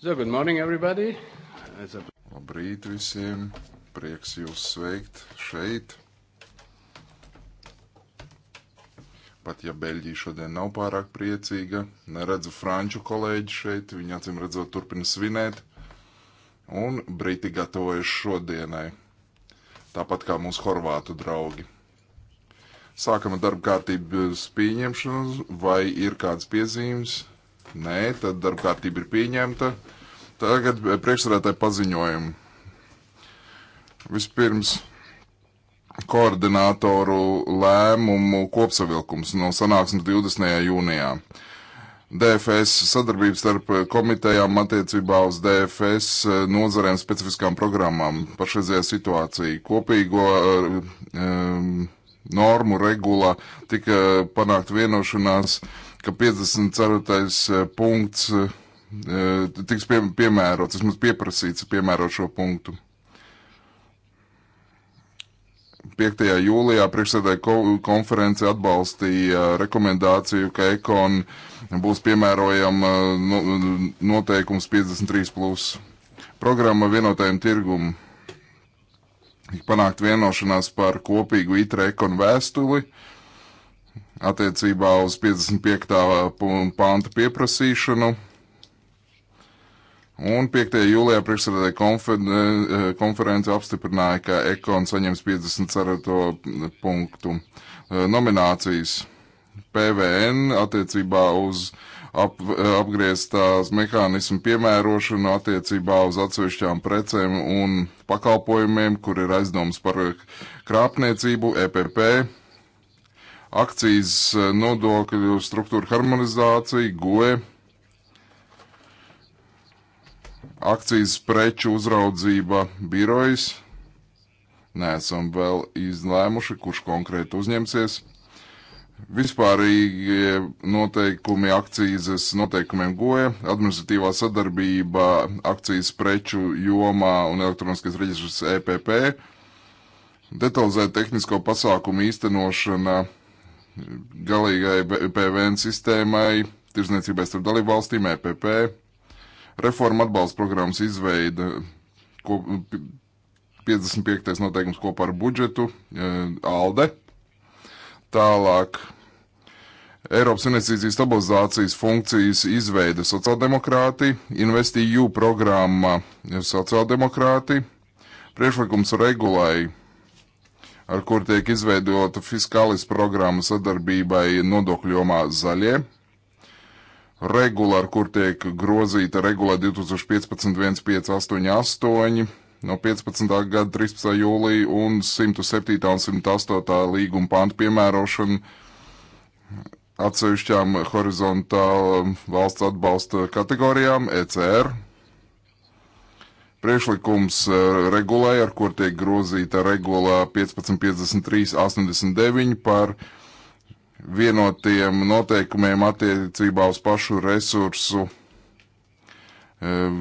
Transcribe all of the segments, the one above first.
So, good morning, everybody. It's a... Labrīt visiem. Prieks jūs sveikt šeit. Pat ja Beļģija šodien nav pārāk priecīga, neredzu franču kolēģi šeit, viņi acīm redzot turpina svinēt, un briti gatavojas šodienai, tāpat kā mūsu horvātu draugi. Sākam ar darba kārtību spīņemšanu, vai ir kāds piezīmes? Nē, tad darbkārtība ir pieņemta. Tagad priekšsarētāji paziņojumi. Vispirms koordinātoru lēmumu kopsavilkums no sanāksmes 20. jūnijā. DFS sadarbības starp komitejām attiecībā uz DFS nozarēm specifiskām programmām pašreizējā situācija. Kopīgo um, normu regula tika panākt vienošanās uh, ka 54. Eh, punkts eh, tiks pie, piemērots, vismaz pieprasīts piemērot šo punktu. 5. jūlijā priekšsēdētāja konference atbalstīja rekomendāciju, ka ekon būs piemērojama eh, noteikums 53. Plus. Programma vienotajam tirgumam panākt vienošanās par kopīgu ITRE ekonu vēstuli, uh, attiecībā uz 55. panta pieprasīšanu. Un 5. jūlijā priekšsēdētāja konfer eh, konference apstiprināja, ka Ekon saņems 54. punktu eh, nominācijas PVN attiecībā uz ap, eh, apgrieztās mehānismu piemērošanu attiecībā uz atsevišķām precēm un pakalpojumiem, kur ir aizdoms par krāpniecību, EPP akcijas eh, nodokļu struktūra harmonizācija, goe, akcijas preču uzraudzība birojas. Nesam vēl izlēmuši, kurš konkrēti uzņemsies. Vispārīgie noteikumi akcijas noteikumiem goja, administratīvā sadarbība akcijas preču jomā un elektroniskais reģistrs EPP, detalizēta tehnisko pasākumu īstenošana galīgai PVN sistēmai, tirzniecībai starp dalību valstīm, EPP, reforma atbalsta programmas izveida, ko, 55. noteikums kopā ar budžetu, e, ALDE, tālāk Eiropas investīcijas stabilizācijas funkcijas izveida sociāldemokrāti, investīju e programma e, sociāldemokrāti, priešlikums regulai ar kur tiek izveidota fiskālis programma sadarbībai nodokļu jomā zaļie. Regula, ar kur tiek grozīta regula 2015.1588 no 15. gada 13. jūlija un 107. un 108. līguma pānta piemērošana atsevišķām horizontālām valsts atbalsta kategorijām ECR Priekšlikums eh, regulēja, ar kur tiek grozīta regulā 1553 89 par vienotiem noteikumiem attiecībā uz pašu resursu um,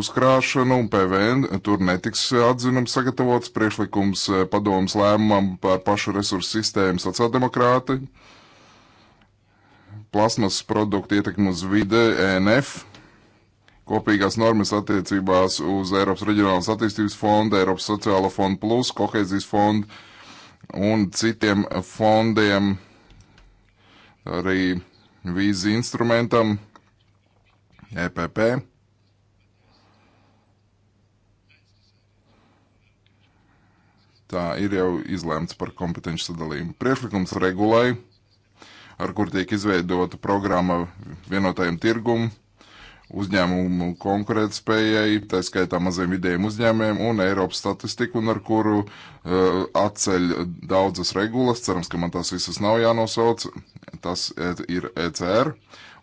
uzkrāšanu un PVN. Tur netiks atzinums sagatavots priekšlikums eh, padomas lēmumam par pašu resursu sistēmu sociāldemokrāti. Plasmas produktu ietekmi uz vide ENF kopīgās normas attiecībās uz Eiropas Reģionālās attīstības fondu, Eiropas Sociāla fonda plus, Kohēzijas fondu un citiem fondiem, arī vīzi instrumentam, EPP. Tā ir jau izlēmts par kompetenci sadalījumu. Priekšlikums regulai, ar kur tiek izveidota programma vienotajam tirgumam uzņēmumu konkurētspējai, tā skaitā maziem vidējiem uzņēmējiem un Eiropas statistiku, un ar kuru uh, atceļ daudzas regulas, cerams, ka man tās visas nav jānosauc, tas ir ECR,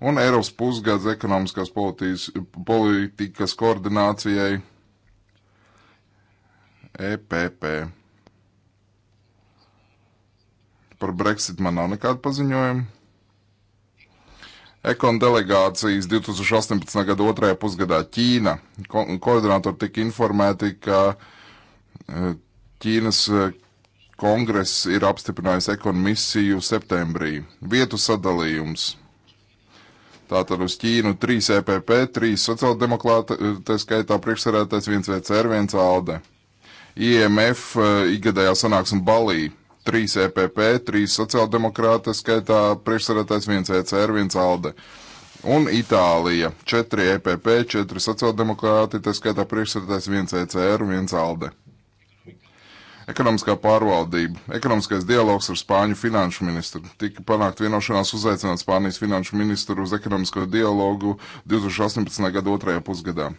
un Eiropas pusgads ekonomiskās politijas, politikas koordinācijai EPP. Par Brexit man nav nekāda paziņojuma. Ekon delegācijas 2018. gada otrajā pusgadā Ķīna. Ko koordinātori tika informēti, ka e, Ķīnas e, kongress ir apstiprinājis ekon misiju septembrī. Vietu sadalījums. Tātad uz Ķīnu 3 EPP, 3 sociāldemokrāta, e, tā skaitā priekšsarētais 1 VCR, 1 ALDE. IMF igadējā sanāksme Balī 3 EPP, 3 sociāldemokrāta skaitā priekšsarētājs 1 ECR, 1 ALDE. Un Itālija, 4 EPP, 4 sociāldemokrāti, tā skaitā priekšsarētājs 1 ECR, 1 ALDE. Ekonomiskā pārvaldība, ekonomiskais dialogs ar Spāņu finanšu ministru. Tika panākt vienošanās uzaicināt Spānijas finanšu ministru uz ekonomisko dialogu 2018. gada otrajā pusgadā.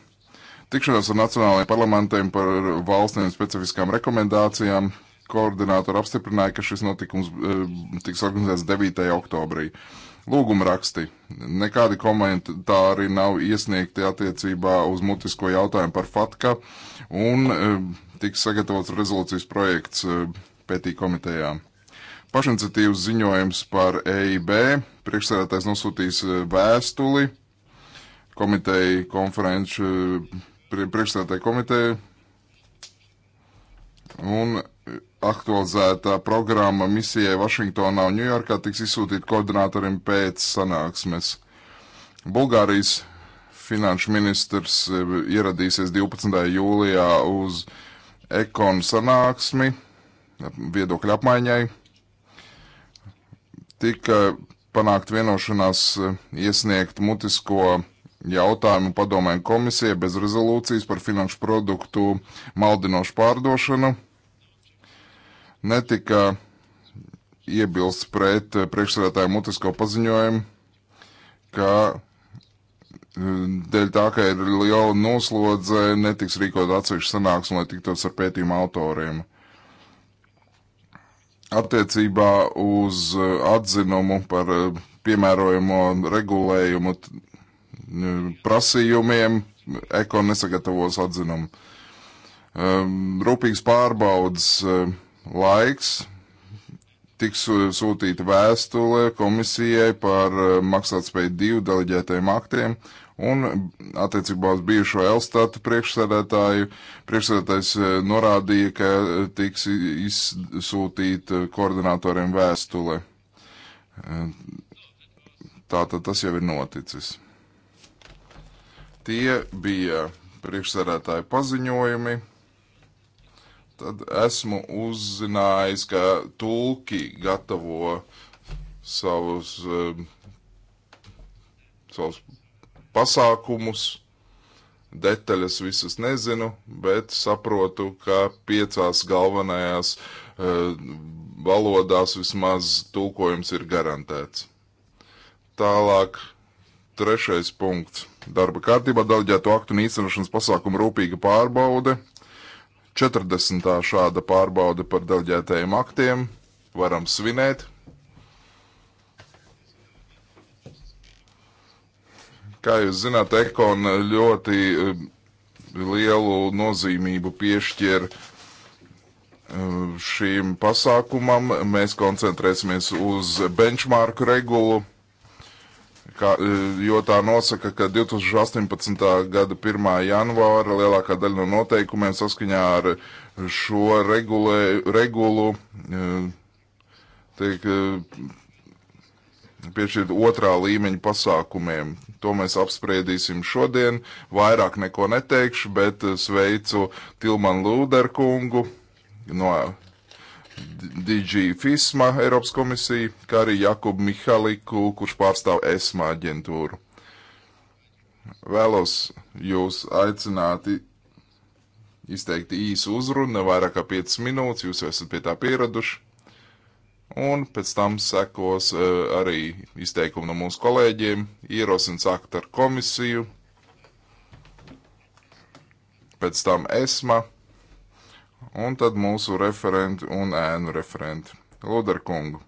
Tikšanās ar nacionālajiem parlamentiem par valstīm specifiskām rekomendācijām, koordinātori apstiprināja, ka šis notikums eh, tiks organizēts 9. oktobrī. Lūguma raksti. Nekādi komentāri nav iesniegti attiecībā uz mutisko jautājumu par FATKA un eh, tiks sagatavots rezolūcijas projekts eh, pētī komitejā. Pašiniciatīvas ziņojums par EIB. Priekšsēdētājs nosūtīs vēstuli komiteju konferenču priekšstādātāju komiteju. Un aktualizētā programma misijai Vašingtonā un Ņujorkā tiks izsūtīta koordinatoriem pēc sanāksmes. Bulgārijas finanšu ministrs e, ieradīsies 12. jūlijā uz ekonu sanāksmi viedokļu apmaiņai. Tika panākt vienošanās e, iesniegt mutisko jautājumu padomēm komisijai bez rezolūcijas par finanšu produktu maldinošu pārdošanu netika iebilst pret eh, priekšsēdētāju mutisko paziņojumu, ka eh, dēļ tā, ka ir liela noslodze, netiks rīkot atsevišķu sanāksmu, lai tiktos ar pētījumu autoriem attiecībā uz eh, atzinumu par piemērojamo regulējumu prasījumiem, eko nesagatavos atzinumu. Ehm, Rūpīgs pārbaudas laiks, tiks sūtīta vēstule komisijai par eh, maksātspēju divu deleģētajiem aktiem un attiecībā uz bijušo Elstatu priekšsēdētāju. Priekšsēdētājs eh, norādīja, ka eh, tiks izsūtīta koordinatoriem vēstule. Tātad tas jau ir noticis. Tie bija priekšsēdētāju paziņojumi tad esmu uzzinājis, ka tulki gatavo savus, um, savus pasākumus. Detaļas visas nezinu, bet saprotu, ka piecās galvenajās uh, valodās vismaz tulkojums ir garantēts. Tālāk, trešais punkts. Darba kārtībā daļģēto aktu un īstenošanas pasākumu rūpīga pārbaude – 40. šāda pārbauda par deleģētajiem aktiem. Varam svinēt. Kā jūs zināt, Ekon ļoti eh, lielu nozīmību piešķir eh, šīm pasākumam. Mēs koncentrēsimies uz benchmarku regulu Kā, e, jo tā nosaka, ka 2018. gada 1. janvāra lielākā daļa no noteikumiem saskaņā ar šo regulē, regulu e, tiek e, piešķirt otrā līmeņa pasākumiem. To mēs apspriedīsim šodien. Vairāk neko neteikšu, bet sveicu Tilmanu Lūderkungu no DG FISMA Eiropas komisiju, kā arī Jakubu Mihaliku, kurš pārstāv ESMA aģentūru. Vēlos jūs aicināt izteikt īsu uzrunu, ne vairāk kā 5 minūtes, jūs jau esat pie tā pieraduši. Un pēc tam sekos uh, arī izteikumi no mūsu kolēģiem, ierosins aktu ar komisiju, pēc tam ESMA un tad mūsu referenti un ēnu referenti. Lūdzu, ar kungu.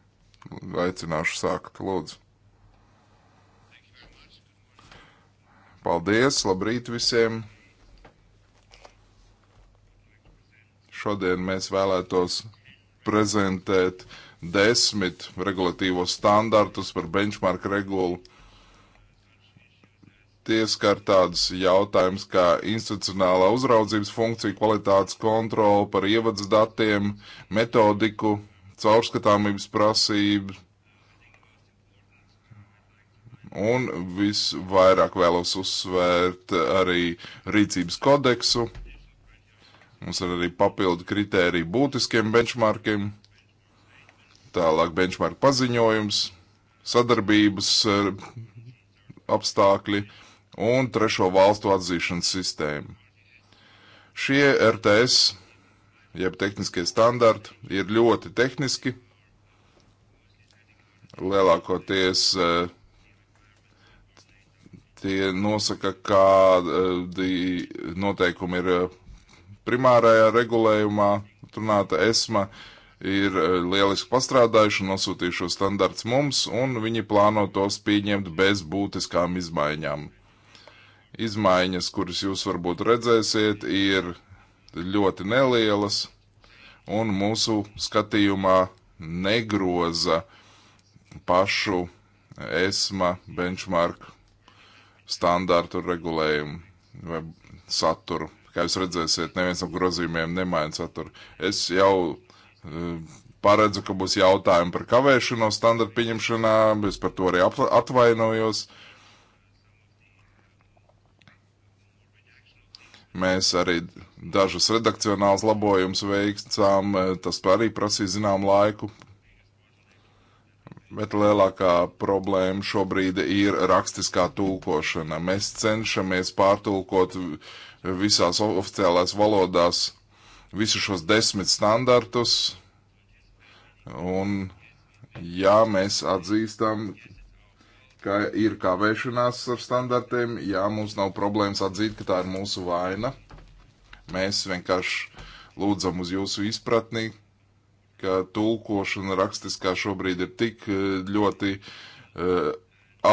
Aicināšu sākt, lūdzu. Paldies, labrīt visiem! Šodien mēs vēlētos prezentēt desmit regulatīvos standartus par benchmark regulu tie skar tādus jautājumus kā institucionālā uzraudzības funkcija, kvalitātes kontrola par ievads datiem, metodiku, caurskatāmības prasību. Un visvairāk vēlos uzsvērt arī rīcības kodeksu. Mums ir arī papildu kritēriju būtiskiem benchmarkiem, tālāk benchmark paziņojums, sadarbības eh, apstākļi, uh, un trešo valstu atzīšanas sistēmu. Šie RTS, jeb tehniskie standarti, ir ļoti tehniski, lielākoties eh, tie nosaka, kādi noteikumi ir eh, primārajā regulējumā, runāta esma ir eh, lieliski pastrādājuši un nosūtījuši šo standarts mums, un viņi plāno tos pieņemt bez būtiskām izmaiņām. Izmaiņas, kuras jūs varbūt redzēsiet, ir ļoti nelielas un mūsu skatījumā negroza pašu ESMA benchmark standārtu regulējumu vai saturu. Kā jūs redzēsiet, neviens no grozījumiem nemaina saturu. Es jau uh, paredzu, ka būs jautājumi par kavēšanos standartu pieņemšanā, es par to arī atvainojos. Uh, Mēs arī dažus redakcionālus labojumus veicām, eh, tas arī prasīja zinām laiku. Bet lielākā problēma šobrīd ir rakstiskā tulkošana. Mēs cenšamies pārtulkot visās oficiālās valodās visus šos desmit standartus. Un, ja mēs atzīstam, ka ir kavēšanās ar standartiem. Jā, mums nav problēmas atzīt, ka tā ir mūsu vaina. Mēs vienkārši lūdzam uz jūsu izpratni, ka tulkošana rakstiskā šobrīd ir tik eh, ļoti uh,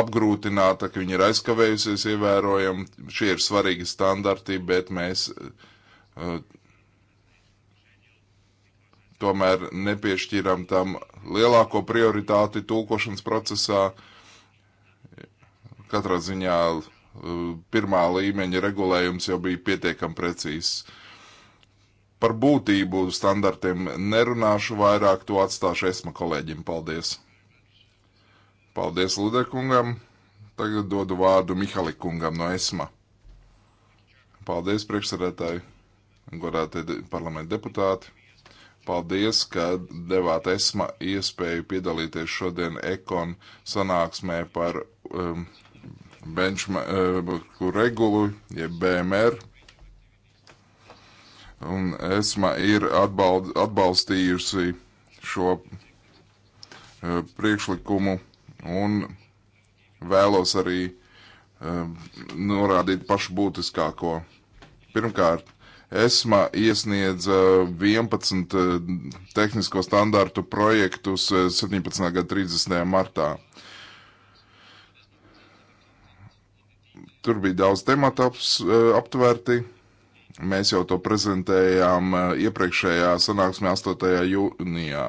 apgrūtināta, ka viņi ir aizkavējusies ievērojami. Šie ir svarīgi standarti, bet mēs uh, tomēr nepiešķiram tam lielāko prioritāti tulkošanas procesā. Uh, Katrā ziņā eh, pirmā līmeņa regulējums jau bija pietiekami precīzs. Par būtību standartiem nerunāšu vairāk, to atstāšu esma kolēģim. Paldies! Paldies Ludekungam! Tagad dodu vārdu Mihalikungam no esma. Paldies priekšsarētāji, godātie parlamenta deputāti! Paldies, ka devāt esma iespēju piedalīties šodien ekon sanāksmē par um, benchmarku eh, regulu, jeb BMR. Un ESMA ir atbald, atbalstījusi šo eh, priekšlikumu un vēlos arī eh, norādīt pašu būtiskāko. Pirmkārt, ESMA iesniedza 11 tehnisko standārtu projektus 17. gada 30. martā. Tur bija daudz tematu eh, aptvērti. Mēs jau to prezentējām eh, iepriekšējā sanāksmē 8. jūnijā.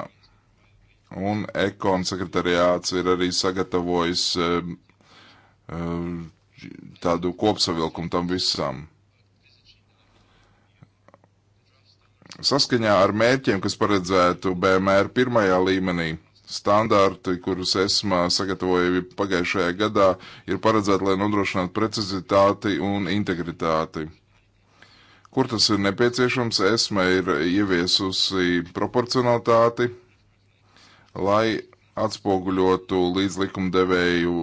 Un ekon sekretariāts ir arī sagatavojis eh, tādu kopsavilkumu tam visam. Saskaņā ar mērķiem, kas paredzētu BMR pirmajā līmenī, standarti, kurus esmu sagatavoju pagājušajā gadā, ir paredzēti, lai nodrošinātu precizitāti un integritāti. Kur tas ir nepieciešams, esma ir ieviesusi proporcionalitāti, lai atspoguļotu līdz likumdevēju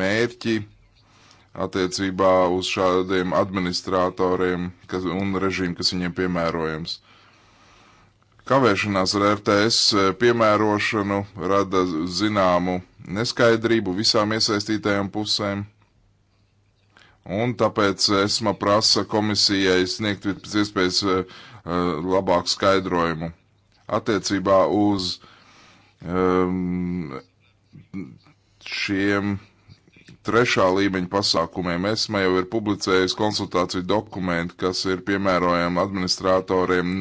mērķi attiecībā uz šādiem administratoriem kas, un režīmu, kas viņiem piemērojams. Kavēšanās ar RTS eh, piemērošanu rada zināmu neskaidrību visām iesaistītajām pusēm. Un tāpēc ESMA prasa komisijai sniegt pēc iespējas uh, labāku skaidrojumu attiecībā uz um, šiem trešā līmeņa pasākumiem. ESMA jau ir publicējusi konsultāciju dokumentu, kas ir piemērojami administratoriem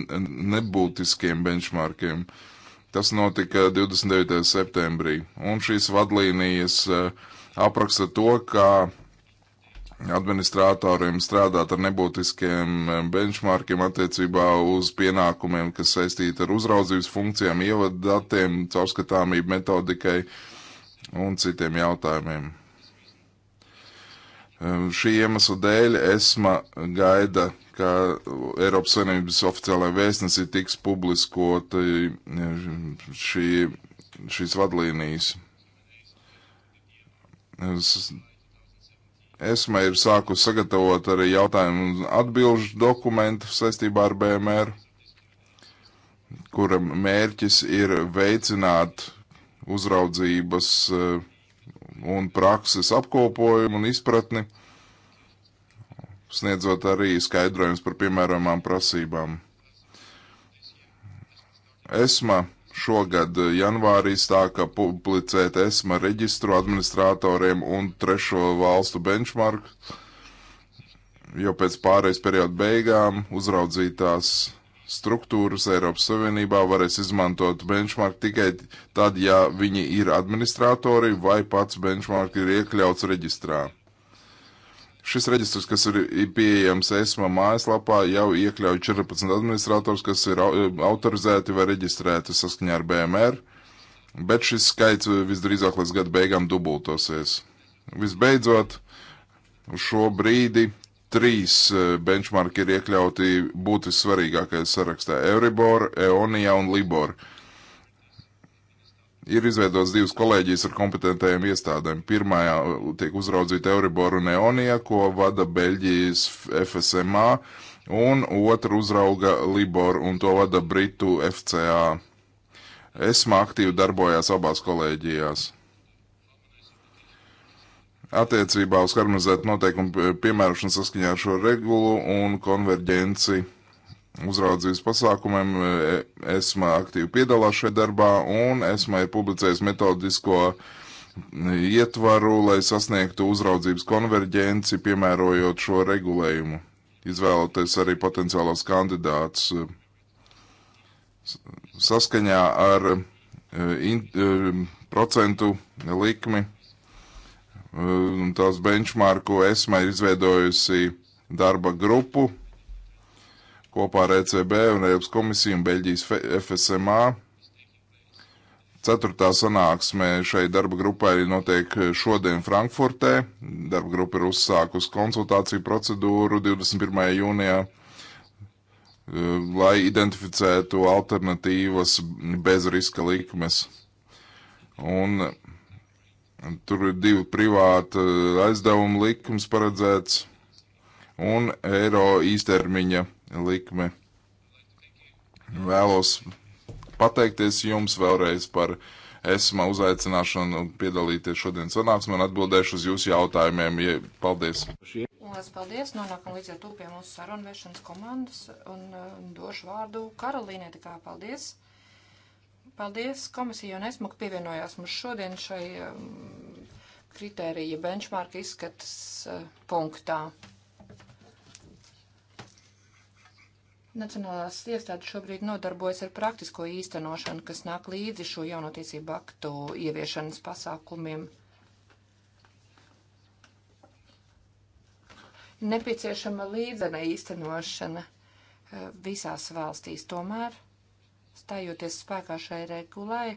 nebūtiskiem benchmarkiem. Tas notika 29. septembrī. Un šīs vadlīnijas eh, apraksta to, kā administratoriem strādāt ar nebūtiskiem eh, benchmarkiem attiecībā uz pienākumiem, kas saistīti ar uzraudzības funkcijām, ievaddatiem, caurskatāmību metodikai un citiem jautājumiem. Ehm, šī iemesla dēļ ESMA gaida, ka Eiropas Savienības oficiālajā vēstnesī tiks publiskot e, šī, šīs vadlīnijas. ESMA ir sākusi sagatavot arī jautājumu un atbilžu dokumentu saistībā ar BMR, kura mērķis ir veicināt uzraudzības uh, un prakses apkopojumu un izpratni, sniedzot arī skaidrojums par piemērojumām prasībām. ESMA šogad janvārī stāka publicēt ESMA reģistru administratoriem un trešo valstu benchmark, jo pēc pārejas perioda beigām uzraudzītās struktūras Eiropas Savienībā varēs izmantot benchmark tikai tad, ja viņi ir administratori vai pats benchmark ir iekļauts reģistrā. Šis reģistrs, kas ir pieejams ESMA mājaslapā, jau iekļauj 14 administrators, kas ir eh, autorizēti vai reģistrēti saskaņā ar BMR, bet šis skaits eh, visdrīzāk līdz gada beigām dubultosies. Visbeidzot, uz šo brīdi trīs eh, benchmarki ir iekļauti būtiski svarīgākajā sarakstā - Euribor, Eonija un Libor. Ir izveidots divas kolēģijas ar kompetentajiem iestādēm. Pirmajā eh, tiek uzraudzīta Euribor un Eonija, ko vada Beļģijas FSMA, un otru uzrauga Libor, un to vada Britu FCA. ESMA aktīvi darbojās abās kolēģijās attiecībā uz harmonizētu noteikumu piemērošanu saskaņā ar šo regulu un konverģenci uzraudzības pasākumiem. E, ESMA aktīvi piedalās šajā darbā un ESMA ir publicējis metodisko ietvaru, lai sasniegtu uzraudzības konverģenci, piemērojot šo regulējumu, izvēloties arī potenciālos kandidātus e, saskaņā ar e, in, procentu likmi Eh, un tās benchmarku esma ir izveidojusi darba grupu kopā ar ECB un Eiropas komisiju un Beļģijas FSMA. Ceturtā sanāksme šai darba grupai arī notiek šodien Frankfurtē. Darba grupa ir uzsākus konsultāciju procedūru 21. jūnijā, eh, lai identificētu alternatīvas bez riska likmes. Un Tur ir divi privāti eh, aizdevuma likums paredzēts un eiro īstermiņa likme. Vēlos pateikties jums vēlreiz par esmu uzaicināšanu piedalīties šodienas sanāksmē un atbildēšu uz jūsu jautājumiem. Ja, paldies! Lielas paldies! Nonākam līdz ar to pie mūsu sarunvešanas komandas un eh, došu vārdu Karolīnai. Tā kā paldies! Paldies, komisija un esmu pievienojās mums šodien šai um, kritērija benchmark izskatas uh, punktā. Nacionālās iestādes šobrīd nodarbojas ar praktisko īstenošanu, kas nāk līdzi šo jaunotiesību aktu ieviešanas pasākumiem. Nepieciešama līdzena īstenošana uh, visās valstīs tomēr. Stājoties spēkā šai regulai,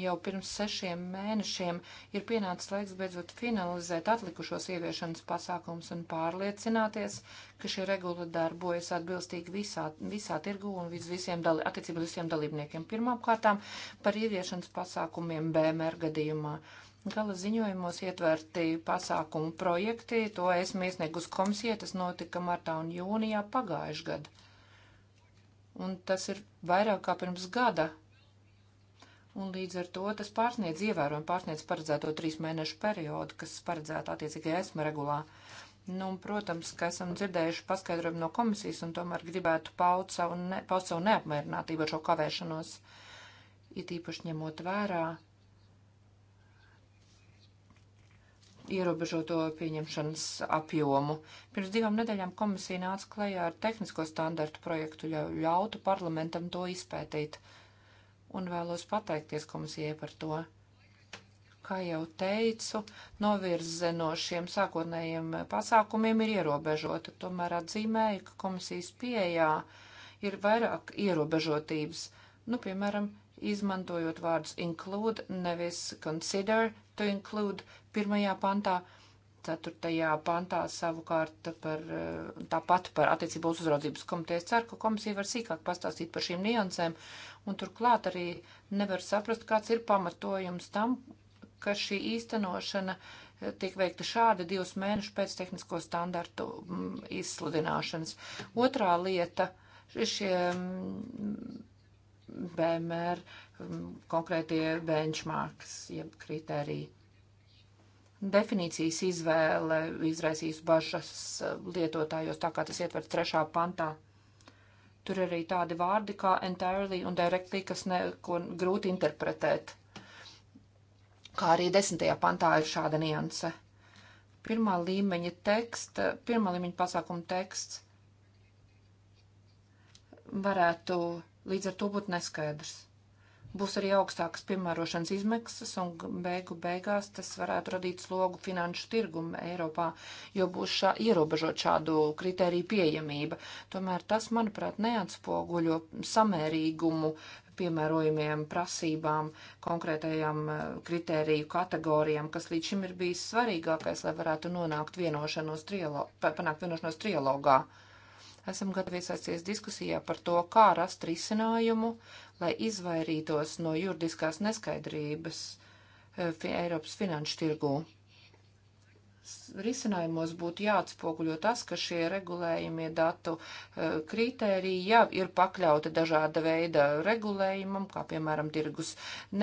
jau pirms sešiem mēnešiem ir pienācis laiks beidzot finalizēt atlikušos ieviešanas pasākums un pārliecināties, ka šī regula darbojas atbilstīgi visā, visā tirgu un vis visiem dali, attiecībā visiem dalībniekiem. Pirmām kārtām par ieviešanas pasākumiem BMR gadījumā. Gala ziņojumos ietverti pasākumu projekti, to esmu iesniegus komisija, tas notika martā un jūnijā pagājušajā gadā un tas ir vairāk kā pirms gada. Un līdz ar to tas pārsniedz ievērojami, pārsniedz paredzēto trīs mēnešu periodu, kas paredzēta attiecīgajā esma regulā. Nu, protams, ka esam dzirdējuši paskaidrojumu no komisijas un tomēr gribētu paust savu, ne, paut savu neapmierinātību ar šo kavēšanos, it īpaši ņemot vērā ierobežoto pieņemšanas apjomu. Pirms divām nedēļām komisija nāca klajā ar tehnisko standartu projektu, ļautu parlamentam to izpētīt, un vēlos pateikties komisijai par to. Kā jau teicu, novirze no šiem sākotnējiem pasākumiem ir ierobežota, tomēr atzīmēja, ka komisijas pieejā ir vairāk ierobežotības, nu, piemēram, izmantojot vārdus include, nevis consider to include, pirmajā pantā. Ceturtajā pantā savukārt par eh, tāpat par attiecībā uz uzraudzības komitejas ceru, ka komisija var sīkāk pastāstīt par šīm niansēm, un turklāt arī nevar saprast, kāds ir pamatojums tam, ka šī īstenošana eh, tiek veikta šādi divus mēnešus pēc tehnisko standartu mm, izsludināšanas. Otrā lieta - šie mm, BMR mm, konkrētie benchmarks, jeb kritēriji definīcijas izvēle izraisīs bažas eh, lietotājos, tā kā tas ietver trešā pantā. Tur arī tādi vārdi kā entirely un directly, kas neko grūti interpretēt. Kā arī desmitajā pantā ir šāda nianse. Pirmā līmeņa teksta, pirmā līmeņa pasākuma teksts varētu līdz ar to būt neskaidrs būs arī augstākas piemērošanas izmaksas, un beigu beigās tas varētu radīt slogu finanšu tirgumu Eiropā, jo būs šā, ierobežot šādu kritēriju pieejamība. Tomēr tas, manuprāt, neatspoguļo samērīgumu piemērojumiem, prasībām, konkrētajām e, kritēriju kategorijām, kas līdz šim ir bijis svarīgākais, lai varētu nonākt vienošanos trialogā, panākt vienošanos trialogā. Esam gatavi iesaisties diskusijā par to, kā rast risinājumu, uh, lai izvairītos no juridiskās neskaidrības eh, Eiropas finanšu tirgū. Risinājumos būtu jāatspoguļo tas, ka šie regulējumie datu eh, kritēriji jau ir pakļauti dažāda veida regulējumam, kā piemēram tirgus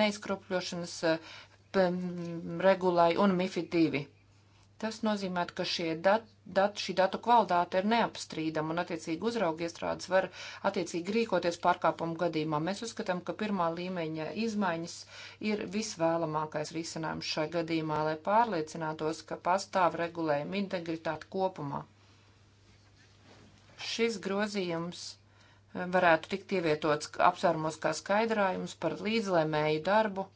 neizkropļošanas eh, regulai un MIFI 2. Tas nozīmē, ka dat, dat, šī datu kvalitāte ir neapstrīdama un, attiecīgi, uzrauga iestrādes var attiecīgi rīkoties pārkāpumu gadījumā. Mēs uzskatām, ka pirmā līmeņa izmaiņas ir visvēlamākais risinājums šai gadījumā, lai pārliecinātos, ka pastāv regulējuma integritāte kopumā. Šis grozījums eh, varētu tikt ievietots apsvērumos kā skaidrājums par līdzlēmēju darbu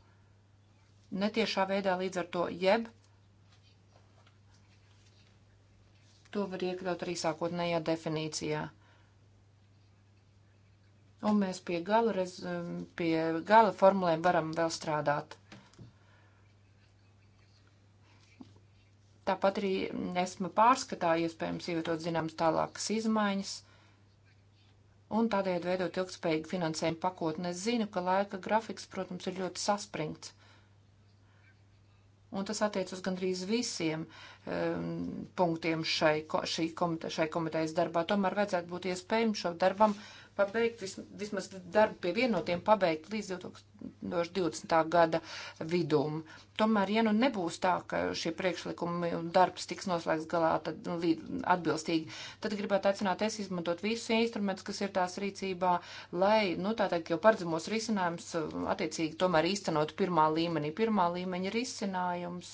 netiešā veidā līdz ar to jeb To var iekļaut arī sākotnējā definīcijā. Un mēs pie gala, rez, um, pie gala formulēm varam vēl strādāt. Tāpat arī esmu pārskatā iespējams ievietot zināmas tālākas izmaiņas un tādējādi veidot ilgspējīgu finansējumu pakotni. Es zinu, ka laika grafiks, protams, ir ļoti saspringts. Un tas attiec uz gandrīz visiem um, punktiem šai, šī komite, šai komitejas darbā. Tomēr vajadzētu būt iespējami šo darbam pabeigt vismaz darbu pie vienotiem pabeigt līdz 2020. gada vidum. Tomēr, ja nu nebūs tā, ka šie priekšlikumi un darbs tiks noslēgts galā tad, nu, atbilstīgi, tad gribētu aicināt es izmantot visus instrumentus, kas ir tās rīcībā, lai, nu, tā teikt, jau paredzamos risinājums attiecīgi tomēr īstenot pirmā līmenī. Pirmā līmeņa risinājums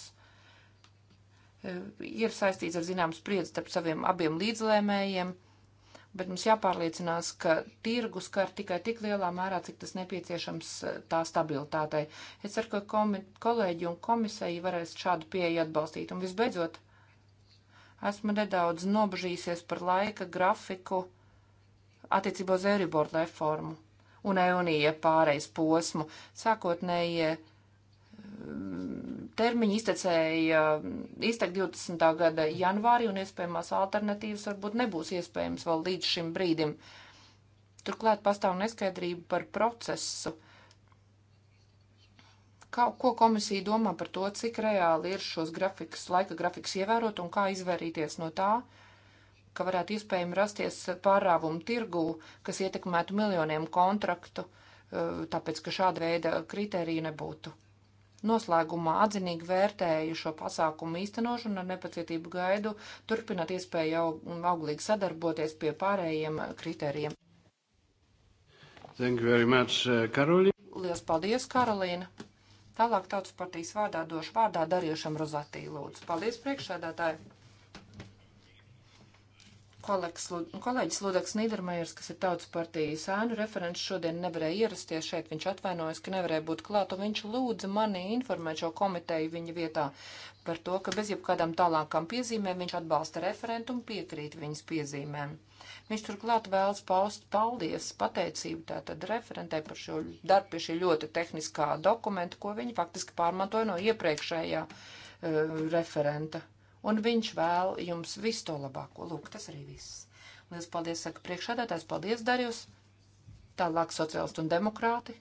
eh, ir saistīts ar zināmu spriedzi starp saviem abiem līdzlēmējiem bet mums jāpārliecinās, ka tirgus skar tikai tik lielā mērā, cik tas nepieciešams eh, tā stabilitātei. Es ceru, ka komi, kolēģi un komisēji varēs šādu pieeju atbalstīt. Un visbeidzot, esmu nedaudz nobežīsies par laika grafiku attiecībā uz Euribor reformu un Eonija pārejas posmu. Sākotnējie. Ja termiņi iztecēja iztek 20. gada janvārī, un iespējamās alternatīvas varbūt nebūs iespējams vēl līdz šim brīdim. Turklāt pastāv neskaidrība par procesu. Kā, ko komisija domā par to, cik reāli ir šos grafikas, laika grafikas ievērot un kā izvairīties no tā, ka varētu iespējami rasties pārāvumu tirgū, kas ietekmētu miljoniem kontraktu, eh, tāpēc, ka šāda veida kritērija nebūtu. Noslēgumā atzinīgi vērtēju šo pasākumu īstenošanu un ar nepacietību gaidu turpināt iespēju auglīgi sadarboties pie pārējiem kritērijiem. Thank you very much, uh, Karolīna. Lielas paldies, Karolīna. Tālāk tautas partijas vārdā došu vārdā darījušam Rozatī lūdzu. Paldies, priekšsēdētāji! Kolēģis Ludaks Nīdermajers, kas ir tautas partijas ēnu referents, šodien nevarēja ierasties šeit. Viņš atvainojas, ka nevarēja būt klāt, un viņš lūdza mani informēt šo komiteju viņa vietā par to, ka bez jebkādām tālākām piezīmēm viņš atbalsta referentu un piekrīt viņas piezīmēm. Viņš turklāt vēlas paust paldies, pateicību tātad referentē par šo darbu pie šī ļoti tehniskā dokumenta, ko viņi faktiski pārmantoja no iepriekšējā uh, referenta un viņš vēl jums visu to labāko. Lūk, tas arī viss. Lielas paldies, saka priekšādātājs, paldies, Darjus. Tālāk sociālisti un demokrāti.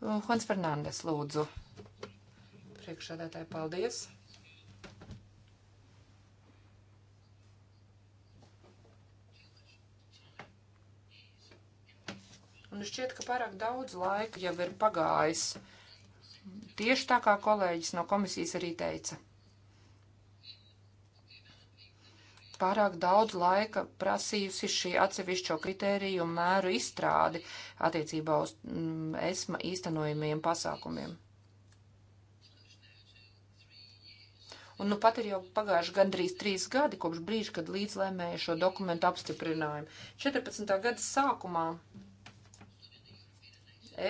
Hons uh, Fernandes, lūdzu. Priekšādātāji, paldies. Un šķiet, ka pārāk daudz laika jau ir pagājis. Tieši tā kā kolēģis no komisijas arī teica. pārāk daudz laika prasījusi šī atsevišķo kritēriju un mēru izstrādi attiecībā uz mm, esma īstenojumiem pasākumiem. Un nu pat ir jau pagājuši gandrīz trīs gadi kopš brīža, kad līdzlēmēja šo dokumentu apstiprinājumu. 14. gada sākumā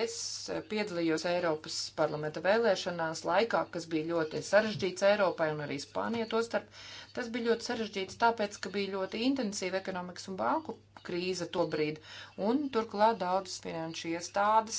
es piedalījos Eiropas parlamenta vēlēšanās laikā, kas bija ļoti sarežģīts Eiropai un arī Spānijai to starp. Tas bija ļoti sarežģīts, tāpēc, ka bija ļoti intensīva ekonomikas un banku krīze tobrīd, un turklāt daudzas finanšu iestādes,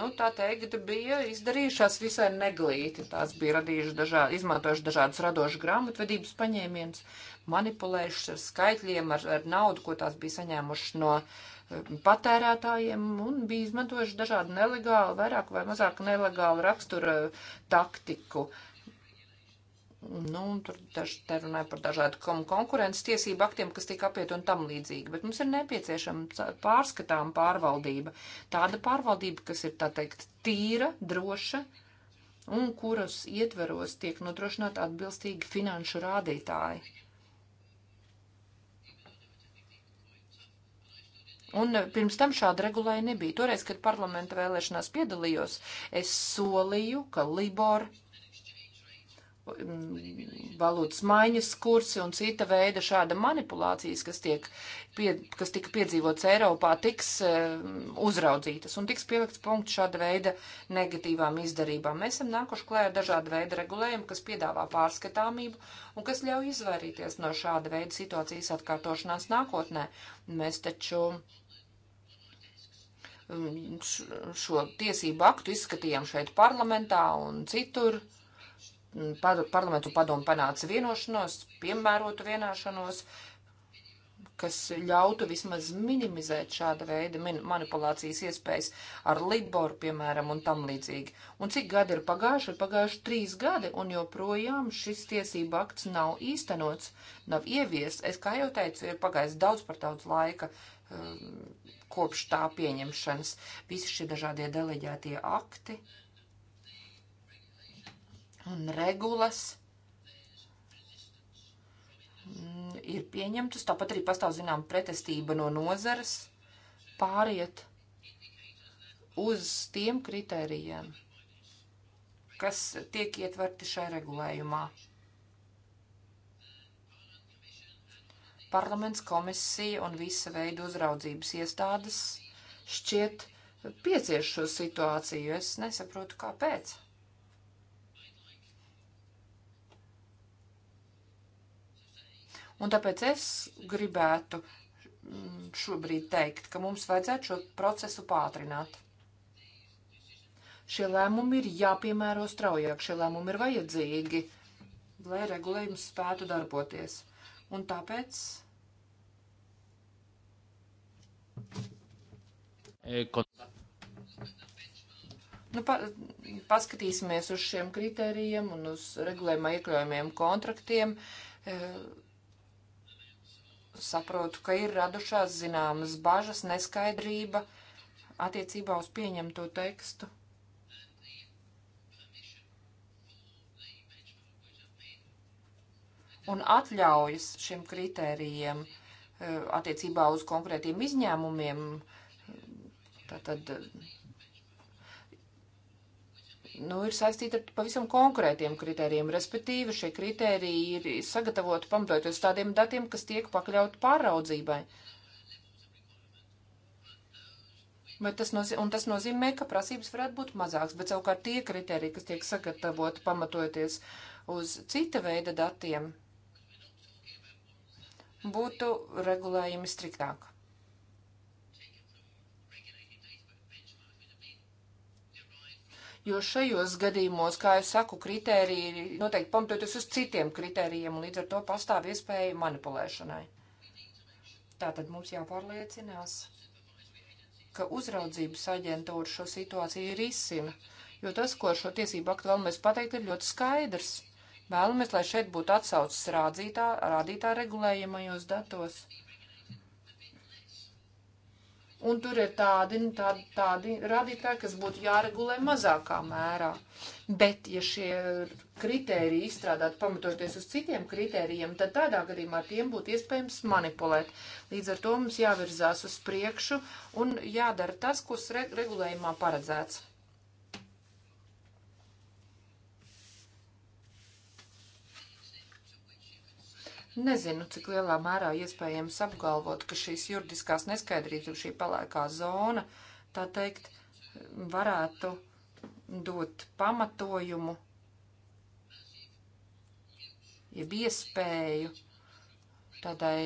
nu, tā teikt, bija izdarījušās visai neglīti. Tās bija radījuši dažādi, izmantojuši dažādus radošu grāmatvedības paņēmienus, manipulējuši ar skaitļiem, ar, ar naudu, ko tās bija saņēmuši no eh, patērētājiem un bija izmantojuši dažādu nelegālu, vairāk vai mazāk nelegālu rakstura eh, taktiku. Uh, Nu, tur daž, te runāja par dažādu konkurences tiesību aktiem, kas tika apiet un tam līdzīgi, bet mums ir nepieciešama pārskatām pārvaldība. Tāda pārvaldība, kas ir, tā teikt, tīra, droša un kuras ietveros tiek nodrošināt atbilstīgi finanšu rādītāji. Un e, pirms tam šāda regulēja nebija. Toreiz, kad parlamenta vēlēšanās piedalījos, es solīju, ka Libor Mm, valūtas maiņas kursi un cita veida šāda manipulācijas, kas, tiek, pie, kas tika piedzīvots Eiropā, tiks uh, uzraudzītas un tiks pielikts punkts šāda veida negatīvām izdarībām. Mēs esam nākuši klējā dažāda veida regulējumu, kas piedāvā pārskatāmību un kas ļauj izvairīties no šāda veida situācijas atkārtošanās nākotnē. Mēs taču mm, šo tiesību aktu izskatījām šeit parlamentā un citur. Uh, par, parlamentu padomu panāca vienošanos, piemērotu vienāšanos, kas ļautu vismaz minimizēt šāda veida manipulācijas iespējas ar Lidboru, piemēram, un tam līdzīgi. Un cik gadi ir pagājuši? Ir pagājuši trīs gadi, un joprojām šis tiesība akts nav īstenots, nav ieviests. Es, kā jau teicu, ir pagājis daudz par daudz laika um, kopš tā pieņemšanas. Visi šie dažādie deleģētie akti un regulas ir pieņemtas. Tāpat arī pastāv zinām pretestība no nozares pāriet uz tiem kritērijiem, kas tiek ietverti šai regulējumā. Parlaments, komisija un visa veida uzraudzības iestādes šķiet piecieš šo situāciju. Es nesaprotu, kāpēc. Un tāpēc es gribētu mm, šobrīd teikt, ka mums vajadzētu šo procesu pātrināt. Šie lēmumi ir jāpiemēro straujāk, šie lēmumi ir vajadzīgi, lai regulējums spētu darboties. Un tāpēc. E, nu, pa, paskatīsimies uz šiem kritērijiem un uz regulējumā iekļaujamiem kontraktiem. Uh, saprotu, ka ir radušās zināmas bažas, neskaidrība attiecībā uz pieņemto tekstu. Un atļaujas šiem kritērijiem eh, attiecībā uz konkrētiem izņēmumiem, tātad nu, ir saistīta ar pavisam konkrētiem kritērijiem. Respektīvi, šie kritēriji ir sagatavoti pamatojoties tādiem datiem, kas tiek pakļauti pāraudzībai. Bet tas nozīmē, un tas nozīmē, ka prasības varētu būt mazākas, bet savukārt tie kriteriji, kas tiek sagatavoti pamatojoties uz cita veida datiem, būtu regulējumi striktāk. jo šajos gadījumos, kā jau saku, kritēriji noteikti pamatoties uz citiem kritērijiem, un līdz ar to pastāv iespēja manipulēšanai. Tātad mums jāpārliecinās, ka uzraudzības aģentūra šo situāciju risina, jo tas, ko ar šo tiesību aktu vēlamies pateikt, ir ļoti skaidrs. Vēlamies, lai šeit būtu atsaucas rādītā, rādītā regulējamajos datos un tur ir tādi, nu, tādi, tādi radītāji, kas būtu jāregulē mazākā mērā. Bet, ja šie kritēriji izstrādāt pamatoties uz citiem kritērijiem, tad tādā gadījumā tiem būtu iespējams manipulēt. Līdz ar to mums jāvirzās uz priekšu un jādara tas, kas regulējumā paredzēts. Nezinu, cik lielā mērā iespējams apgalvot, ka šīs juridiskās neskaidrības, šī palēkā zona, tā teikt, varētu dot pamatojumu, jeb iespēju tādai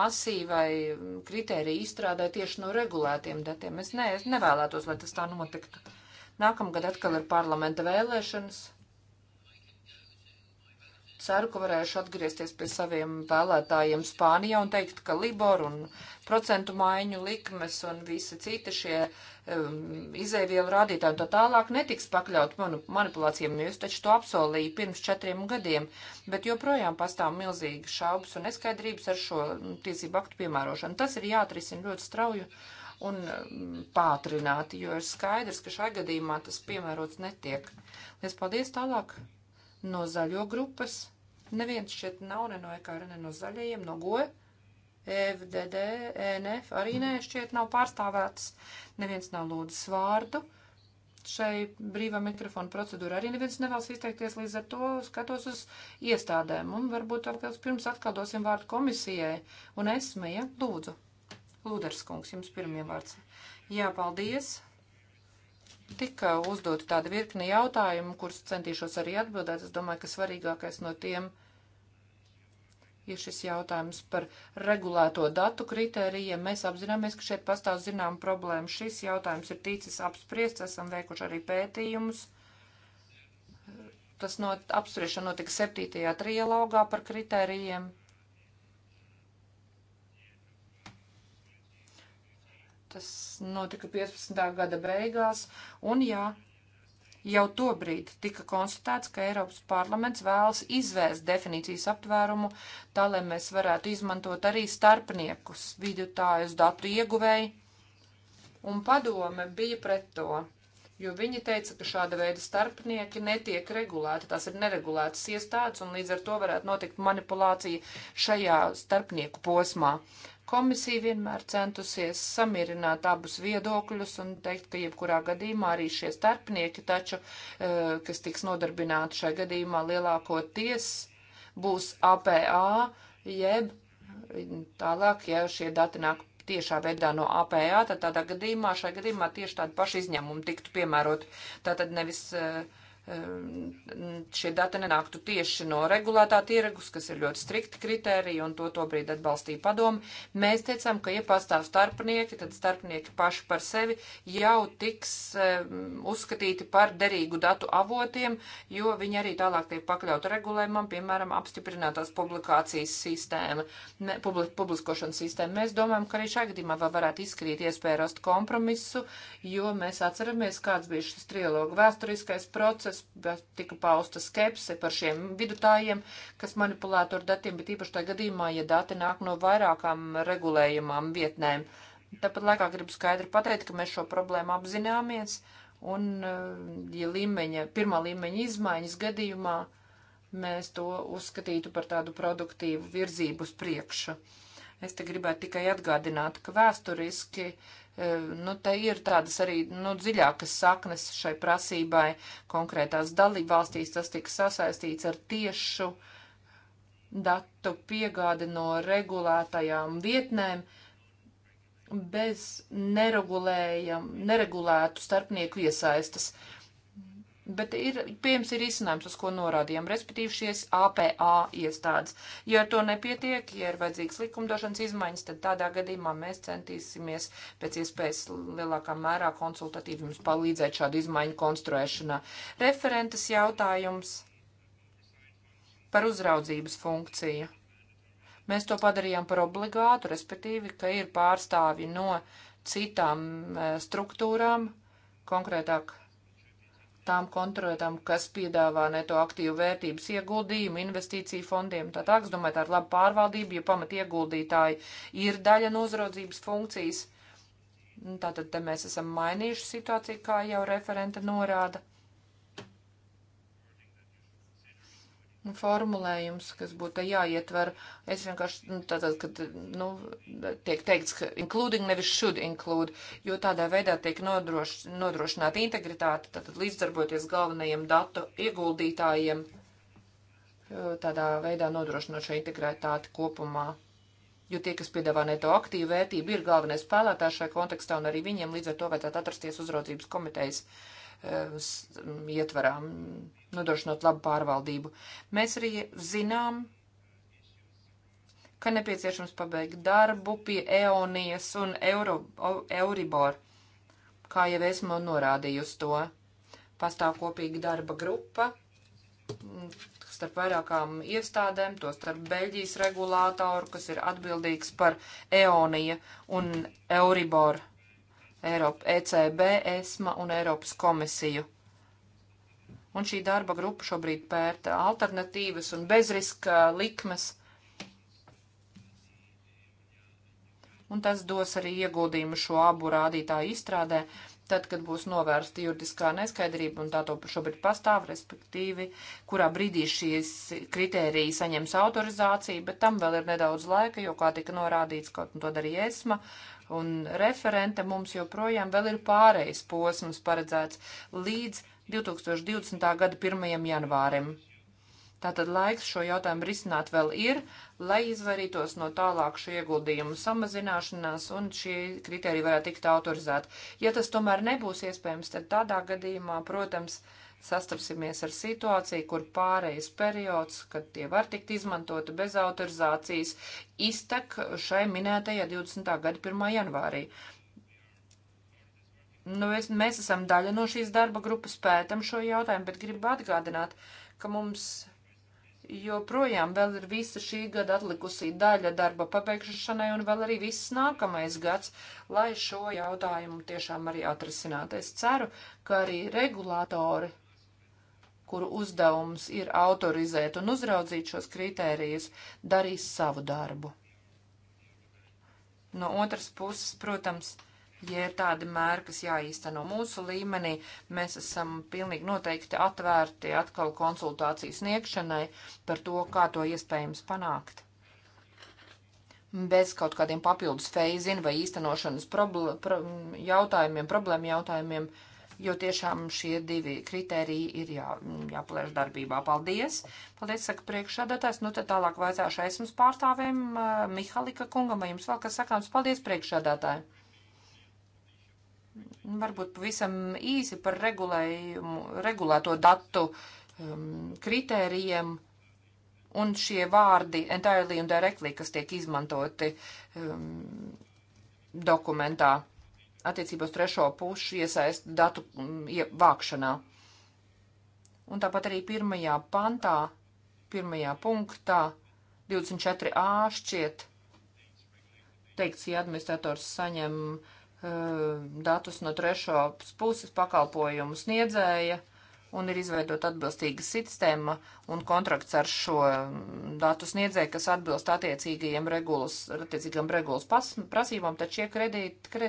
masīvai kritērija izstrādē tieši no regulētiem datiem. Es, ne, es nevēlētos, lai tas tā notiktu. Nākamgad atkal ir parlamenta vēlēšanas. Ceru, ka varēšu atgriezties pie saviem vēlētājiem Spānijā un teikt, ka Libor un procentu maiņu likmes un visi citi šie um, izēvielu rādītāji un tā tālāk netiks pakļaut manu, manipulācijām, nu, jo es taču to apsolīju pirms četriem gadiem, bet joprojām pastāv milzīgi šaubas un neskaidrības ar šo tiesību aktu piemērošanu. Tas ir jāatrisina ļoti strauju un um, pātrināti, jo ir skaidrs, ka šajā gadījumā tas piemērots netiek. Lies paldies tālāk! no zaļo grupas. Neviens šeit nav, ne no ekāra, ne no zaļajiem, no goja. E. E FDD, ENF arī nē, šķiet nav pārstāvētas. Neviens nav lūdzis vārdu. Šai brīvā mikrofona procedūra arī neviens nevēlas izteikties, līdz ar to skatos uz iestādēm. Un varbūt vēl pirms atkal dosim vārdu komisijai un esmai, ja? Lūdzu. Lūders kungs, jums pirmie vārds. Jā, paldies. Tika uzdot tāda virkni jautājumu, kurus centīšos arī atbildēt. Es domāju, ka svarīgākais no tiem ir šis jautājums par regulēto datu kritērijiem. Mēs apzināmies, ka šeit pastāv zinām problēma. Šis jautājums ir ticis apspriests, esam veikuši arī pētījumus. Tas no, apspriešana notika septītajā trialogā par kritērijiem Tas notika 15. gada beigās, un jā, jau tobrīd tika konstatēts, ka Eiropas parlaments vēlas izvērst definīcijas aptvērumu tā, lai mēs varētu izmantot arī starpniekus, vidutājus, datu ieguvēju, un padome bija pret to jo viņi teica, ka šāda veida starpnieki netiek regulēti, tās ir neregulētas iestādes, un līdz ar to varētu notikt manipulācija šajā starpnieku posmā. Komisija vienmēr centusies samierināt abus viedokļus un teikt, ka jebkurā gadījumā arī šie starpnieki taču, eh, kas tiks nodarbināti šai gadījumā lielākoties, būs APA, jeb tālāk, ja šie dati nāk tiešā veidā no APA, tad tādā gadījumā, šai gadījumā tieši tāda paša izņēmuma tiktu piemērot. Tātad nevis uh, Ehm, šie dati nenāktu tieši no regulētā tirgus, kas ir ļoti strikti kriteriji, un to tobrīd atbalstīja padomu. Mēs teicām, ka, ja pastāv starpnieki, tad starpnieki paši par sevi jau tiks ehm, uzskatīti par derīgu datu avotiem, jo viņi arī tālāk tiek pakļauti regulējumam, piemēram, apstiprinātās publikācijas sistēma, publi, publiskošanas sistēma. Mēs domājam, ka arī šajā gadījumā vēl varētu izskrīt iespēja rast kompromisu, jo mēs atceramies, kāds bija šis trilogu vēsturiskais process, bažas, bet tika pausta skepse par šiem vidutājiem, kas manipulētu ar datiem, bet īpaši tajā gadījumā, ja dati nāk no vairākām regulējumām vietnēm. Tāpat laikā gribu skaidri pateikt, ka mēs šo problēmu apzināmies, un eh, ja līmeņa, pirmā līmeņa izmaiņas gadījumā mēs to uzskatītu par tādu produktīvu virzību uz priekšu. Es te gribētu tikai atgādināt, ka vēsturiski uh, E, nu, te ir tādas arī nu, dziļākas saknes šai prasībai konkrētās dalībvalstīs. Tas tika sasaistīts ar tiešu datu piegādi no regulētajām vietnēm bez neregulētu starpnieku iesaistas. Bet ir, pieejams ir izcinājums, uz ko norādījām, respektīvi šies APA iestādes. Ja ar to nepietiek, ja ir vajadzīgs likumdošanas izmaiņas, tad tādā gadījumā mēs centīsimies pēc iespējas lielākā mērā konsultatīvi jums palīdzēt šādu izmaiņu konstruēšanā. Referentes jautājums par uzraudzības funkciju. Mēs to padarījām par obligātu, respektīvi, ka ir pārstāvi no citām eh, struktūrām, konkrētāk tām kontrolētām, kas piedāvā ne to aktīvu vērtības ieguldījumu, investīciju fondiem. Tā tā, es domāju, tā ir laba pārvaldība, jo pamat ieguldītāji ir daļa no uzraudzības funkcijas. Tātad te mēs esam mainījuši situāciju, kā jau referenta norāda. formulējums, kas būtu jāietver. Es vienkārši, nu, tātad, kad, nu, tiek teikts, ka including nevis should include, jo tādā veidā tiek nodroš, nodrošināta integritāte, tātad līdzdarboties galvenajiem datu ieguldītājiem, tādā veidā nodrošinot šo integritāti kopumā. Jo tie, kas piedāvā ne to aktīvu vērtību, ir galvenais spēlētājs šajā kontekstā, un arī viņiem līdz ar to vajadzētu atrasties uzraudzības komitejas uh, Eh, ietvarām, nodrošinot labu pārvaldību. Mēs arī zinām, ka nepieciešams pabeigt darbu pie Eonijas un Euro, Euribor, kā jau esmu norādījusi to. Pastāv kopīga darba grupa starp vairākām iestādēm, to starp Beļģijas regulātoru, kas ir atbildīgs par Eonija un Euribor Eiropa, ECB, ESMA un Eiropas komisiju. Un šī darba grupa šobrīd pērta alternatīvas un bezriska likmes. Un tas dos arī ieguldījumu šo abu rādītāju izstrādē, tad, kad būs novērsta juridiskā neskaidrība, un tā to šobrīd pastāv, respektīvi, kurā brīdī šīs kritērija saņems autorizāciju, bet tam vēl ir nedaudz laika, jo, kā tika norādīts, kaut un to darīja ESMA, un referente mums joprojām vēl ir pārējais posms paredzēts līdz 2020. gada 1. janvārim. Tātad laiks šo jautājumu risināt vēl ir, lai izvairītos no tālākšu ieguldījumu samazināšanās un šie kriteriji varētu tikt autorizēti. Ja tas tomēr nebūs iespējams, tad tādā gadījumā, protams, uh, sastapsimies ar situāciju, kur pārejas periods, kad tie var tikt izmantoti bez autorizācijas, iztek šai minētajā 20. gada 1. janvārī. Nu, es, mēs esam daļa no šīs darba grupas, pētam šo jautājumu, bet gribu atgādināt, ka mums joprojām vēl ir visa šī gada atlikusī daļa darba pabeigšanai un vēl arī viss nākamais gads, lai šo jautājumu tiešām arī atrisināt. Es ceru, ka arī regulātori kuru uzdevums ir autorizēt un uzraudzīt šos kritērijus, darīs savu darbu. No otras puses, protams, ja ir tādi mēri, kas jāīsteno mūsu līmenī, mēs esam pilnīgi noteikti atvērti atkal konsultāciju sniegšanai par to, kā to iespējams panākt. Bez kaut kādiem papildus feizinu vai īstenošanas probl pro jautājumiem, problēmu jautājumiem. Uh, jo tiešām šie divi kriteriji ir jā, jāplēš darbībā. Paldies! Paldies, saka priekšādātājs. Nu, tad tālāk vajadzēšu esmas pārstāvēm uh, Mihalika kungam, vai jums vēl kas sakāms? Paldies, priekšādātāji! Varbūt pavisam īsi par regulējumu, regulēto datu um, kritērijiem un šie vārdi entirely un directly, kas tiek izmantoti um, dokumentā attiecībos trešo pušu iesaist datu mm, vākšanā. Un tāpat arī pirmajā pantā, pirmajā punktā, 24a šķiet, teikts, ja administrators saņem uh, datus no trešo puses pakalpojumu sniedzēja, un ir izveidota atbilstīga sistēma un kontrakts ar šo mm, datu sniedzēju, kas atbilst attiecīgajiem regulas, attiecīgam regulas pas, prasībām, tad šie, kredīt, kre,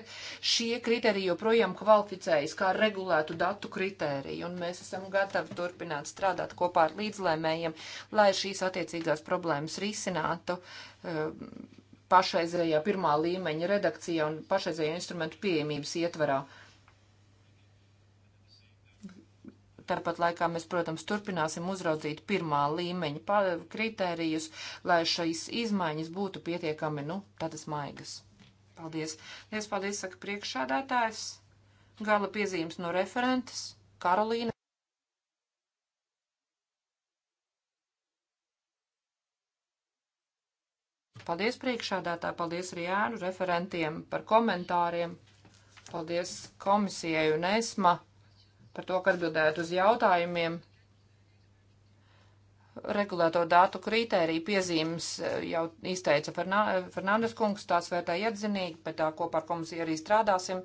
šie kriteriji joprojām kvalificējas kā regulētu datu kriteriju, un mēs esam gatavi turpināt strādāt kopā ar līdzlēmējiem, lai šīs attiecīgās problēmas risinātu. Uh, pašreizējā pirmā līmeņa redakcijā un pašreizējā instrumentu pieejamības ietvarā. Uh, Tāpat laikā mēs, protams, turpināsim uzraudzīt pirmā līmeņa kritērijus, lai šīs izmaiņas būtu pietiekami, nu, tādas maigas. Paldies. Lies paldies, saka priekšādātājs. Gala piezīmes no referentes. Karolīna. Paldies priekšādātā, paldies arī ēnu referentiem par komentāriem. Paldies komisijai un ESMA par to, ka atbildējāt uz jautājumiem. Regulēto datu kritēriju piezīmes eh, jau izteica Fernandes kungs, tās vērtēja atzinīgi, bet tā kopā ar komisiju arī strādāsim.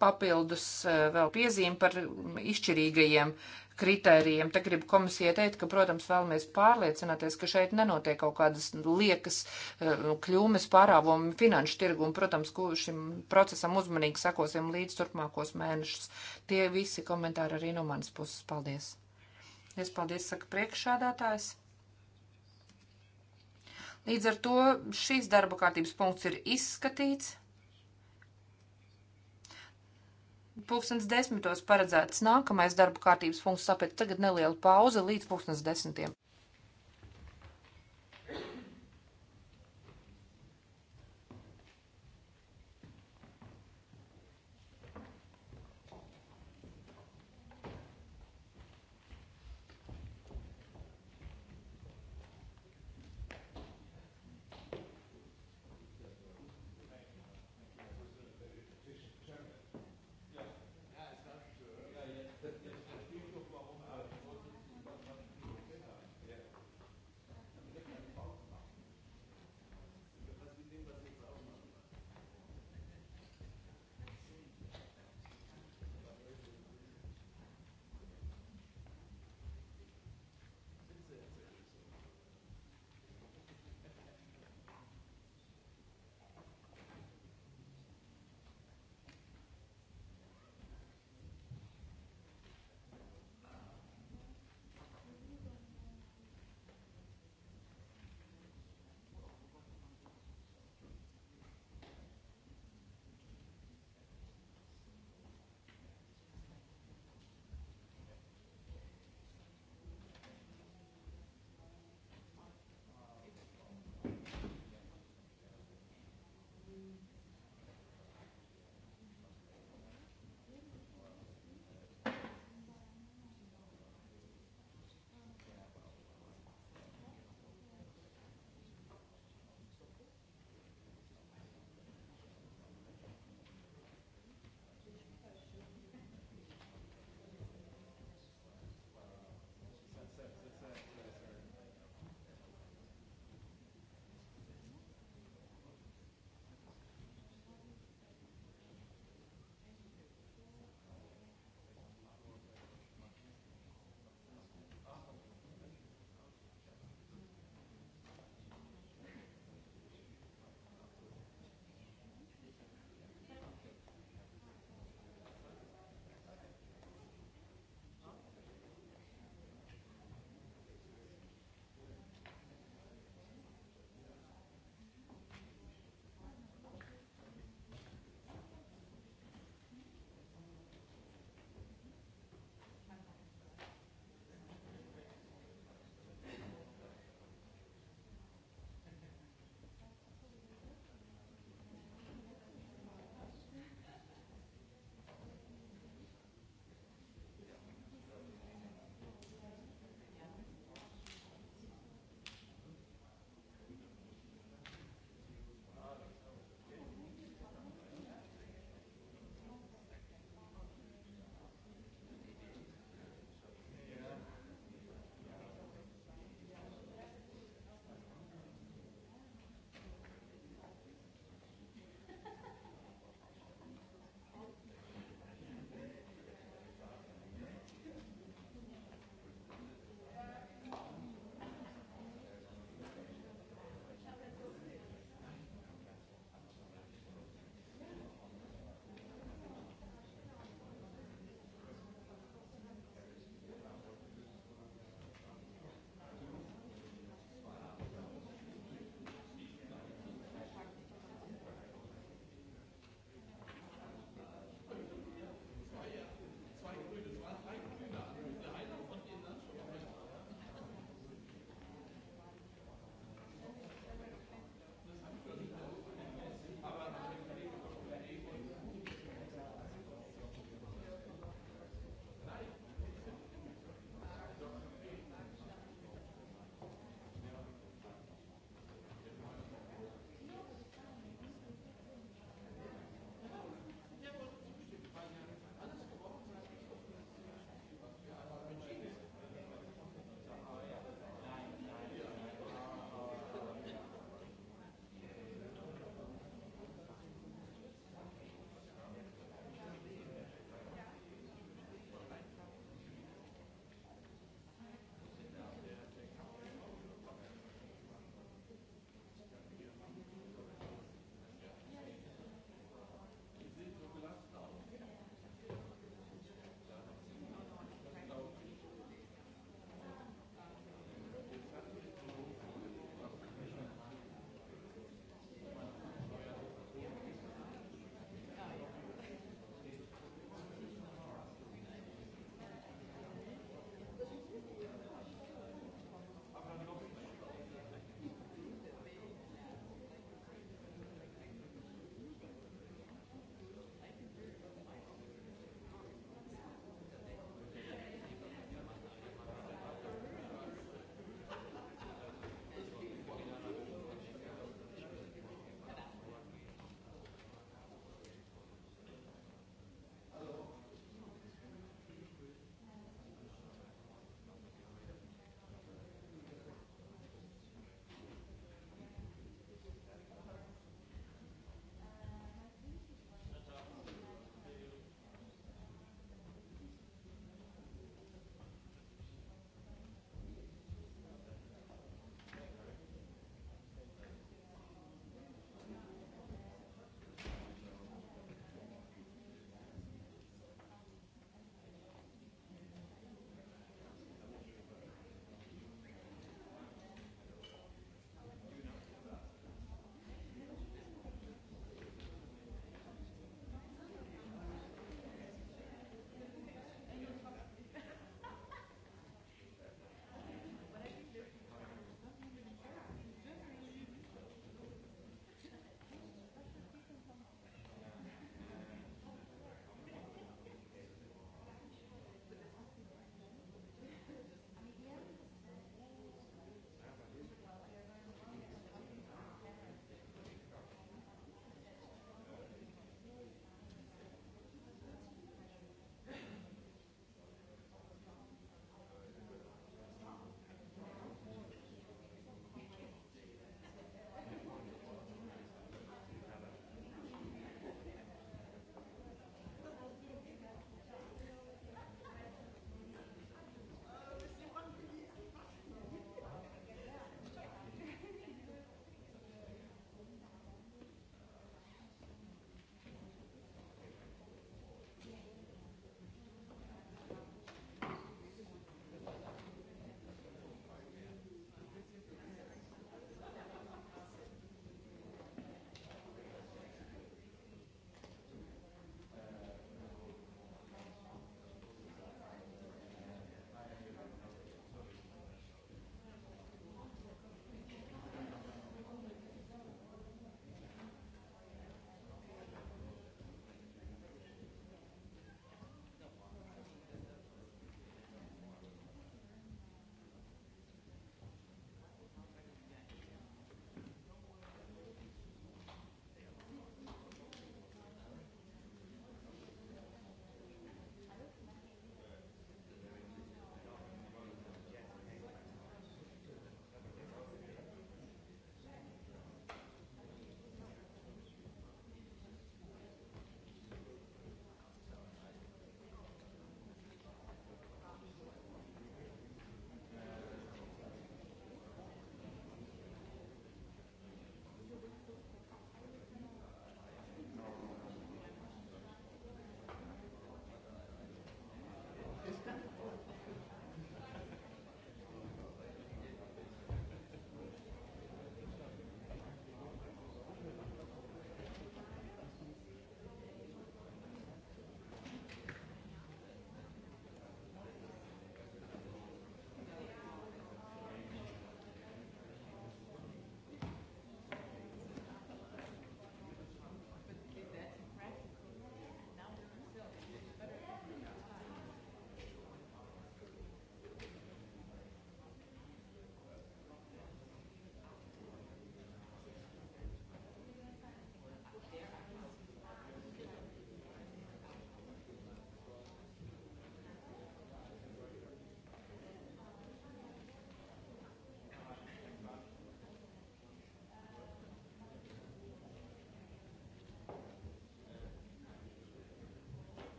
Papildus eh, vēl piezīme par izšķirīgajiem kritērijiem. Te gribu komisijai teikt, ka, protams, vēlamies pārliecināties, ka šeit nenotiek kaut kādas liekas eh, kļūmes pārāvumi finanšu tirgu, un, protams, šim procesam uzmanīgi sakosim līdz turpmākos mēnešus. Tie visi komentāri arī no manas puses. Paldies! Es paldies, saka priekšādātājs. Līdz ar to šīs darba kārtības punkts ir izskatīts. Pūkstens desmitos paredzēts nākamais darba kārtības punkts, tāpēc tagad neliela pauze līdz pūkstens desmitiem.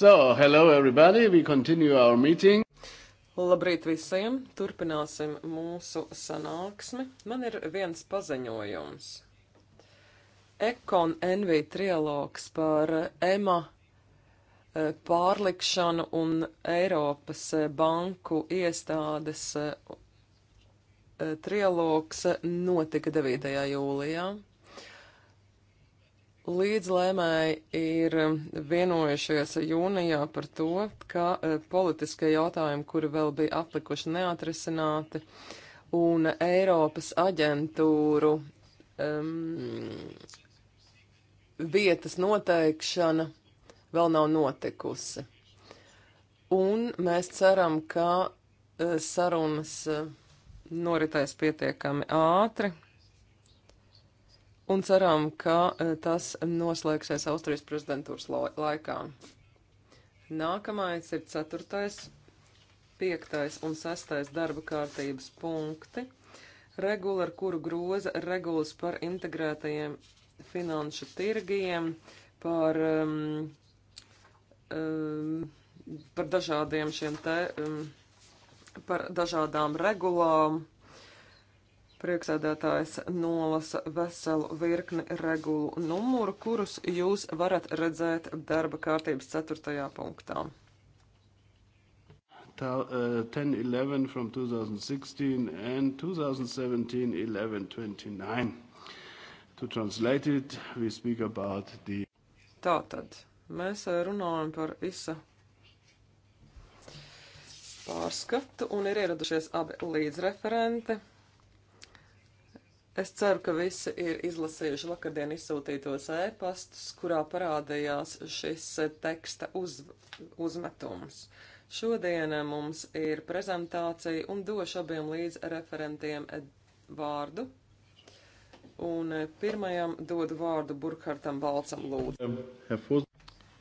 So, hello everybody, we continue our meeting. Labrīt visiem, turpināsim mūsu sanāksmi. Man ir viens paziņojums. Ekon NV trialogs par EMA e, pārlikšanu un Eiropas e, banku iestādes e, trialogs notika 9. jūlijā. Līdzlēmēji ir um, vienojušies jūnijā par to, ka uh, politiskie jautājumi, kuri vēl bija aplikuši neatrisināti, un Eiropas aģentūru um, vietas noteikšana vēl nav notikusi. Un mēs ceram, ka uh, sarunas uh, noritēs pietiekami ātri, un ceram, ka e, tas noslēgsies Austrijas prezidentūras laikā. Nākamais ir ceturtais, piektais un sestais darba kārtības punkti regula, ar kuru groza regulas par integrētajiem finanšu tirgiem, par, um, um, par dažādiem šiem te, um, par dažādām regulām, Prieksēdētājs nolasa veselu virkni regulu numuru, kurus jūs varat redzēt darba kārtības ceturtajā punktā. Tā, uh, 10, 11 from 2016 and 2017, 11, 29. To translate it, we speak about the... Tātad, mēs eh, runājam par ISA pārskatu un ir ieradušies abi līdzreferenti. Es ceru, ka visi ir izlasījuši vakardien izsūtītos ēpastus, kurā parādījās šis teksta uz, uzmetums. Šodien mums ir prezentācija un došu abiem līdz referentiem vārdu. Un pirmajam dodu vārdu Burkhartam Valcam lūdzu.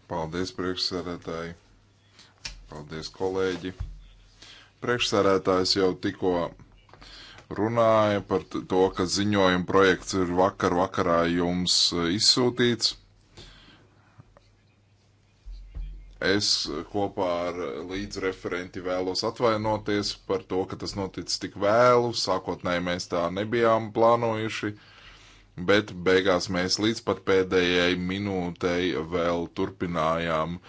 Paldies, priekšsēdētāji. Paldies, kolēģi. Priekšsēdētājs jau tikko runāja par to, ka ziņojuma projekts ir vakar vakarā jums e, izsūtīts. Es kopā ar e, līdzreferenti vēlos atvainoties par to, ka tas noticis tik vēlu. Sākotnēji mēs tā nebijām plānojuši, bet beigās mēs līdz pat pēdējai minūtei vēl turpinājām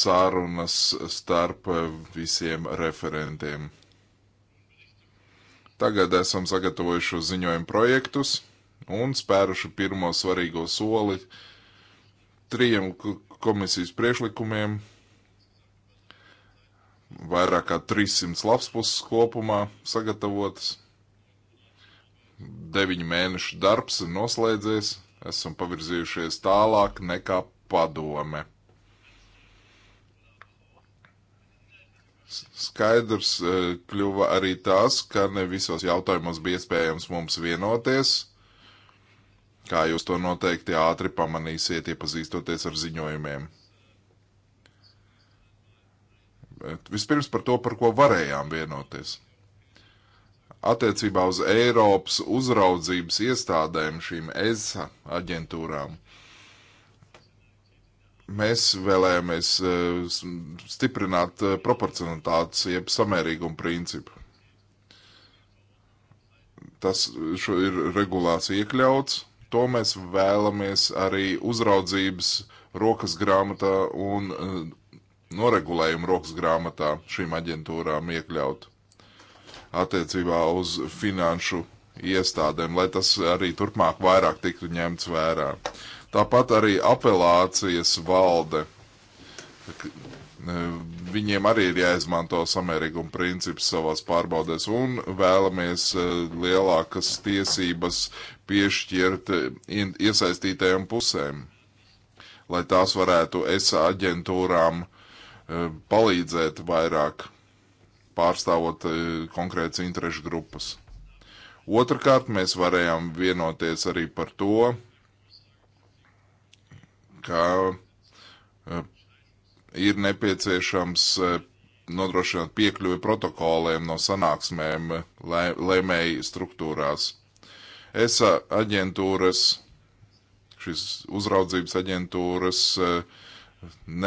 sarunas starp e, visiem referentiem. Tagad esam sagatavojuši ziņojumu projektus un spēruši pirmo svarīgo soli trijiem komisijas priešlikumiem, vairāk kā 300 lapspuses kopumā sagatavotas. Deviņu mēnešu darbs ir noslēdzies, esam pavirzījušies tālāk nekā padome. Skaidrs eh, kļuva arī tas, ka ne visos jautājumos bija iespējams mums vienoties, kā jūs to noteikti ātri pamanīsiet, iepazīstoties ar ziņojumiem. Bet vispirms par to, par ko varējām vienoties. Attiecībā uz Eiropas uzraudzības iestādēm, šīm ESA aģentūrām, Mēs vēlējāmies eh, stiprināt eh, proporcionalitātes, jeb samērīgumu principu. Tas ir regulās iekļauts. To mēs vēlamies arī uzraudzības rokas grāmatā un eh, noregulējumu rokas grāmatā šīm aģentūrām iekļaut attiecībā uz finanšu iestādēm, lai tas arī turpmāk vairāk tiktu ņemts vērā. Tāpat arī apelācijas valde. Viņiem arī ir jāizmanto samērīguma princips savās pārbaudēs un vēlamies e, lielākas tiesības piešķirt e, iesaistītajām pusēm, lai tās varētu ESA aģentūrām e, palīdzēt vairāk pārstāvot konkrētas interešu grupas. Otrakārt, mēs varējām vienoties arī par to, ka eh, ir nepieciešams eh, nodrošināt piekļuvi protokoliem no sanāksmēm lēmēji struktūrās. ESA aģentūras, šīs uzraudzības aģentūras eh,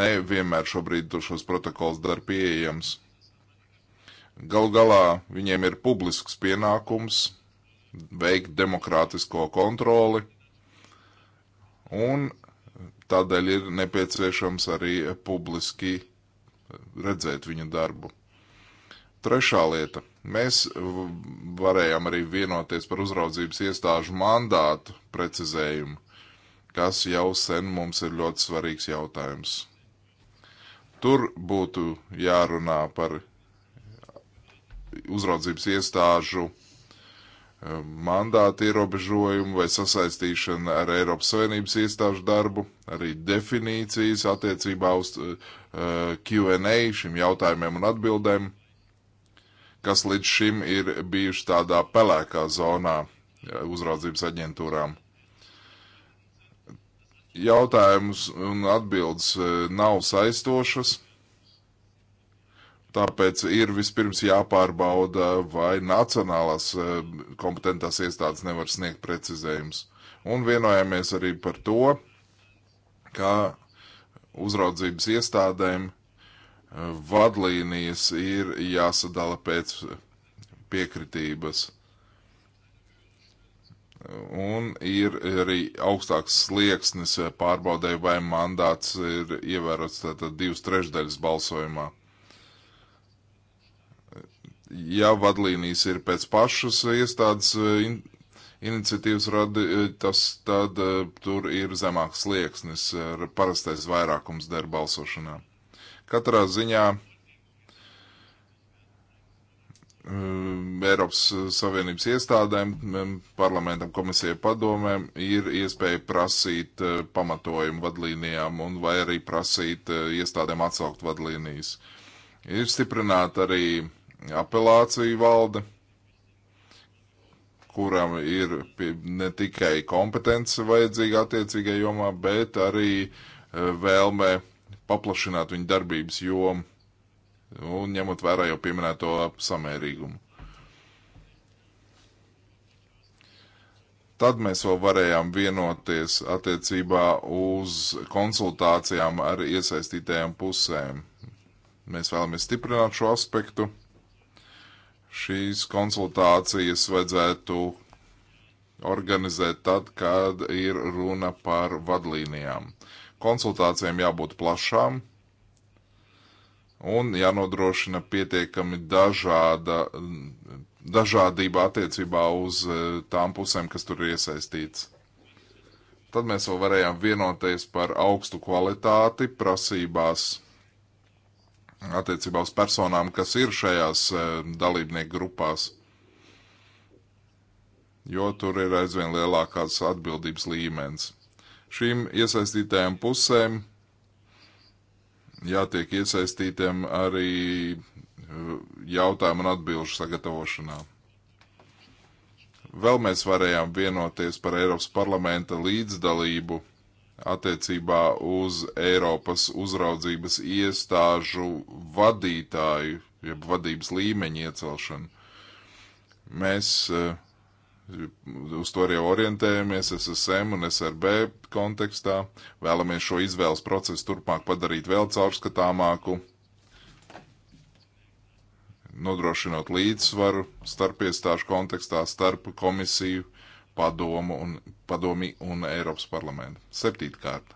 nevienmēr šobrīd šos protokols dara pieejams. Galu galā viņiem ir publisks pienākums veikt demokrātisko kontroli, un Tādēļ ir nepieciešams arī publiski redzēt viņa darbu. Trešā lieta. Mēs varējām arī vienoties par uzraudzības iestāžu mandātu precizējumu, kas jau sen mums ir ļoti svarīgs jautājums. Tur būtu jārunā par uzraudzības iestāžu uh, Eh, mandāta ierobežojumu vai sasaistīšanu ar Eiropas Savienības iestāžu darbu, arī definīcijas attiecībā uz uh, eh, Q&A šiem jautājumiem un atbildēm, kas līdz šim ir bijuši tādā pelēkā zonā eh, uzraudzības aģentūrām. Jautājums un atbildes nav saistošas Tāpēc ir vispirms jāpārbauda, vai nacionālās eh, kompetentās iestādes nevar sniegt precizējumus. Un vienojāmies arī par to, ka uzraudzības iestādēm eh, vadlīnijas ir jāsadala pēc piekritības. Un ir arī augstāks slieksnis eh, pārbaudē, vai mandāts ir ievērots tātad divas trešdaļas balsojumā ja vadlīnijas ir pēc pašas iestādes eh, in, iniciatīvas rada, eh, tas tad eh, tur ir zemāks slieksnis, parastais vairākums der balsošanā. Katrā ziņā Eiropas Savienības iestādēm, mm, parlamentam, komisijai padomēm ir iespēja prasīt pamatojumu vadlīnijām un vai arī prasīt iestādēm atsaukt vadlīnijas. Ir stiprināta arī apelāciju valde, kuram ir ne tikai kompetence vajadzīga attiecīgajā jomā, bet arī e, vēlme paplašināt viņa darbības jomu un ņemot vērā jau pieminēto samērīgumu. Tad mēs vēl varējām vienoties attiecībā uz konsultācijām ar iesaistītajām pusēm. Mēs vēlamies stiprināt šo aspektu Šīs konsultācijas vajadzētu organizēt tad, kad ir runa par vadlīnijām. Konsultācijām jābūt plašām un jānodrošina pietiekami dažāda, dažādība attiecībā uz eh, tām pusēm, kas tur ir iesaistīts tad mēs vēl varējām vienoties par augstu kvalitāti prasībās attiecībā uz personām, kas ir šajās e, dalībnieku grupās, jo tur ir aizvien lielākās atbildības līmenis. Šīm iesaistītajām pusēm jātiek iesaistītiem arī e, jautājumu un atbilžu sagatavošanā. Vēl mēs varējām vienoties par Eiropas parlamenta līdzdalību attiecībā uz Eiropas uzraudzības iestāžu vadītāju, jeb vadības līmeņa iecelšanu. Mēs eh, uz to arī orientējamies SSM un SRB kontekstā. Vēlamies šo izvēles procesu turpmāk padarīt vēl caurskatāmāku, nodrošinot līdzsvaru starp iestāžu kontekstā, starp komisiju padomu un, padomi un Eiropas parlamentu. Septītkārt.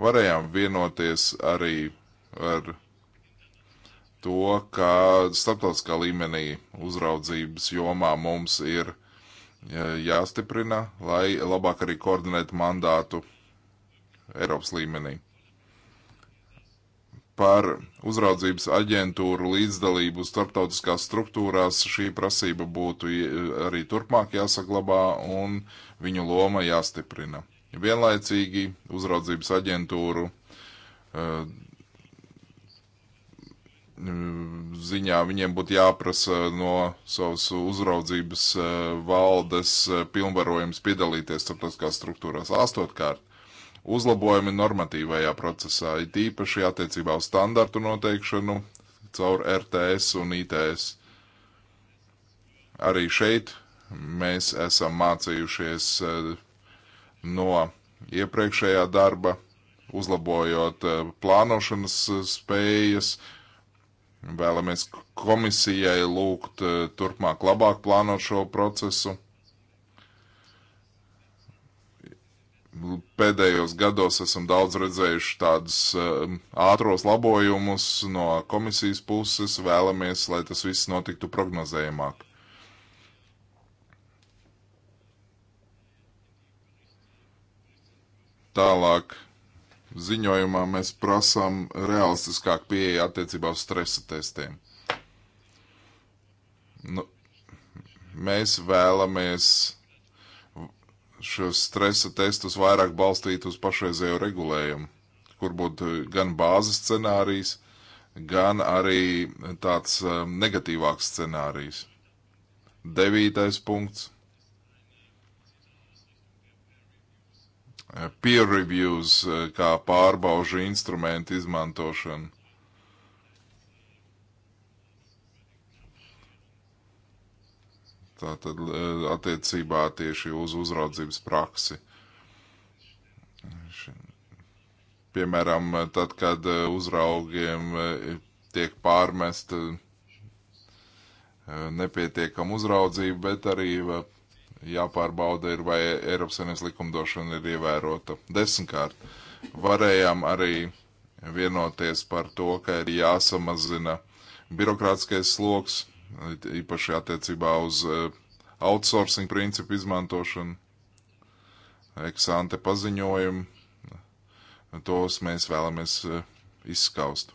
Varējām vienoties arī ar to, ka starptautiskā līmenī uzraudzības jomā mums ir jāstiprina, lai labāk arī koordinētu mandātu Eiropas līmenī par uzraudzības aģentūru līdzdalību starptautiskās struktūrās šī prasība būtu arī turpmāk jāsaglabā un viņu loma jāstiprina. Vienlaicīgi uzraudzības aģentūru uh, ziņā viņiem būtu jāprasa no savas uzraudzības e, valdes e, pilnvarojums piedalīties starptautiskās struktūrās. Astotkārt, uzlabojumi normatīvajā procesā, it īpaši attiecībā uz standartu noteikšanu caur RTS un ITS. Arī šeit mēs esam mācījušies eh, no iepriekšējā darba, uzlabojot eh, plānošanas eh, spējas. Vēlamies komisijai lūgt turpmāk labāk plānot šo procesu. pēdējos gados esam daudz redzējuši tādus um, ātros labojumus no komisijas puses, vēlamies, lai tas viss notiktu prognozējumāk. Tālāk ziņojumā mēs prasām realistiskāk pieeja attiecībā uz stresa testiem. Nu, mēs vēlamies šos stresa testus vairāk balstītu uz pašreizējo regulējumu, kur būtu gan bāzes scenārijs, gan arī tāds um, negatīvāks scenārijs. Devītais punkts. Peer reviews uh, kā pārbaužu instrumentu izmantošana tātad e, attiecībā tieši uz uzraudzības praksi. Piemēram, tad, kad e, uzraugiem e, tiek pārmest nepietiekam uzraudzību, bet arī jāpārbauda ir, vai Eiropas Savienības likumdošana ir ievērota. Desmitkārt, varējām arī vienoties par to, ka ir jāsamazina birokrātiskais sloks, īpaši attiecībā uz uh, outsourcing principu izmantošanu, eksante paziņojumu. Tos mēs vēlamies e, izskaust.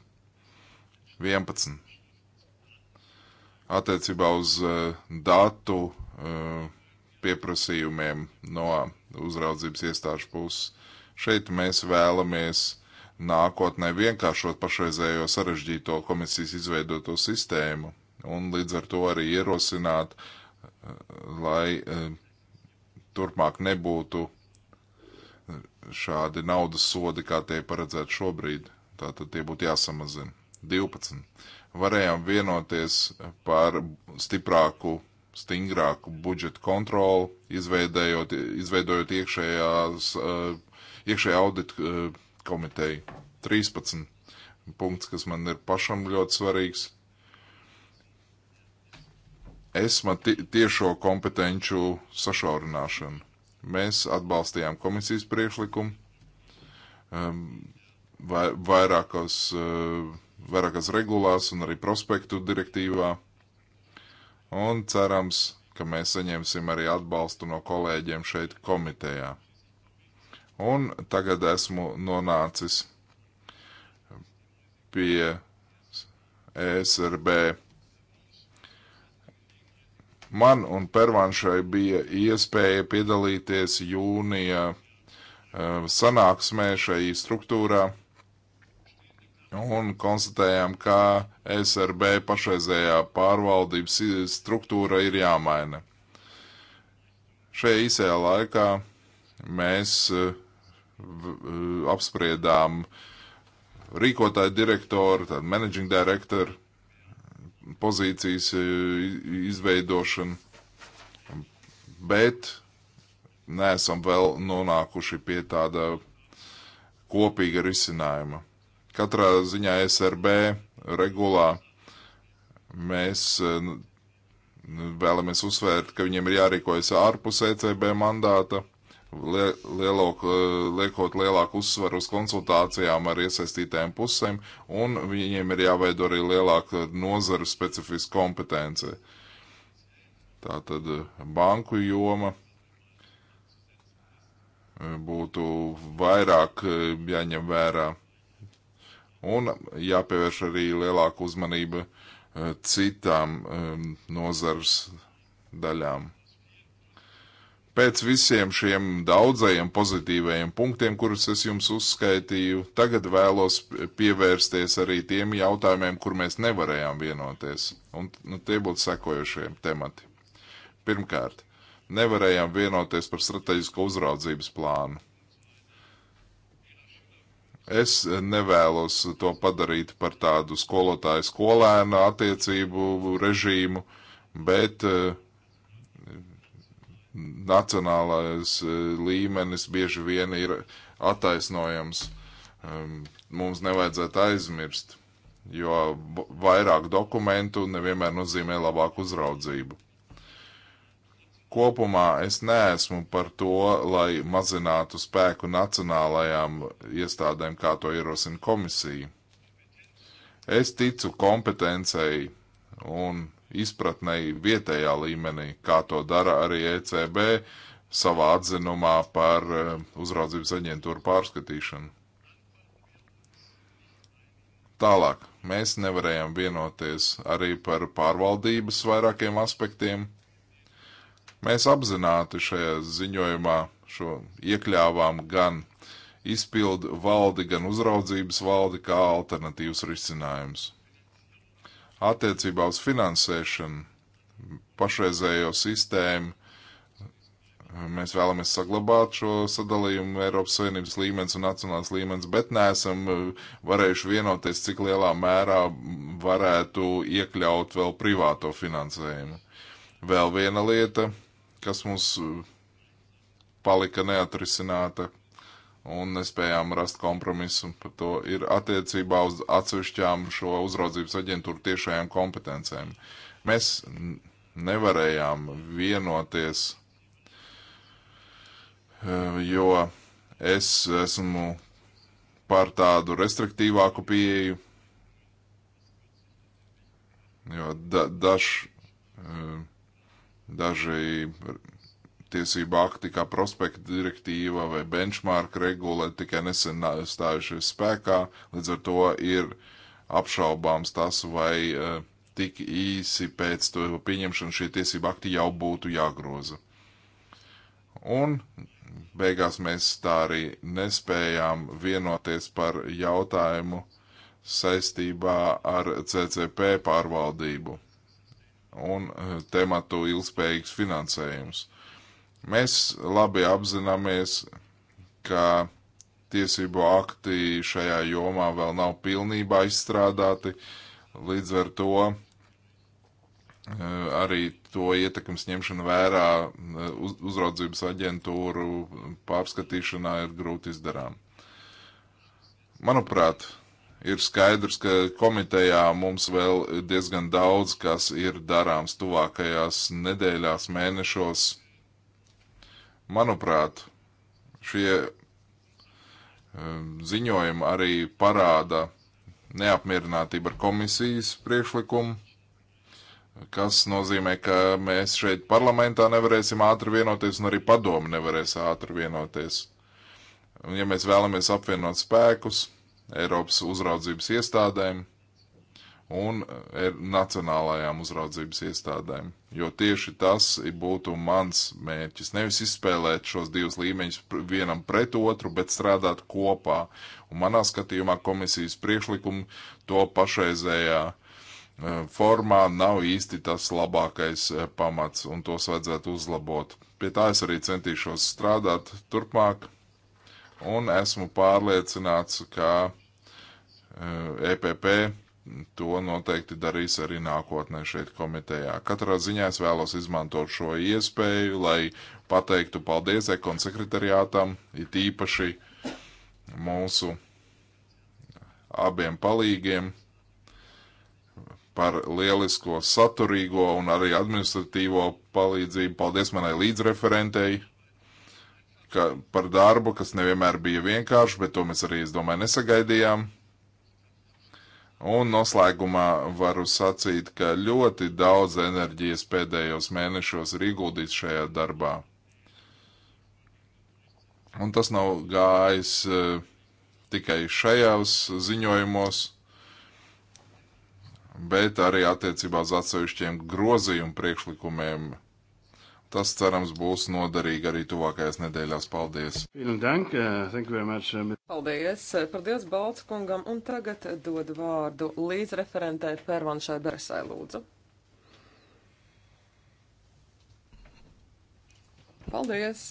11. Attiecībā uz e, datu e, pieprasījumiem no uzraudzības iestāžu puses. Šeit mēs vēlamies nākotnē vienkāršot pašreizējo sarežģīto komisijas izveidoto sistēmu un līdz ar to arī ierosināt uh, lai eh, turpmāk nebūtu eh, šādi naudas sodi, kā tie paredzēti šobrīd. Tātad tie būtu jāsamazina. 12. Varējām vienoties par stiprāku, stingrāku budžetu kontroli, izveidējot, izveidojot iekšējās, eh, iekšējā audita komiteju. 13. Punkts, kas man ir pašam ļoti svarīgs ESMA tiešo kompetenču sašaurināšanu. Mēs atbalstījām komisijas priekšlikumu um, vai, vairākos, uh, vairākās regulās un arī prospektu direktīvā. Un cerams, ka mēs saņemsim arī atbalstu no kolēģiem šeit komitejā. Un tagad esmu nonācis pie ESRB Man un Pervanšai bija iespēja piedalīties jūnija eh, sanāksmē šai struktūrā un konstatējām, ka SRB pašreizējā pārvaldības struktūra ir jāmaina. Šajā īsajā laikā mēs eh, eh, apspriedām rīkotāju direktoru, tad managing directoru pozīcijas e, izveidošanu, bet neesam vēl nonākuši pie tāda kopīga risinājuma. Katrā ziņā SRB regulā mēs e, vēlamies uzsvērt, ka viņiem ir jārīkojas ārpus ECB mandāta lielok, liekot lielāku uzsvaru uz konsultācijām ar iesaistītēm pusēm, un viņiem ir jāveido arī lielāka nozaru specifiska kompetence. Tā tad eh, banku joma eh, būtu vairāk eh, jāņem vērā, un jāpievērš arī lielāka uzmanība citām nozars daļām. Pēc visiem šiem daudzajiem pozitīvajiem punktiem, kurus es jums uzskaitīju, tagad vēlos pievērsties arī tiem jautājumiem, kur mēs nevarējām vienoties. Un, nu, tie būtu sekojušie temati. Pirmkārt, nevarējām vienoties par strateģisko uzraudzības plānu. Es nevēlos to padarīt par tādu skolotāju skolēnu attiecību režīmu, bet uh, nacionālais eh, līmenis bieži vien ir attaisnojams. Ehm, mums nevajadzētu aizmirst, jo vairāk dokumentu nevienmēr nozīmē labāku uzraudzību. Kopumā es neesmu par to, lai mazinātu spēku nacionālajām iestādēm, kā to ierosina komisija. Es ticu kompetencei un izpratnei vietējā līmenī, kā to dara arī ECB savā atzinumā par eh, uzraudzības aģentūru pārskatīšanu. Tālāk mēs nevarējām vienoties arī par pārvaldības vairākiem aspektiem. Mēs apzināti šajā ziņojumā šo iekļāvām gan izpildu valdi, gan uzraudzības valdi kā alternatīvs risinājums attiecībā uz finansēšanu pašreizējo sistēmu. Mēs vēlamies saglabāt šo sadalījumu Eiropas Savienības līmenis un nacionāls līmenis, bet neesam uh, varējuši vienoties, cik lielā mērā varētu iekļaut vēl privāto finansējumu. Vēl viena lieta, kas mums uh, palika neatrisināta un nespējām rast kompromisu par to, ir attiecībā uz atsevišķām šo uzraudzības aģentūru tiešajām kompetencēm. Mēs nevarējām vienoties, eh, jo es esmu par tādu restriktīvāku pieeju, jo da, daž, eh, daži tiesību akti, kā prospekta direktīva vai benchmark regula, tikai nesen stājušies spēkā. Līdz ar to ir apšaubāms tas, vai uh, tik īsi pēc to pieņemšanu šie tiesību akti jau būtu jāgroza. Un beigās mēs tā arī nespējām vienoties par jautājumu saistībā ar CCP pārvaldību un e, tematu ilgspējīgs finansējums. Mēs labi apzināmies, ka tiesību akti šajā jomā vēl nav pilnībā izstrādāti, līdz ar to eh, arī to ietekmes ņemšana vērā eh, uzraudzības aģentūru pārskatīšanā ir grūti izdarām. Manuprāt, ir skaidrs, ka komitejā mums vēl diezgan daudz, kas ir darāms tuvākajās nedēļās, mēnešos Manuprāt, šie um, ziņojumi arī parāda neapmierinātību ar komisijas priekšlikumu, kas nozīmē, ka mēs šeit parlamentā nevarēsim ātri vienoties un arī padomu nevarēs ātri vienoties. Un ja mēs vēlamies apvienot spēkus Eiropas uzraudzības iestādēm, un er, nacionālajām uzraudzības iestādēm. Jo tieši tas būtu mans mērķis. Nevis izspēlēt šos divus līmeņus vienam pret otru, bet strādāt kopā. Un manā skatījumā komisijas priekšlikumu to pašreizējā e, formā nav īsti tas labākais e, pamats, un tos vajadzētu uzlabot. Pie tā es arī centīšos strādāt turpmāk, un esmu pārliecināts, ka EPP e to noteikti darīs arī nākotnē šeit komitejā. Katrā ziņā es vēlos izmantot šo iespēju, lai pateiktu paldies ekon sekretariātam, it īpaši mūsu abiem palīgiem par lielisko saturīgo un arī administratīvo palīdzību. Paldies manai līdzreferentei ka, par darbu, kas nevienmēr bija vienkārši, bet to mēs arī, es domāju, nesagaidījām Un noslēgumā varu sacīt, ka ļoti daudz enerģijas pēdējos mēnešos ir ieguldīts šajā darbā. Un tas nav gājis e, tikai šajās ziņojumos bet arī attiecībā uz atsevišķiem grozījumu priekšlikumiem Tas, cerams, būs noderīgi arī tuvākajās nedēļās. Paldies! Eh, eh, paldies! Eh, paldies Balts kungam! Un tagad dodu vārdu līdz referentē Pervanšai Beresai lūdzu. Paldies!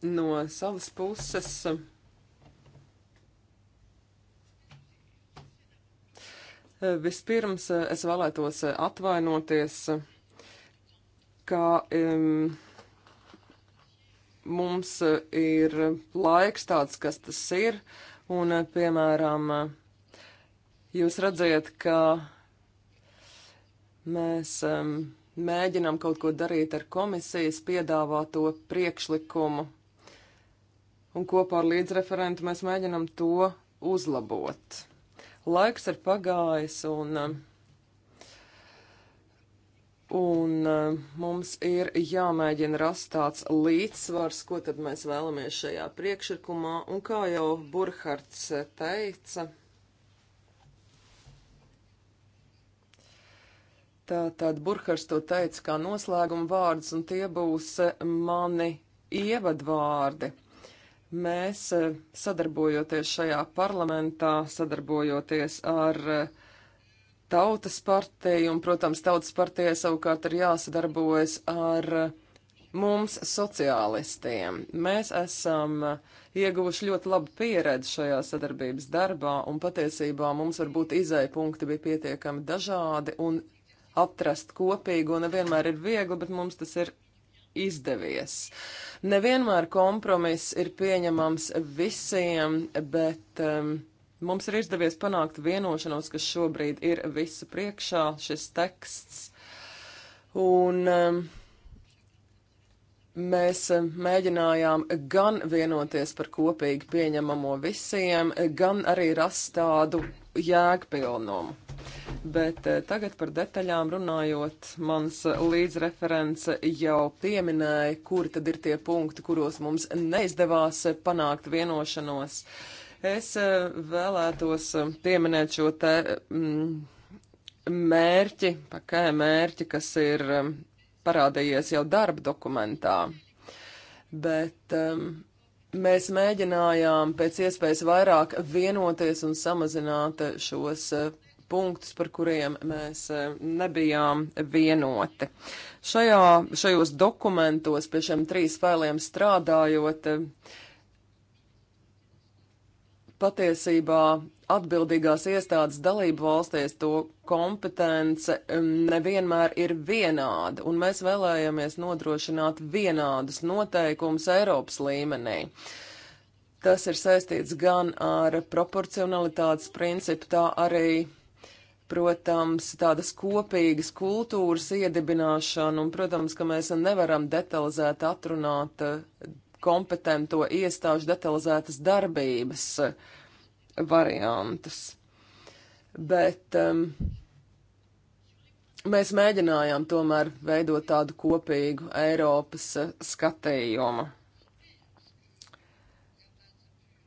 No savas puses. Vispirms es vēlētos atvainoties ka um, mums eh, ir laiks tāds, kas tas ir, un, eh, piemēram, eh, jūs redzat, ka mēs um, mēģinām kaut ko darīt ar komisijas piedāvāto priekšlikumu, un kopā ar līdzreferentu mēs mēģinām to uzlabot. Laiks ir pagājis, un um, Un uh, mums ir jāmēģina rast tāds līdzsvars, ko tad mēs vēlamies šajā priekšlikumā. Un kā jau Burhards eh, teica, tā tad Burhards to teica kā noslēguma vārds, un tie būs eh, mani ievadvārdi. Mēs sadarbojoties šajā parlamentā, sadarbojoties ar uh, tautas partiju, un, protams, tautas partijai savukārt ir jāsadarbojas ar mums sociālistiem. Mēs esam ieguvuši ļoti labu pieredzi šajā sadarbības darbā, un patiesībā mums varbūt izēja punkti bija pietiekami dažādi, un atrast kopīgu nevienmēr ir viegli, bet mums tas ir izdevies. Nevienmēr kompromiss ir pieņemams visiem, bet um, Mums ir izdevies panākt vienošanos, kas šobrīd ir visu priekšā, šis teksts. Un um, mēs um, mēģinājām gan vienoties par kopīgi pieņemamo visiem, gan arī rast tādu jēgpilnumu. Bet uh, tagad par detaļām runājot, mans uh, līdzreferents jau pieminēja, kur tad ir tie punkti, kuros mums neizdevās uh, panākt vienošanos. Uh, Es eh, vēlētos eh, pieminēt šo te mm, mērķi, pakē mērķi, kas ir eh, parādījies jau darba dokumentā, bet ehm, mēs mēģinājām pēc iespējas vairāk vienoties un samazināt šos punktus, par kuriem mēs nebijām vienoti. Šajā, šajos dokumentos pie šiem trīs failiem strādājot, Patiesībā atbildīgās iestādes dalību valstīs to kompetence mm, nevienmēr ir vienāda, un mēs vēlējamies nodrošināt vienādus noteikumus Eiropas līmenī. Tas ir saistīts gan ar proporcionalitātes principu, tā arī, protams, tādas kopīgas kultūras iedibināšanu, un, protams, ka mēs nevaram detalizēt atrunāt kompetento iestāžu detalizētas darbības e, variantus. Bet um, mēs mēģinājām tomēr veidot tādu kopīgu Eiropas e, skatījumu.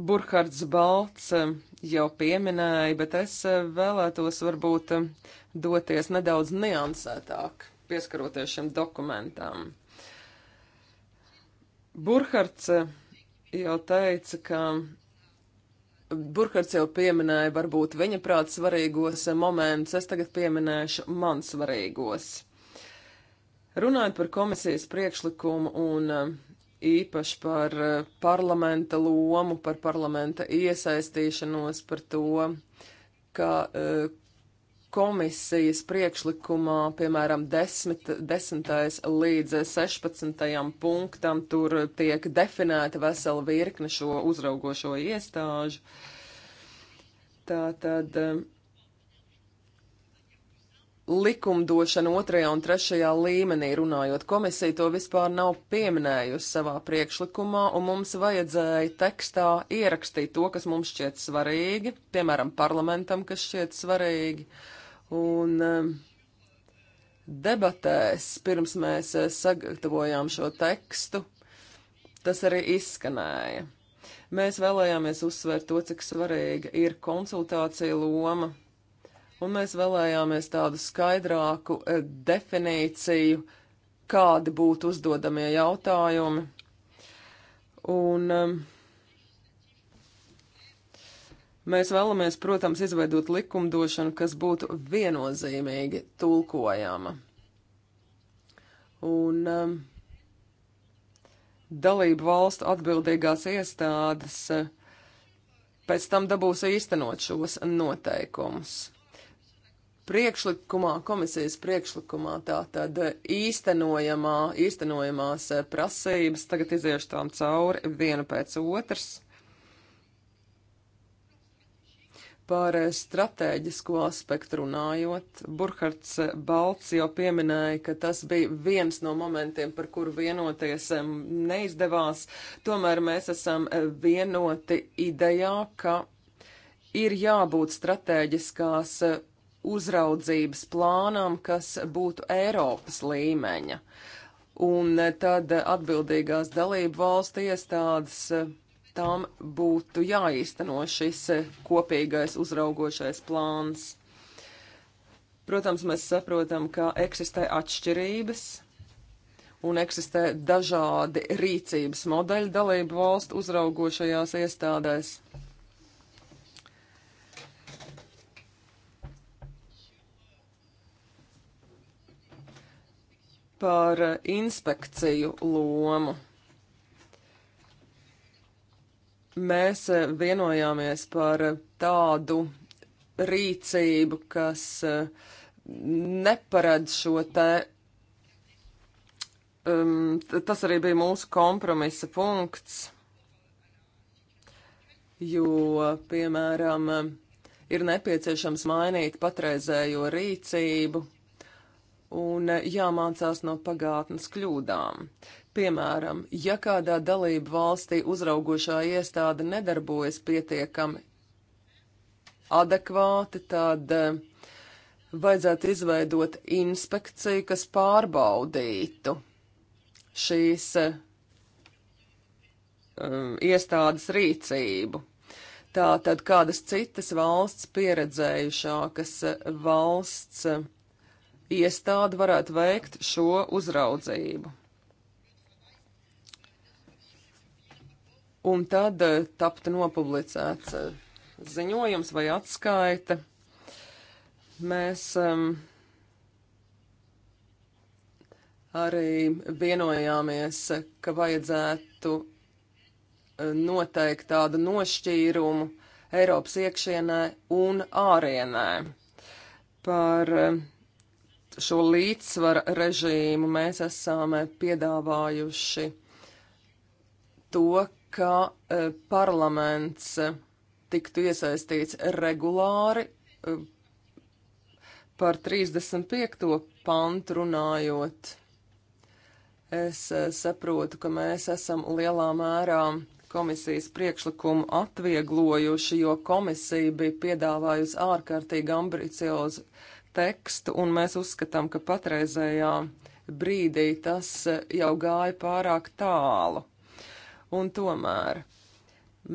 Burkhards Balts e, jau pieminēja, bet es vēlētos varbūt doties nedaudz niansētāk pieskaroties šim dokumentam. Burhards eh, jau teica, ka Burhards jau pieminēja varbūt viņa prāt svarīgos eh, momentus, es tagad pieminēšu man svarīgos. Runājot par komisijas priekšlikumu un eh, īpaši par parlamenta lomu, par parlamenta iesaistīšanos, par to, ka komisijas priekšlikumā, piemēram, 10. Desmit, līdz 16. punktam, tur tiek definēta vesela virkne šo uzraugošo iestāžu. Tā tad eh, likumdošana otrajā un trešajā līmenī runājot. Komisija to vispār nav pieminējusi savā priekšlikumā, un mums vajadzēja tekstā ierakstīt to, kas mums šķiet svarīgi, piemēram, parlamentam, kas šķiet svarīgi. Uh, Un um, debatēs, pirms mēs uh, sagatavojām šo tekstu, tas arī izskanēja. Mēs vēlējāmies uzsvērt to, cik svarīga ir konsultācija loma, un mēs vēlējāmies tādu skaidrāku uh, definīciju, kādi būtu uzdodamie jautājumi. Un um, Mēs vēlamies, protams, izveidot likumdošanu, kas būtu viennozīmīgi tulkojama. Un um, dalību valstu atbildīgās iestādes uh, pēc tam dabūs īstenot šos noteikumus. Priekšlikumā, komisijas priekšlikumā tā tad uh, īstenojamā, īstenojamās uh, prasības tagad iziešu tām cauri viena pēc otras. Par stratēģisko aspektu runājot, Burkhards Balts jau pieminēja, ka tas bija viens no momentiem, par kuru vienoties neizdevās. Tomēr mēs esam vienoti idejā, ka ir jābūt stratēģiskās uzraudzības plānam, kas būtu Eiropas līmeņa. Un tad atbildīgās dalību valstu iestādes tām būtu jāīsteno šis eh, kopīgais uzraugošais plāns. Protams, mēs saprotam, ka eksistē atšķirības un eksistē dažādi rīcības modeļi dalību valstu uzraugošajās iestādēs. Par eh, inspekciju lomu mēs e, vienojāmies par e, tādu rīcību, kas e, neparedz šo te. Um, tas arī bija mūsu kompromisa punkts, jo, piemēram, ir nepieciešams mainīt patreizējo rīcību un jāmācās no pagātnes kļūdām. Piemēram, ja kādā dalību valstī uzraugošā iestāde nedarbojas pietiekami adekvāti, tad eh, vajadzētu izveidot inspekciju, kas pārbaudītu šīs um, iestādes rīcību. Tātad kādas citas valsts pieredzējušākas eh, valsts iestāde varētu veikt šo uzraudzību. un tad eh, tapta nopublicēts eh, ziņojums vai atskaita. Mēs um, arī vienojāmies, ka vajadzētu eh, noteikt tādu nošķīrumu Eiropas iekšienē un ārienē. Par ehm, šo līdzsvara režīmu mēs esam piedāvājuši to, ka e, parlaments tiktu iesaistīts regulāri e, par 35. pantu runājot. Es e, saprotu, ka mēs esam lielā mērā komisijas priekšlikumu atvieglojuši, jo komisija bija piedāvājusi ārkārtīgi ambiciozu tekstu, un mēs uzskatām, ka patreizējā brīdī tas e, jau gāja pārāk tālu. Un tomēr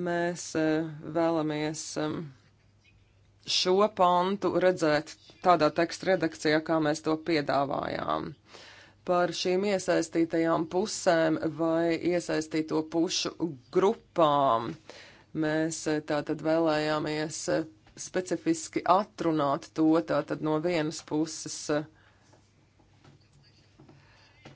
mēs eh, vēlamies eh, šo pantu redzēt tādā teksta redakcijā, kā mēs to piedāvājām. Par šīm iesaistītajām pusēm vai iesaistīto pušu grupām mēs eh, tātad vēlējāmies specifiski atrunāt to tātad no vienas puses uh,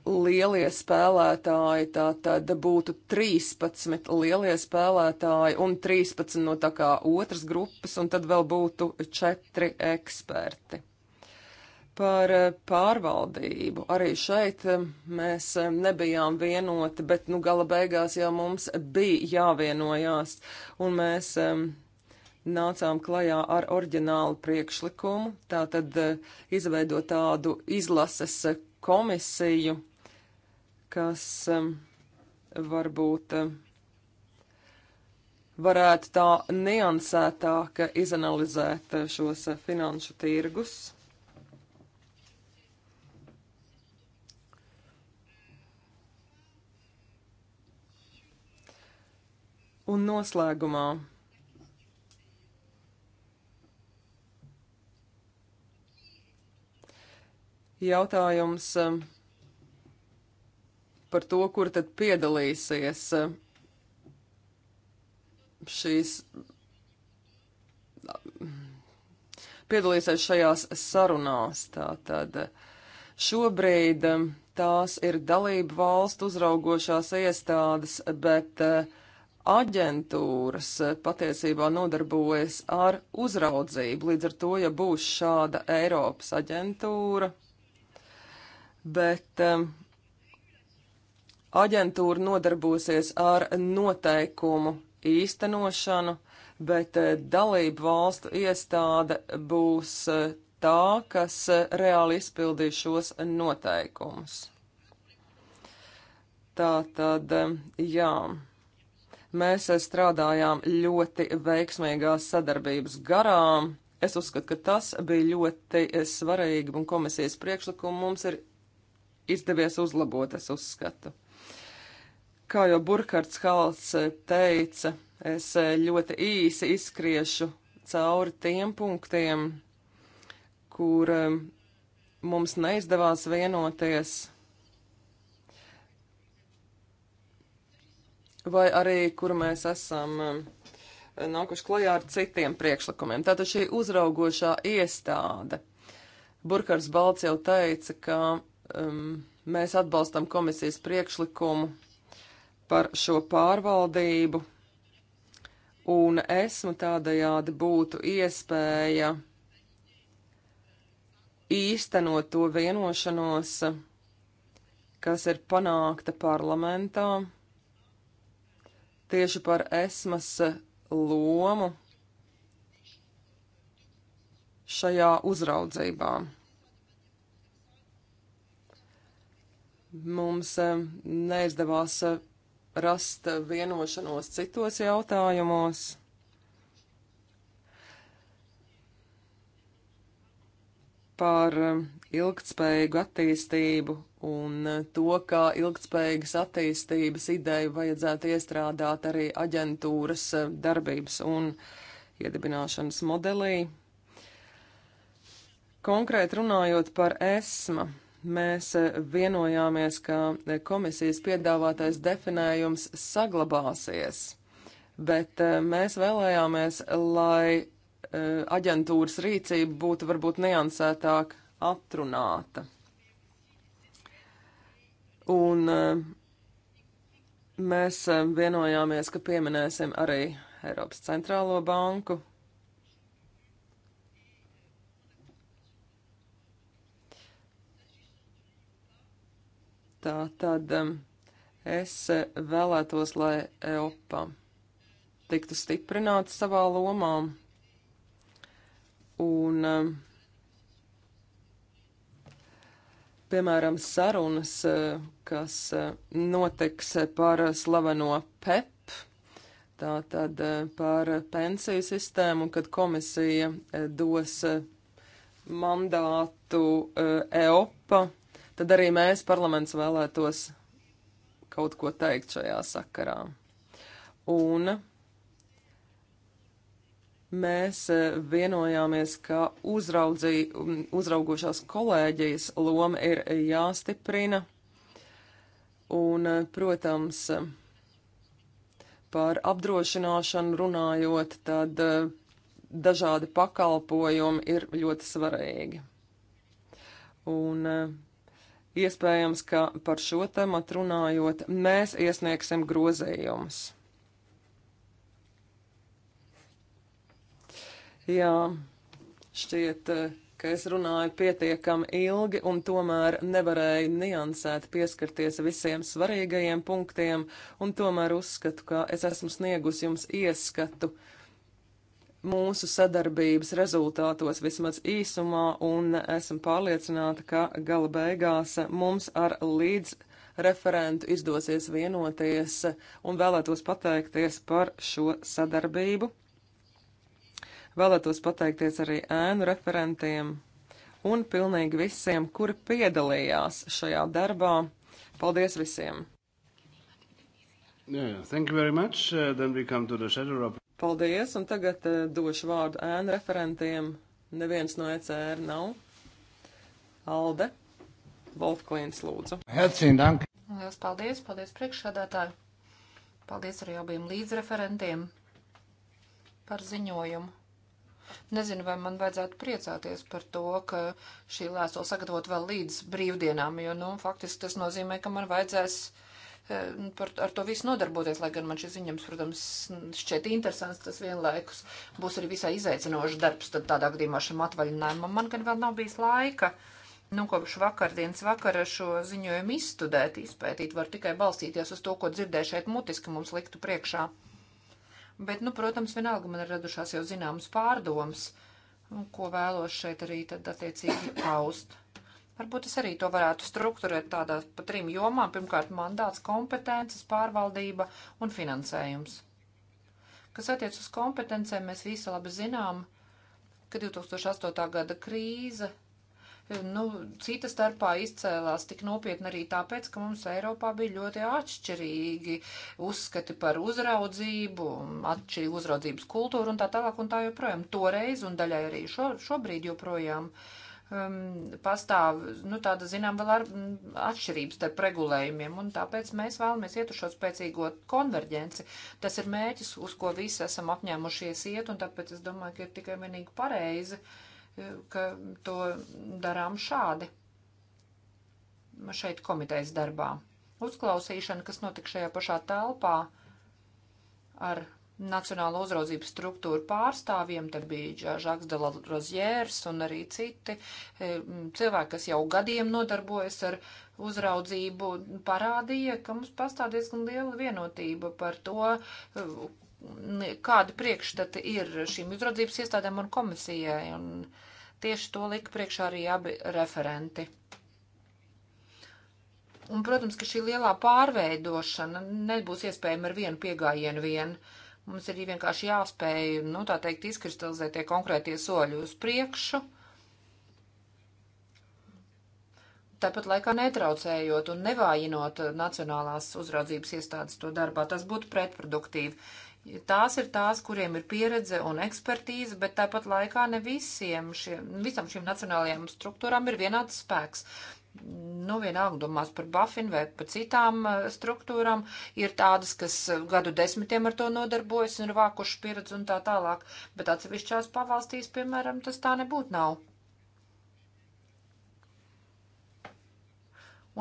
lielie spēlētāji, tā tad būtu 13 lielie spēlētāji un 13 no tā kā otras grupas, un tad vēl būtu 4 eksperti. Par eh, pārvaldību arī šeit eh, mēs eh, nebijām vienoti, bet nu gala beigās jau mums bija jāvienojās, un mēs nācām klajā ar oriģinālu priekšlikumu, tātad izveidot tādu izlases komisiju, kas um, varbūt um, varētu tā niansētāk izanalizēt šos uh, finanšu tirgus. Un noslēgumā. Jautājums, um, par to, kur tad piedalīsies eh, šīs. Piedalīsies šajās sarunās. Tātad eh, šobrīd eh, tās ir dalību valstu uzraugošās iestādes, bet aģentūras patiesībā nodarbojas ar uzraudzību. Līdz ar to, ja būs šāda Eiropas aģentūra, bet um, Aģentūra nodarbosies ar noteikumu īstenošanu, bet eh, dalību valstu iestāde būs eh, tā, kas eh, reāli izpildīs šos noteikumus. Tā tad, jā, mēs strādājām ļoti veiksmīgās sadarbības garām. Es uzskatu, ka tas bija ļoti svarīgi, un komisijas priekšlikumu mums ir izdevies uzlabot, es uzskatu. Kā jau Burkhards Halts eh, teica, es eh, ļoti īsi izskriešu cauri tiem punktiem, kur eh, mums neizdevās vienoties. Vai arī, kur mēs esam nākuši klajā ar citiem priekšlikumiem. Tātad šī uzraugošā iestāde. Burkars Balts jau teica, ka um, mēs atbalstam komisijas priekšlikumu par šo pārvaldību, un esmu tādējādi būtu iespēja īstenot to vienošanos, kas ir panākta parlamentā tieši par esmas lomu šajā uzraudzībā. Mums eh, neizdevās eh, rast vienošanos citos jautājumos. Par um, ilgtspējīgu attīstību un uh, to, kā ilgtspējīgas attīstības ideju vajadzētu iestrādāt arī aģentūras uh, darbības un iedibināšanas modelī. Konkrēt runājot par esmu mēs eh, vienojāmies, ka eh, komisijas piedāvātais definējums saglabāsies, bet eh, mēs vēlējāmies, lai aģentūras rīcība būtu varbūt neansētāk atrunāta. Un mēs vienojāmies, ka pieminēsim arī Eiropas centrālo banku Tā tad um, es vēlētos, lai Eiropa tiktu stiprināta savā lomā un um, piemēram, sarunas, uh, kas uh, notiks par slaveno PEP, tātad uh, par pensiju sistēmu, kad komisija dos mandātu EOPA tad arī mēs parlaments vēlētos kaut ko teikt šajā sakarā. Un mēs e, vienojāmies, ka uzraudzī, uzraugošās kolēģijas loma ir jāstiprina. Un, e, protams, e, par apdrošināšanu runājot, tad dažādi pakalpojumi ir ļoti svarīgi. Un Iespējams, ka par šo tematu runājot, mēs iesniegsim grozējumus. Jā, šķiet, ka es runāju pietiekami ilgi un tomēr nevarēju niansēt pieskarties visiem svarīgajiem punktiem, un tomēr uzskatu, ka es esmu sniegus jums ieskatu uh, mūsu sadarbības rezultātos vismaz īsumā, un esam pārliecināti, ka gala beigās mums ar līdz referentu izdosies vienoties un vēlētos pateikties par šo sadarbību. Vēlētos pateikties arī ēnu referentiem un pilnīgi visiem, kuri piedalījās šajā darbā. Paldies visiem! Yeah, thank you very much. Uh, then we come to the shadow report. Paldies, un tagad uh, došu vārdu ēnu referentiem. Neviens no ECR nav. Alde, Volfklīns lūdzu. Herzīgi, dank. Lielas paldies, paldies priekšsādātāju. Paldies arī abiem līdzreferentiem par ziņojumu. Nezinu, vai man vajadzētu priecāties par to, ka šī lēso sagatavot vēl līdz brīvdienām, jo, nu, faktiski tas nozīmē, ka man vajadzēs uh, Ehm, par, ar to visu nodarboties, lai gan man šis ziņams, protams, šķiet interesants, tas vienlaikus būs arī visai izaicinošs darbs, tad tādā gadījumā šim atvaļinājumam man gan vēl nav bijis laika. Nu, kopš vakardienas vakara šo ziņojumu izstudēt, izpētīt, var tikai balstīties uz to, ko dzirdēju šeit mutiski mums liktu priekšā. Bet, nu, protams, vienalga man ir radušās jau zināmas pārdomas, ko vēlos šeit arī tad attiecīgi paust. Varbūt es arī to varētu strukturēt tādās pa trim jomām. Pirmkārt, mandāts, kompetences, pārvaldība un finansējums. Kas attiec uz kompetencēm, mēs visi labi zinām, ka 2008. gada krīze nu, cita starpā izcēlās tik nopietni arī tāpēc, ka mums Eiropā bija ļoti atšķirīgi uzskati par uzraudzību, atšķirīgi uzraudzības kultūru un tā tālāk un tā joprojām. Toreiz un daļai arī šo, šobrīd joprojām. Uh, um, pastāv, nu, tāda, zinām, vēl ar, atšķirības starp regulējumiem, un tāpēc mēs vēlamies iet uz šo spēcīgo konverģenci. Tas ir mērķis, uz ko visi esam apņēmušies iet, un tāpēc es domāju, ka ir tikai vienīgi pareizi, e, ka to darām šādi šeit komitejas darbā. Uzklausīšana, kas notika šajā pašā telpā ar Nacionālo uzraudzības struktūru pārstāvjiem, te bija Žaks de la Rozjērs un arī citi e, cilvēki, kas jau gadiem nodarbojas ar uzraudzību, parādīja, ka mums pastāv diezgan liela vienotība par to, e, kādi priekšstati ir šīm uzraudzības iestādēm un komisijai. Un tieši to lika priekšā arī abi referenti. Un, protams, ka šī lielā pārveidošana nebūs iespējama ar vienu piegājienu vienu. Uh, Mums ir vienkārši jāspēj, nu, tā teikt, izkristalizēt tie konkrētie soļi uz priekšu, tāpat laikā netraucējot un nevājinot nacionālās uzraudzības iestādes to darbā. Tas būtu pretproduktīvi. Tās ir tās, kuriem ir pieredze un ekspertīze, bet tāpat laikā ne visiem šiem, visam šīm nacionālajām struktūrām ir vienāds spēks nu, vienalga domās par Bafinu vai par citām eh, struktūrām, ir tādas, kas eh, gadu desmitiem ar to nodarbojas un ir vākuši pieredzi un tā tālāk, bet atsevišķās pavalstīs, piemēram, tas tā nebūtu nav.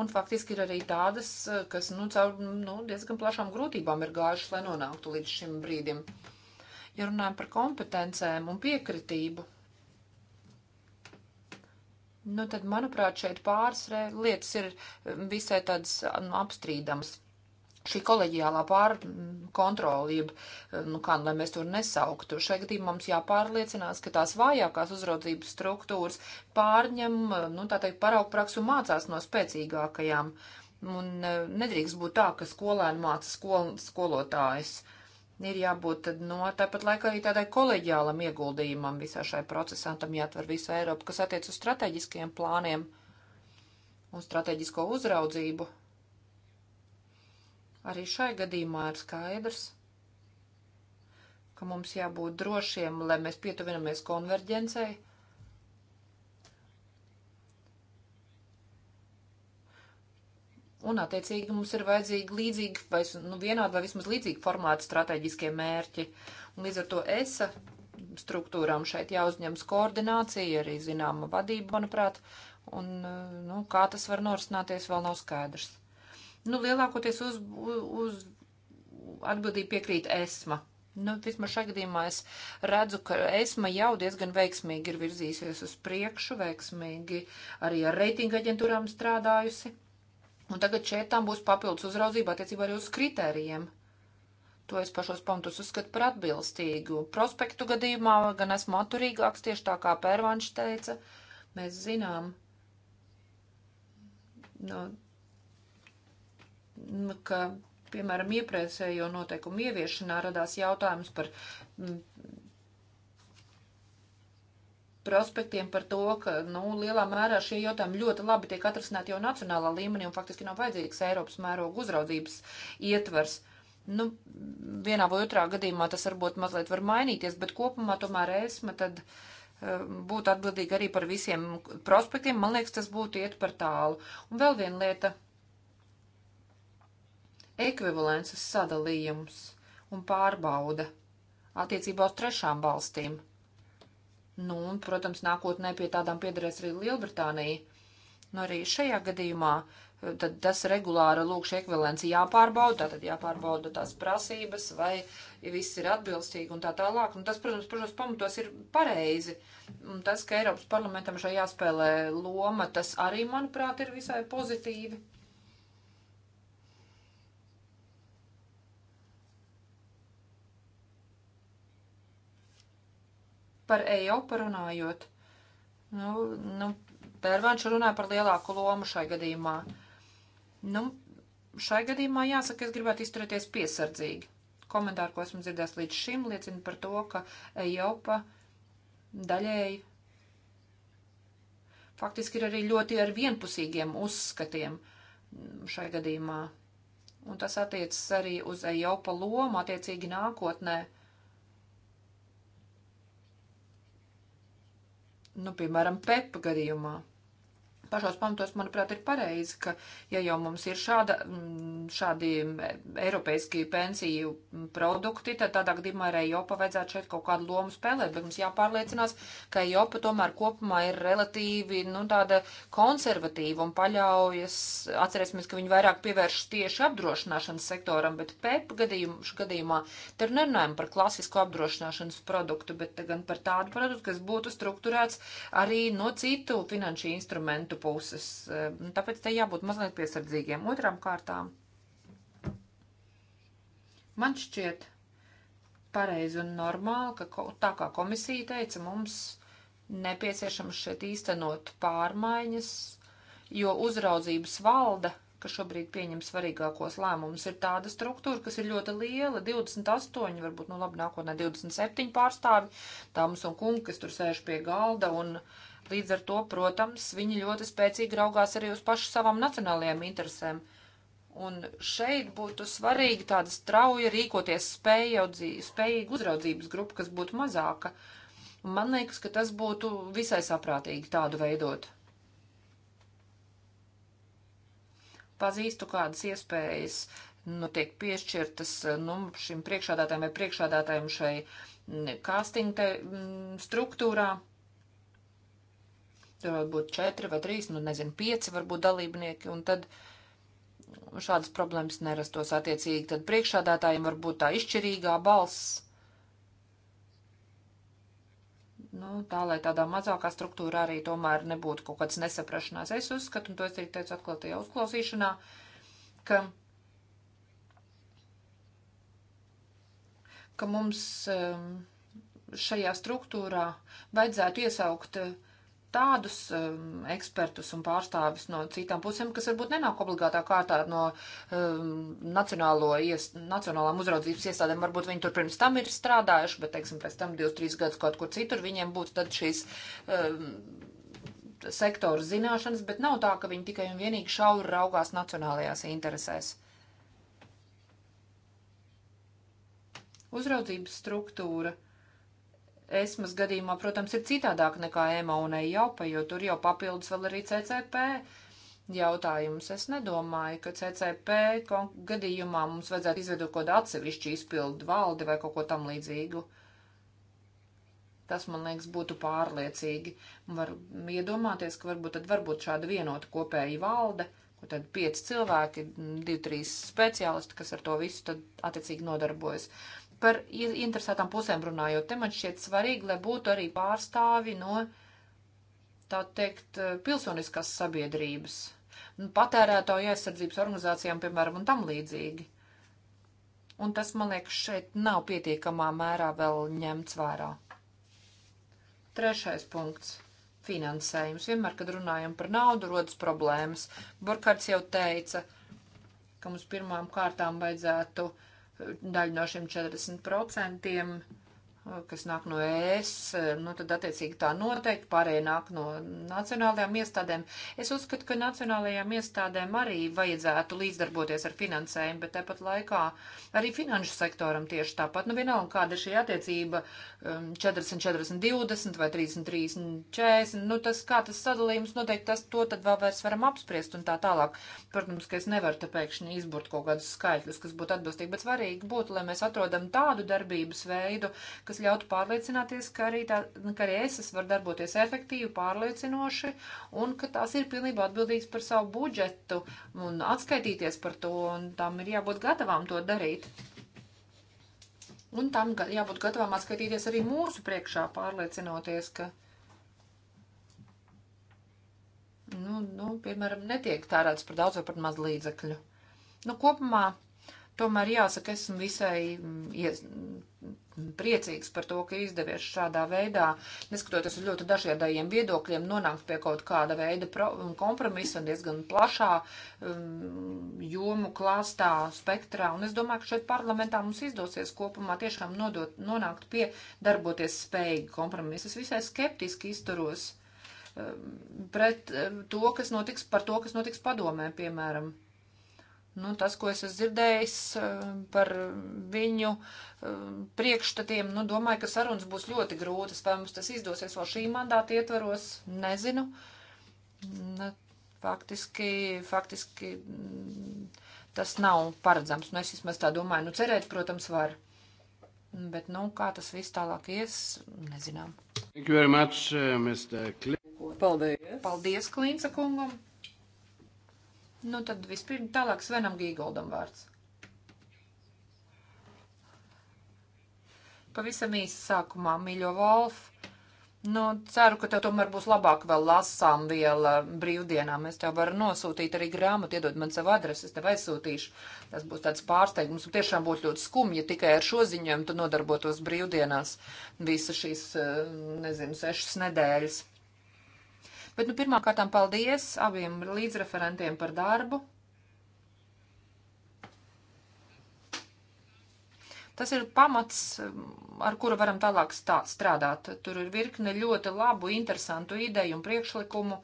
Un faktiski ir arī tādas, eh, kas, nu, caur, nu, diezgan plašām grūtībām ir gājušas, lai nonāktu līdz šim brīdim. Ja runājam par kompetencēm un piekritību, Nu, tad, manuprāt, šeit pāris lietas ir um, visai tādas nu, apstrīdamas. Šī kolēģiālā pārkontrola, mm, jeb, um, nu, kā lai mēs to nesauktu, šai gadījumā mums jāpārliecinās, ka tās vājākās uzraudzības struktūras pārņem, nu, tā teikt, paraugpraks un mācās no spēcīgākajām. Un uh, nedrīkst būt tā, ka skolēni māca skol, skolotājs. Uh, ir jābūt no nu, tāpat laikā arī tādai koleģiālam ieguldījumam visā šai procesā, tam jāatver visu Eiropu, kas attiec uz strateģiskiem plāniem un strateģisko uzraudzību. Arī šai gadījumā ir skaidrs, ka mums jābūt drošiem, lai mēs pietuvinamies konverģencei Un, attiecīgi, mums ir vajadzīgi līdzīgi, vai nu, vienādi, vai vismaz līdzīgi formāti strateģiskie mērķi. Un, līdz ar to ESA struktūrām šeit jāuzņems koordinācija, arī zināma vadība, manuprāt, un, nu, kā tas var norisināties, vēl nav skaidrs. Nu, lielākoties uz, uz atbildību piekrīt ESMA. Nu, vismaz šajā gadījumā es redzu, ka ESMA jau diezgan veiksmīgi ir virzījusies uz priekšu, veiksmīgi arī ar reitinga aģentūrām strādājusi. Un tagad šeit tam būs papildus uzraudzība attiecībā arī uz kritērijiem. To es pašos pamatus uzskatu par atbilstīgu. Prospektu gadījumā gan esmu atturīgāks, tieši tā kā Pērvanš teica, mēs zinām, no, nu, nu, ka, piemēram, iepriekšējo noteikumu ieviešanā radās jautājums par mm, prospektiem par to, ka nu, lielā mērā šie jautājumi ļoti labi tiek atrisināti jau nacionālā līmenī un faktiski nav vajadzīgs Eiropas mēroga uzraudzības ietvers. Nu, vienā vai otrā gadījumā tas varbūt mazliet var mainīties, bet kopumā tomēr esma tad eh, būtu atbildīga arī par visiem prospektiem. Man liekas, tas būtu iet par tālu. Un vēl viena lieta - ekvivalences sadalījums un pārbauda attiecībā uz trešām valstīm. Nu, un, protams, nākotnē pie tādām piederēs arī Lielbritānija. Nu, arī šajā gadījumā eh, tad tas regulāra lūkšu ekvivalenci jāpārbauda, tātad jāpārbauda tās prasības, vai viss ir atbilstīgi un tā tālāk. Un tas, protams, protams, pamatos ir pareizi. Un tas, ka Eiropas parlamentam šajā jāspēlē loma, tas arī, manuprāt, ir visai pozitīvi. par EIOPA runājot. Nu, nu, Pērvanš runāja par lielāku lomu šai gadījumā. Nu, šai gadījumā jāsaka, es gribētu izturēties piesardzīgi. Komentāri, ko esmu dzirdējis līdz šim, liecina par to, ka EIOPA daļēji faktiski ir arī ļoti ar vienpusīgiem uzskatiem šai gadījumā. Un tas attiecas arī uz EIOPA lomu attiecīgi nākotnē. nu, piemēram, PEP gadījumā pašos pamatos, manuprāt, ir pareizi, ka, ja jau mums ir šāda, mm, šādi eiropeiski pensiju produkti, tad tādā gadījumā arī Eiropa vajadzētu šeit kaut kādu lomu spēlēt, bet mums jāpārliecinās, ka Eiropa tomēr kopumā ir relatīvi, nu, tāda konservatīva un paļaujas, atcerēsimies, ka viņi vairāk pievērš tieši apdrošināšanas sektoram, bet PEP gadījumā, gadījumā te nerunājam par klasisku apdrošināšanas produktu, bet gan par tādu produktu, kas būtu strukturēts arī no citu finanšu instrumentu puses. Ehm, nu, tāpēc te jābūt mazliet piesardzīgiem. Otram kārtām man šķiet pareizi un normāli, ka tā kā komisija teica, mums nepieciešams šeit īstenot pārmaiņas, jo uzraudzības valde, kas šobrīd pieņem svarīgākos lēmumus, ir tāda struktūra, kas ir ļoti liela - 28, varbūt, nu labi, nākotnē 27 pārstāvi, dāmas un kungi, kas tur sēž pie galda un uh, Līdz ar to, protams, viņi ļoti spēcīgi raugās arī uz pašu savām nacionālajām interesēm. Un šeit būtu svarīgi tāda strauja rīkoties spējīga uzraudzības grupa, kas būtu mazāka. Un man liekas, ka tas būtu visai saprātīgi tādu veidot. Pazīstu kādas iespējas, nu, tiek piešķirtas, nu, šim priekšādātājiem vai priekšādātājiem šai kastinga mm, mm, struktūrā. Tur var būt četri vai trīs, nu nezinu, pieci varbūt dalībnieki, un tad šādas problēmas nerastos attiecīgi. Tad priekšādātājiem var būt tā izšķirīgā balss, nu, tā lai tādā mazākā struktūrā arī tomēr nebūtu kaut kāds nesaprašanās. Es uzskatu, un to es arī teicu atkal tajā uzklausīšanā, ka, ka mums ehm, šajā struktūrā vajadzētu iesaukt uh, tādus um, ekspertus un pārstāvis no citām pusēm, kas varbūt nenāk obligātā kārtā no um, nacionālo ies, nacionālām uzraudzības iestādēm. Varbūt viņi tur pirms tam ir strādājuši, bet, teiksim, pēc tam 2-3 gadus kaut kur citur viņiem būtu tad šīs. Um, sektoru zināšanas, bet nav tā, ka viņi tikai un vienīgi šauri raugās nacionālajās interesēs. Uzraudzības struktūra Esmas gadījumā, protams, ir citādāk nekā EMA un EIOPA, jo tur jau papildus vēl arī CCP jautājums. Es nedomāju, ka CCP gadījumā mums vajadzētu izveidot kaut kādu atsevišķu izpildu valdi vai kaut ko tam līdzīgu. Tas, man liekas, būtu pārliecīgi. Var iedomāties, ka varbūt tad varbūt šāda vienota kopēja valde, kur tad pieci cilvēki, divi, trīs speciālisti, kas ar to visu tad attiecīgi nodarbojas. Uh, Par interesētām pusēm runājot, te man šķiet svarīgi, lai būtu arī pārstāvi no, tā teikt, eh, pilsoniskās sabiedrības, nu, patērētāju aizsardzības organizācijām, piemēram, un tam līdzīgi. Un tas, man liekas, šeit nav pietiekamā mērā vēl ņemts vērā. Trešais punkts - finansējums. Vienmēr, kad runājam par naudu, rodas problēmas. Burkhards jau teica, ka mums pirmām kārtām vajadzētu uh, daļu no šiem 40%. Eh, kas nāk no ES, eh, nu tad attiecīgi tā noteikti pārējie nāk no nacionālajām iestādēm. Es uzskatu, ka nacionālajām iestādēm arī vajadzētu līdzdarboties ar finansējumu, bet tāpat laikā arī finanšu sektoram tieši tāpat. Nu vienalga, kāda ir šī attiecība 40, 40, 20 vai 30, 30, 40, nu tas kā tas sadalījums noteikti tas to tad vēl vairs varam apspriest un tā tālāk. Protams, ka es nevaru te pēkšņi izburt kaut kādus skaitļus, kas būtu atbilstīgi, bet svarīgi būtu, lai mēs atrodam tādu darbības veidu, kas ļautu pārliecināties, ka arī, tā, ka arī es esmu var darboties efektīvi, pārliecinoši un ka tās ir pilnībā atbildīgas par savu budžetu un atskaitīties par to un tam ir jābūt gatavām to darīt. Un tam jābūt gatavām atskaitīties arī mūsu priekšā, pārliecinoties, ka nu, nu, piemēram, netiek tērēts par daudz vai par maz līdzekļu. Nu, kopumā Tomēr jāsaka, esmu visai mm, ies, mm, priecīgs par to, ka izdevies šādā veidā, neskatoties uz ļoti dažādajiem viedokļiem, nonākt pie kaut kāda veida mm, kompromisa un diezgan plašā um, jomu klāstā, spektrā. Un es domāju, ka šeit parlamentā mums izdosies kopumā tiešām nodot, nonākt pie darboties spējīga kompromisa. Es visai skeptiski izturos um, pret um, to, kas notiks, par to, kas notiks padomē, piemēram Nu, tas, ko es esmu dzirdējis eh, par viņu eh, priekšstatiem, nu, domāju, ka sarunas būs ļoti grūtas. Vai mums tas izdosies vēl šī mandāta ietvaros, nezinu. Ne, nu, faktiski, faktiski mm, tas nav paredzams. Nu, es vismaz tā domāju. Nu, cerēt, protams, var. Bet, nu, kā tas viss tālāk ies, nezinām. Much, eh, Paldies. Paldies, Klīnca kungam. Nu, tad vispirms tālāk Svenam Gīgoldam vārds. Pavisam īsi sākumā, mīļo Volf. Nu, ceru, ka tev tomēr būs labāk vēl lasām viela brīvdienām. Es tev varu nosūtīt arī grāmatu, iedod man savu adresi, es tev aizsūtīšu. Tas būs tāds pārsteigums. Tiešām būtu ļoti skumji, ja tikai ar šo ziņojumu tu nodarbotos brīvdienās visu šīs, eh, nezinu, sešas nedēļas. Bet, nu, pirmkārtām paldies abiem līdzreferentiem par darbu. Tas ir pamats, ar kuru varam tālāk stā, strādāt. Tur ir virkne ļoti labu, interesantu ideju un priekšlikumu,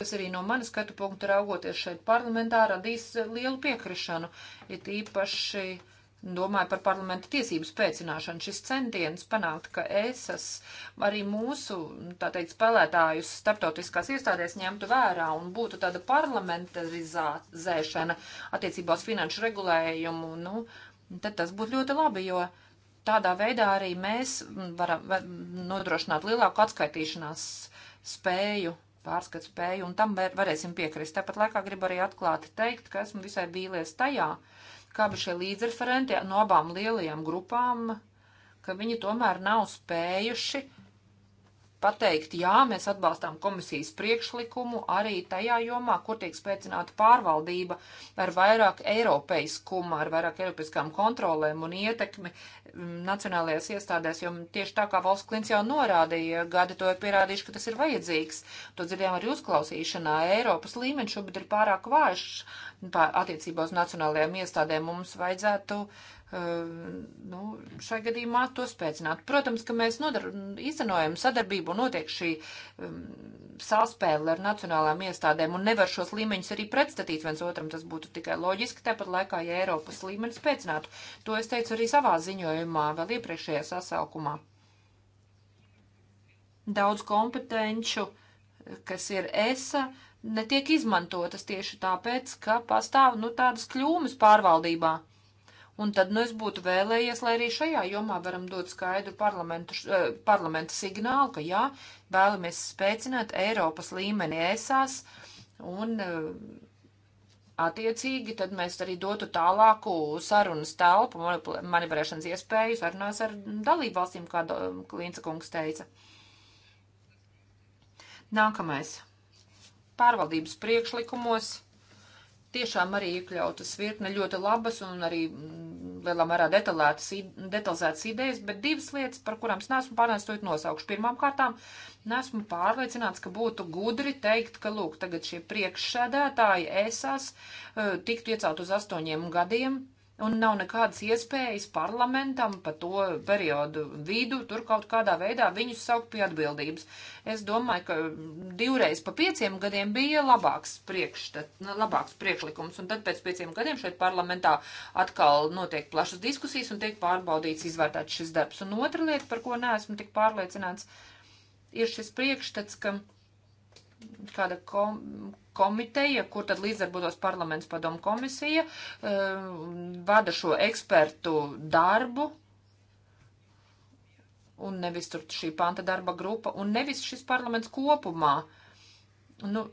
kas arī no manas skatu punkta raugoties šeit parlamentā radīs lielu piekrišanu. Ir īpaši uh, domāju par parlamenta tiesību spēcināšanu. Šis centiens panākt, ka ESAS arī mūsu, tā teikt, spēlētājus starptautiskās iestādēs ņemtu vērā un būtu tāda parlamentarizēšana attiecībā uz finanšu regulējumu, nu, tad tas būtu ļoti labi, jo tādā veidā arī mēs varam var nodrošināt lielāku atskaitīšanās spēju pārskatu spēju, un tam var, varēsim piekrist. Tāpat laikā gribu arī atklāti teikt, ka esmu visai bīlies tajā, uh, kā bija šie līdzreferenti no abām lielajām grupām, ka viņi tomēr nav spējuši pateikt, jā, mēs atbalstām komisijas priekšlikumu arī tajā jomā, kur tiek spēcināta pārvaldība ar vairāk eiropeiskuma, ar vairāk eiropeiskām kontrolēm un ietekmi mm, nacionālajās iestādēs, jo tieši tā kā valsts klints jau norādīja, gadi to ir pierādījuši, ka tas ir vajadzīgs. To dzirdējām arī uzklausīšanā. Eiropas līmenis šobrīd ir pārāk vājš nu, attiecībā uz nacionālajām iestādēm. Mums vajadzētu uh, Ehm, nu, šai gadījumā to spēcināt. Protams, ka mēs nodar, izcenojam sadarbību un notiek šī um, sāspēle ar nacionālām iestādēm un nevar šos līmeņus arī pretstatīt viens otram. Tas būtu tikai loģiski, tāpat laikā, ja Eiropas līmeni spēcinātu. To es teicu arī savā ziņojumā, vēl iepriekšējā sasaukumā. Daudz kompetenču, kas ir ESA, netiek izmantotas tieši tāpēc, ka pastāv nu, tādas kļūmes pārvaldībā. Un tad nu, es būtu vēlējies, lai arī šajā jomā varam dot skaidru parlamentu eh, signālu, ka jā, vēlamies spēcināt Eiropas līmeni esās un eh, attiecīgi tad mēs arī dotu tālāku sarunas telpu, manevrēšanas iespēju sarunās ar dalību valstīm, kā Klīnca kungs teica. Nākamais. Pārvaldības priekšlikumos tiešām arī iekļautas virkne ļoti labas un arī mm, lielā mērā detalētas, detalizētas idejas, bet divas lietas, par kurām es neesmu pārliecināts, to ir nosaukšu. Pirmām kārtām, neesmu pārliecināts, ka būtu gudri teikt, ka, lūk, tagad šie priekšsēdētāji esas eh, tiktu iecelt uz astoņiem gadiem un nav nekādas iespējas parlamentam pa to periodu vidu tur kaut kādā veidā viņus saukt pie atbildības. Es domāju, ka divreiz pa pieciem gadiem bija labāks, priekšstat, labāks priekšlikums, un tad pēc pieciem gadiem šeit parlamentā atkal notiek plašas diskusijas un tiek pārbaudīts, izvērtēts šis darbs. Un otra lieta, par ko neesmu tik pārliecināts, ir šis priekšstats, ka kāda kom komiteja, kur tad līdzdarbotos parlaments padomu komisija, eh, vada šo ekspertu darbu. Un nevis tur šī panta darba grupa, un nevis šis parlaments kopumā. Nu,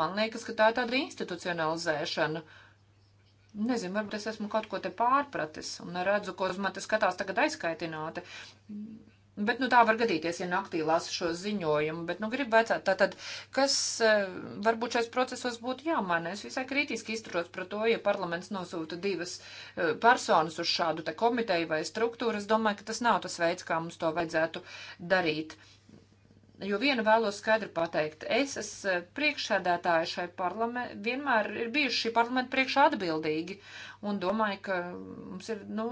man liekas, ka tā ir tāda institucionalizēšana. Nezinu, varbūt es esmu kaut ko te pārpratis un redzu, ko uz mani skatās tagad aizkaitināti. Bet, nu, tā var gadīties, ja naktī lasu šo ziņojumu, bet, nu, gribu vecāt, tātad, kas eh, varbūt šais procesos būtu jāmaina. Es visai kritiski izturos par to, ja parlaments nosūta divas eh, personas uz šādu te komiteju vai struktūru. Es domāju, ka tas nav tas veids, kā mums to vajadzētu darīt. Jo vienu vēlos skaidri pateikt. Es esmu eh, priekšsēdētāja šai parlamentā, vienmēr ir bijuši šī parlamenta priekšā atbildīgi. Un domāju, ka mums ir nu,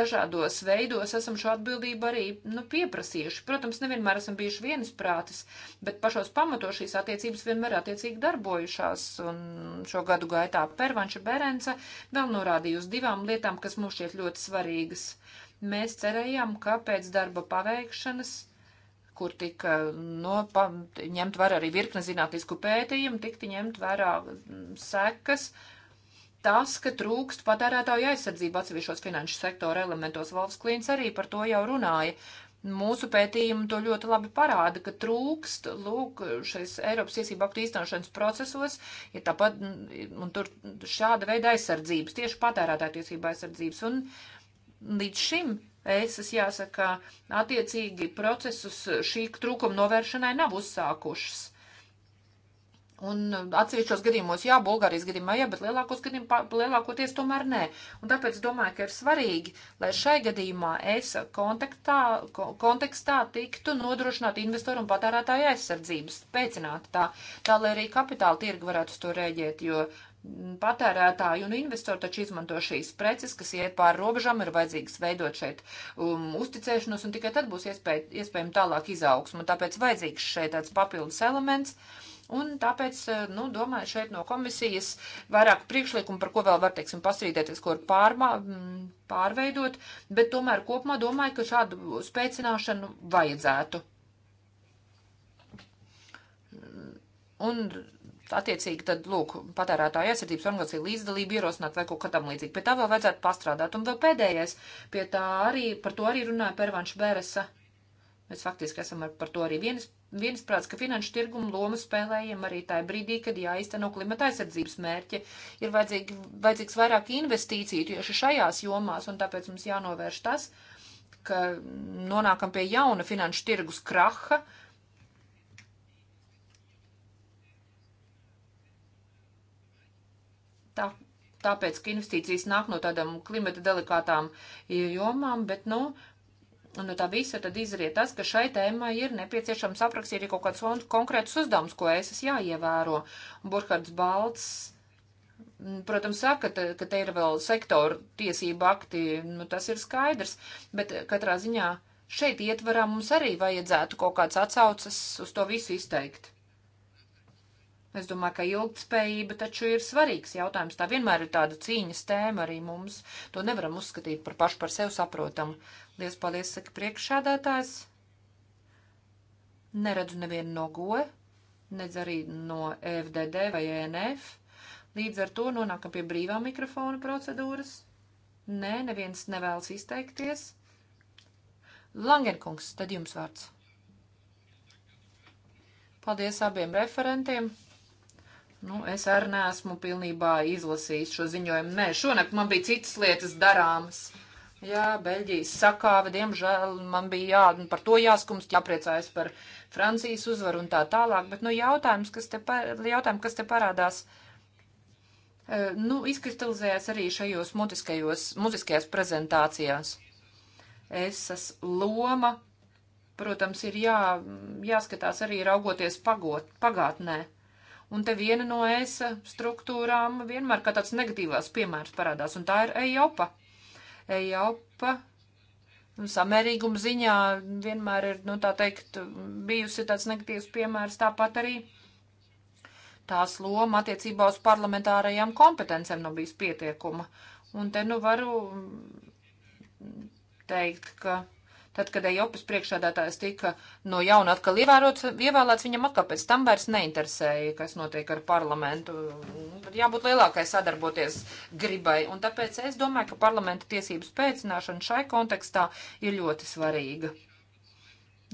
dažādos veidos esam šo atbildību arī nu, pieprasījuši. Protams, nevienmēr esam bijuši viensprātis, bet pašos pamatos šīs attiecības vienmēr attiecīgi darbojušās. Un šo gadu gaitā Pervanša Berence vēl norādīja uz divām lietām, kas mums šķiet ļoti svarīgas. Mēs cerējām, ka pēc darba paveikšanas kur tika nopa, ņemt vērā arī virkne zinātnisku pētījumu, tikti ņemt vērā mm, sekas. Tas, ka trūkst patērētāju aizsardzību atsevišķos finanšu sektora elementos, valsts klients arī par to jau runāja. Mūsu pētījumi to ļoti labi parāda, ka trūkst, lūk, šais Eiropas tiesību aktu īstenošanas procesos, ja tāpat, mm, un tur šāda veida aizsardzības, tieši patērētāju tiesību aizsardzības, un līdz šim ESAS jāsaka, attiecīgi procesus šī trūkuma novēršanai nav uzsākušas. Un uh, atsevišķos gadījumos, jā, Bulgārijas gadījumā, jā, bet lielākos gadījumā, lielākoties tomēr nē. Un tāpēc domāju, ka ir svarīgi, lai šai gadījumā es kontaktā, kontekstā tiktu nodrošināt investoru un patērētāju aizsardzību, spēcināt tā, tā, lai arī kapitāla tirgi varētu uz to rēģēt, jo patērētāji un investori taču izmanto šīs preces, kas iet pāri robežām, ir vajadzīgs veidot šeit um, uzticēšanos, un tikai tad būs iespēj, iespējama tālāk izaugsma. Tāpēc vajadzīgs šeit tāds papildus elements. Un tāpēc, eh, nu, domāju, šeit no komisijas vairāk priekšlikumu, par ko vēl var, teiksim, pastrīdēties, ko ir pārmā, mm, pārveidot, bet tomēr kopumā domāju, ka šādu spēcināšanu vajadzētu. Un attiecīgi tad, lūk, patērētāja aizsardzības organizācija līdzdalība ierosināt vai kaut kā tam līdzīgi. Pie tā vēl vajadzētu pastrādāt. Un vēl pēdējais, pie tā arī, par to arī runāja Pervanš Bēresa. Mēs faktiski esam ar, par to arī vienas, viensprāts, ka finanšu tirgumu lomu spēlējam arī tajā brīdī, kad jāizteno klimata aizsardzības mērķi. Ir vajadzīgi, vajadzīgs vairāk investīciju tieši šajās jomās, un tāpēc mums jānovērš tas, ka nonākam pie jauna finanšu tirgus kraha, uh, tā, tāpēc, ka investīcijas nāk no tādām klimata delikātām jomām, bet, nu, Un no tā visa tad izriet tas, ka šai tēmai ir nepieciešams aprakstīt kaut kāds konkrēts uzdevums, ko es esmu jāievēro. Burkhards Balts, protams, saka, ka, ka te ir vēl sektoru tiesība akti, nu tas ir skaidrs, bet katrā ziņā šeit ietvarā mums arī vajadzētu kaut kāds atsaucas uz to visu izteikt. Es domāju, ka ilgtspējība taču ir svarīgs jautājums. Tā vienmēr ir tāda cīņas tēma arī mums. To nevaram uzskatīt par pašu par sevi saprotamu. Lies paldies, saka priekšsādātājs. Neredzu nevienu no goe, nedz arī no e FDD vai ENF. Līdz ar to nonākam pie brīvā mikrofona procedūras. Nē, neviens nevēlas izteikties. Langenkungs, tad jums vārds. Paldies abiem referentiem. Nu, es arī neesmu pilnībā izlasījis šo ziņojumu. Nē, šonakt man bija citas lietas darāmas. Jā, Beļģijas sakāve, diemžēl man bija jā, nu, par to jāskumst, jāpriecājas par Francijas uzvaru un tā tālāk, bet, nu, jautājums, kas te, par, jautājums, kas te parādās, e, nu, izkristalizējās arī šajos mutiskajos, mutiskajās prezentācijās. Esas loma, protams, ir jā, jāskatās arī raugoties pagot, pagātnē. Un te viena no ESA struktūrām vienmēr kā tāds negatīvās piemērs parādās, un tā ir EIOPA. EIOPA nu, samērīguma ziņā vienmēr ir, nu tā teikt, bijusi tāds negatīvs piemērs, tāpat arī tās loma attiecībā uz parlamentārajām kompetencēm nav bijis pietiekuma. Un te nu varu teikt, ka Tad, kad Ejopas priekšādātājs tika no jauna atkal ievērots, ievēlēts, viņam atkal pēc tam vairs neinteresēja, kas notiek ar parlamentu. Jābūt lielākai sadarboties gribai. Un tāpēc es domāju, ka parlamenta tiesības pēcināšana šai kontekstā ir ļoti svarīga.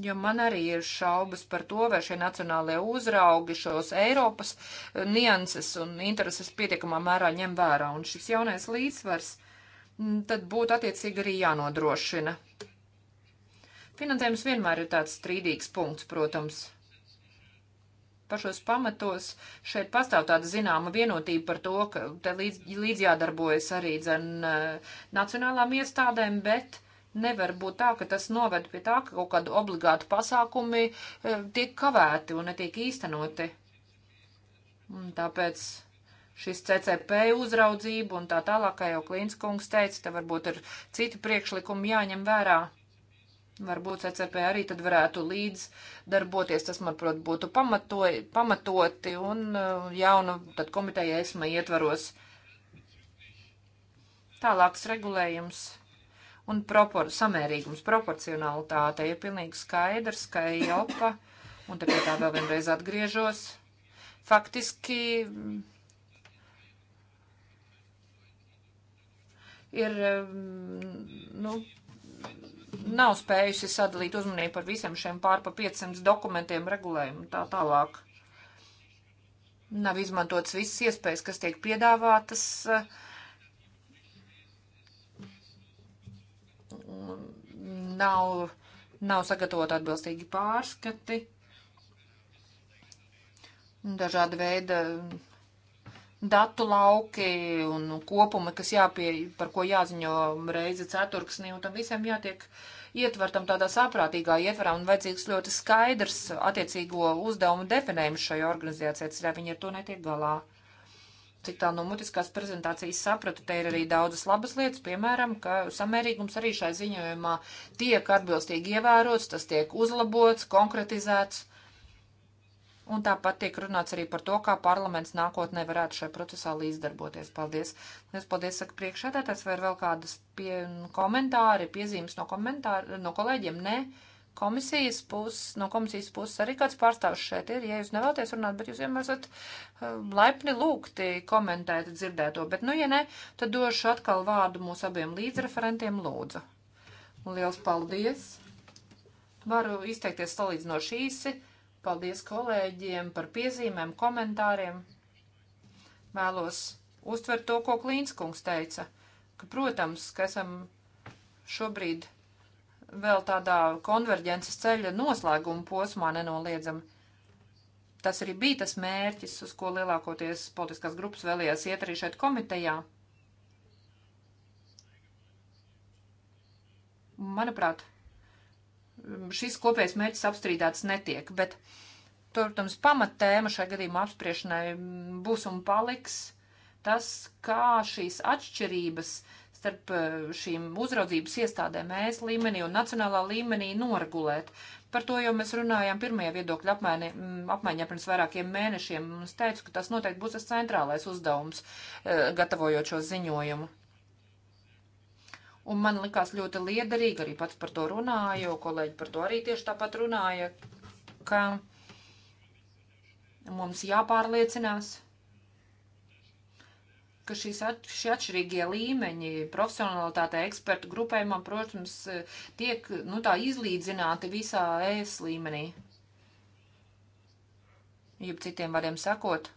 Jo man arī ir šaubas par to, vai šie nacionālie uzraugi šos Eiropas eh, nianses un intereses pietiekamā mērā ņem vērā. Un šis jaunais līdzsvars mm, tad būtu attiecīgi arī jānodrošina. Finansējums vienmēr ir tāds strīdīgs punkts, protams. Pašos pamatos šeit pastāv tāda zināma vienotība par to, ka te līdz, līdz jādarbojas arī dzen eh, nacionālām iestādēm, bet nevar būt tā, ka tas noved pie tā, ka kaut kādu obligātu pasākumi eh, tiek kavēti un netiek īstenoti. Un tāpēc šis CCP uzraudzība un tā tālāk, kā jau Klīnskungs teica, te varbūt ir citi priekšlikumi jāņem vērā. Varbūt CCP arī tad varētu līdz darboties, tas, manuprāt, būtu pamatoj, pamatoti un uh, jaunu tad komiteja esma ietvaros. Tālāks regulējums un propor samērīgums, proporcionalitāte ir pilnīgi skaidrs, ka Eiropa, un te pie tā vēl vienreiz atgriežos, faktiski mm, ir, mm, nu, nav spējusi sadalīt uzmanību par visiem šiem pārpa 500 dokumentiem regulējumu tā tālāk. Nav izmantotas visas iespējas, kas tiek piedāvātas. Nav, nav sagatavot atbilstīgi pārskati. Dažāda veida datu lauki un kopumi, kas jāpie, par ko jāziņo reizi ceturksnī, un tam visam jātiek uh, ietvertam tādā saprātīgā ietverā un vajadzīgs ļoti skaidrs attiecīgo uzdevumu definējums šai organizācijai, cerā viņi ar to netiek galā. Cik tā no mutiskās prezentācijas sapratu, te ir arī daudzas labas lietas, piemēram, ka samērīgums arī šai ziņojumā tiek atbilstīgi ievērots, tas tiek uzlabots, konkretizēts Un tāpat tiek runāts arī par to, kā parlaments nākotnē varētu šai procesā līdzdarboties. Paldies! Es paldies, saka priekšēdētājs, vai ir vēl kādas pie, komentāri, piezīmes no, komentāri, no kolēģiem? Nē. Komisijas puses, no komisijas puses arī kāds pārstāvs šeit ir, ja jūs nevēlaties runāt, bet jūs vienmēr esat hm, laipni lūgti komentēt dzirdēto, bet nu, ja ne, tad došu atkal vārdu mūsu abiem līdzreferentiem lūdzu. Un liels paldies! Varu izteikties salīdzinoši īsi Paldies kolēģiem par piezīmēm, komentāriem. Vēlos uztvert to, ko Klīnskungs teica, ka, protams, ka esam šobrīd vēl tādā konverģences ceļa noslēguma posmā nenoliedzami. Tas arī bija tas mērķis, uz ko lielākoties politiskās grupas vēlējās iet arī šeit komitejā. Manuprāt, šis kopējais mērķis apstrīdāts netiek, bet, protams, pamatēma šai gadījumā apspriešanai būs un paliks tas, kā šīs atšķirības starp eh, šīm uzraudzības iestādēm mēs līmenī un nacionālā līmenī noregulēt. Par to jau mēs runājām pirmajā viedokļa apmaiņā, mm, apmaiņā pirms vairākiem mēnešiem, un es teicu, ka tas noteikti būs tas centrālais uzdevums, eh, gatavojot šo ziņojumu. Un man likās ļoti liederīgi, arī pats par to runāju, kolēģi par to arī tieši tāpat runāja, ka mums jāpārliecinās, ka šīs at, šie atšķirīgie līmeņi profesionalitātē ekspertu grupējumam, protams, tiek, nu tā, izlīdzināti visā ES līmenī. Jeb citiem vārdiem sakot,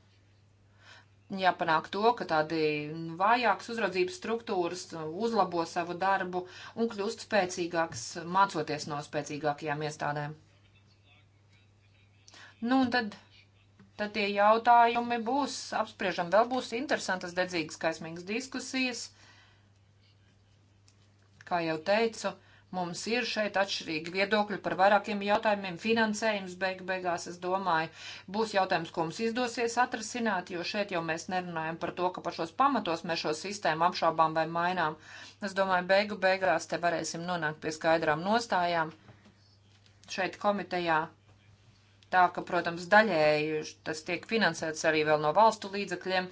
jāpanāk to, ka tādi nu, vājākas uzraudzības struktūras uh, uzlabo savu darbu un kļūst spēcīgāks, mācoties no spēcīgākajām iestādēm. Nu, un tad, tad tie jautājumi būs apspriežam. Vēl būs interesantas, dedzīgas, kaismīgas diskusijas. Kā jau teicu, Mums ir šeit atšķirīgi viedokļi par vairākiem jautājumiem. Finansējums beig beigās, es domāju, būs jautājums, ko mums izdosies atrasināt, jo šeit jau mēs nerunājam par to, ka par šos pamatos mēs šo sistēmu apšaubām vai mainām. Es domāju, beigu beigās te varēsim nonākt pie skaidrām nostājām šeit komitejā. Tā ka, protams, daļēji tas tiek finansēts arī vēl no valstu līdzekļiem,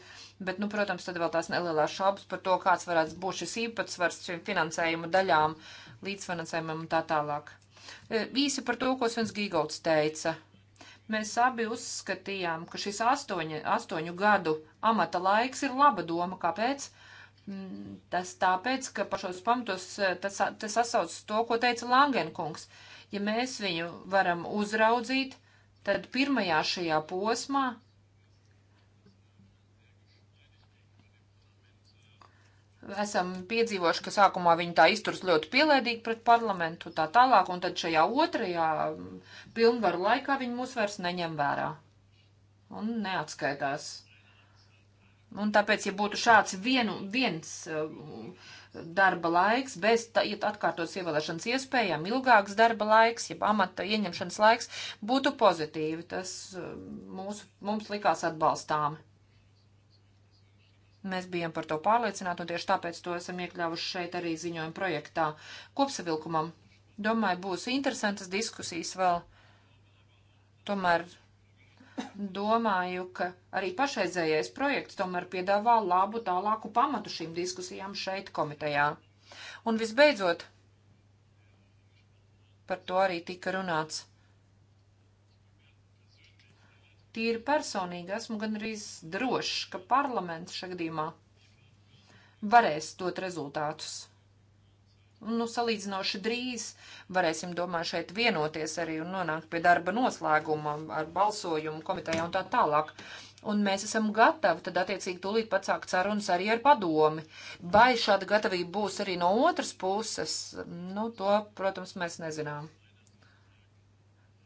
bet, nu, protams, tad vēl tās nelielās šaubas par to, kāds varētu būt šis īpatsvars šīm finansējuma daļām uh, līdzfinansējumam un tā tālāk. E, īsi par to, ko Svens Gīgolds teica. Mēs abi uzskatījām, ka šis astoņa, astoņu gadu amata laiks ir laba doma. Kāpēc? Mm, tas tāpēc, ka pašos pamatos e, tas, tas sasaucas to, ko teica Langenkungs. Ja mēs viņu varam uzraudzīt, tad pirmajā šajā posmā esam piedzīvojuši, ka sākumā viņi tā izturs ļoti pielēdīgi pret parlamentu tā tālāk, un tad šajā otrajā mm, pilnvaru laikā viņi mūs vairs neņem vērā un neatskaitās. Un tāpēc, ja būtu šāds vienu, viens mm, darba laiks, bez tā, ja atkārtotas ievēlēšanas iespējām, ilgāks darba laiks, ja amata ieņemšanas laiks, būtu pozitīvi. Tas mm, mūsu, mums likās atbalstāmi. Mēs bijām par to pārliecināti, un tieši tāpēc to esam iekļāvuši šeit arī ziņojuma projektā kopsavilkumam. Domāju, būs interesantas diskusijas vēl. Tomēr domāju, ka arī pašreizējais projekts tomēr piedāvā labu tālāku pamatu šīm diskusijām šeit komitejā. Un visbeidzot, par to arī tika runāts Tīri personīgi esmu gan arī drošs, ka parlaments šagadījumā varēs dot rezultātus. Nu, salīdzinoši drīz varēsim, domāju, šeit vienoties arī un nonākt pie darba noslēguma ar balsojumu komitejā un tā tālāk un mēs esam gatavi tad attiecīgi tūlīt pat sākt sarunas arī ar padomi. Vai šāda gatavība būs arī no otras puses, nu, to, protams, mēs nezinām.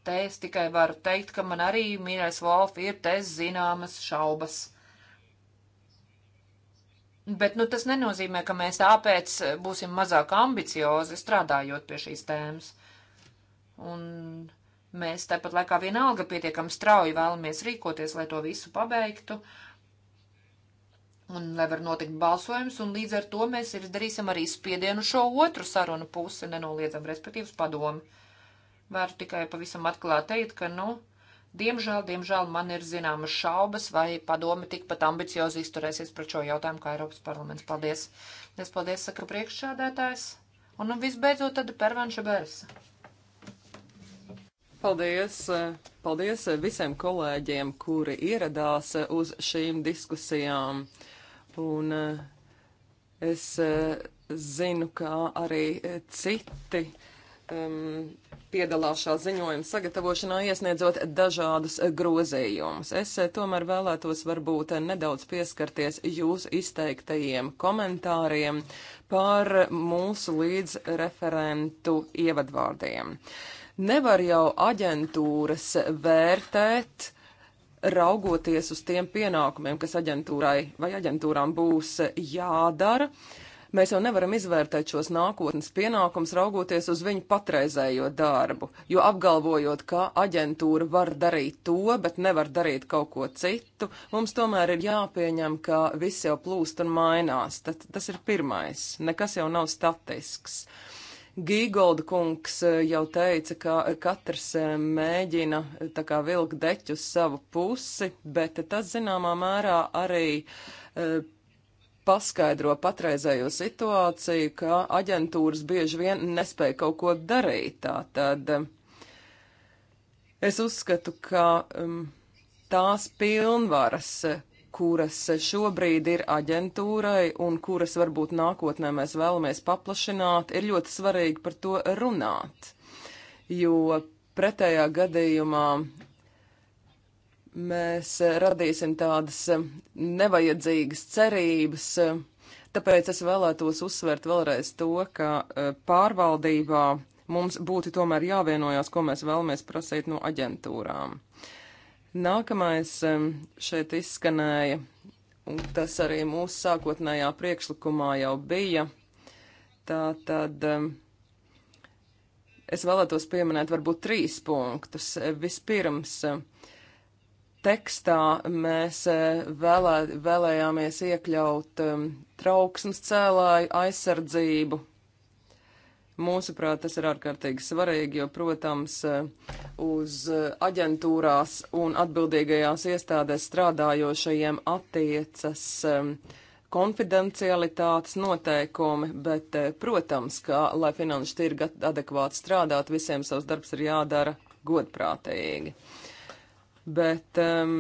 Te es tikai varu teikt, ka man arī, mīļais Wolf, ir te zināmas šaubas. Bet nu, tas nenozīmē, ka mēs tāpēc būsim mazāk ambiciozi strādājot pie šīs tēmas. Un mēs tāpat laikā vienalga pietiekami strauji vēlamies rīkoties, lai to visu pabeigtu. Un lai var notikt balsojums, un līdz ar to mēs darīsim arī spiedienu šo otru sarunu pusi, nenoliedzam, respektīvas padomu. Varu tikai pavisam atklāt teikt, ka, nu, diemžēl, diemžēl man ir zināmas šaubas, vai padome tikpat ambiciozi izturēsies pret šo jautājumu kā Eiropas parlaments. Paldies! Es paldies, saka priekšsādētājs. Un nu, visbeidzot, tad pervenša bērsa. Paldies! Paldies visiem kolēģiem, kuri ieradās uz šīm diskusijām. Un es eh, zinu, kā arī citi um, piedalās šā ziņojuma sagatavošanā, iesniedzot dažādus uh, grozījumus. Es uh, tomēr vēlētos varbūt uh, nedaudz pieskarties jūsu izteiktajiem komentāriem par mūsu līdzreferentu ievadvārdiem. Nevar jau aģentūras vērtēt, raugoties uz tiem pienākumiem, kas aģentūrai vai aģentūrām būs jādara. Uh, Mēs jau nevaram izvērtēt šos nākotnes pienākums raugoties uz viņu patreizējo darbu, jo apgalvojot, ka aģentūra var darīt to, bet nevar darīt kaut ko citu, mums tomēr ir jāpieņem, ka viss jau plūst un mainās. Tad, tas ir pirmais. Nekas jau nav statisks. Gigolda kungs eh, jau teica, ka katrs eh, mēģina eh, tā kā vilkt deķu uz savu pusi, bet tas zināmā mērā arī paskaidro patreizējo situāciju, ka aģentūras bieži vien nespēja kaut ko darīt. Tā tad um, es uzskatu, ka um, tās pilnvaras, kuras šobrīd ir aģentūrai un kuras varbūt nākotnē mēs vēlamies paplašināt, ir ļoti svarīgi par to runāt. Jo pretējā gadījumā mēs eh, radīsim tādas eh, nevajadzīgas cerības. Eh, tāpēc es vēlētos uzsvērt vēlreiz to, ka pārvaldībā mums būtu tomēr jāvienojās, ko mēs vēlamies prasīt no aģentūrām. Nākamais šeit izskanēja, un tas arī mūsu sākotnējā priekšlikumā jau bija. Tā tad es vēlētos pieminēt varbūt trīs punktus. Vispirms, uh, tekstā mēs e, vēlē, vēlējāmies iekļaut um, trauksmes cēlāju aizsardzību. Mūsuprāt, tas ir ārkārtīgi svarīgi, jo, protams, e, uz aģentūrās un atbildīgajās iestādēs strādājošajiem attiecas um, konfidencialitātes noteikumi, bet, protams, ka, lai finanšu tirgi adekvāti strādātu, visiem savs darbs ir jādara godprātīgi. Uh, bet um,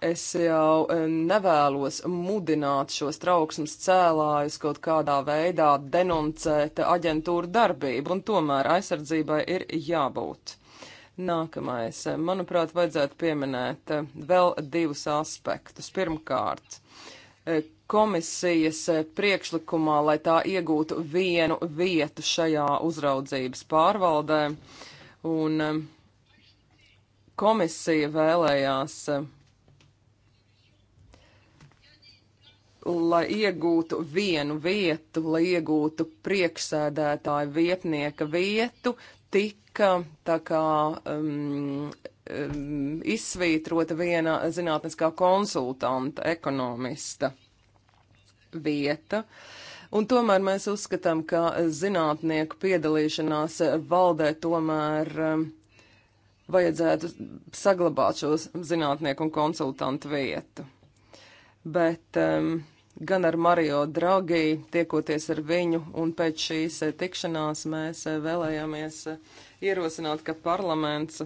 es jau um, nevēlos mudināt šos trauksmes cēlājus kaut kādā veidā denoncēt aģentūru darbību, un tomēr aizsardzībai ir jābūt. Nākamais, manuprāt, vajadzētu pieminēt uh, vēl divus aspektus. Pirmkārt, uh, komisijas uh, priekšlikumā, lai tā iegūtu vienu vietu šajā uzraudzības pārvaldē, un um, komisija vēlējās, lai iegūtu vienu vietu, lai iegūtu priekšsēdētāju vietnieka vietu, tika tā kā um, um, izsvītrota viena zinātniskā konsultanta, ekonomista vieta. Un tomēr mēs uzskatām, ka zinātnieku piedalīšanās valdē tomēr um, vajadzētu saglabāt šos zinātnieku un konsultantu vietu. Bet um, gan ar Mario Dragi, tiekoties ar viņu, un pēc šīs eh, tikšanās mēs eh, vēlējāmies eh, ierosināt, ka parlaments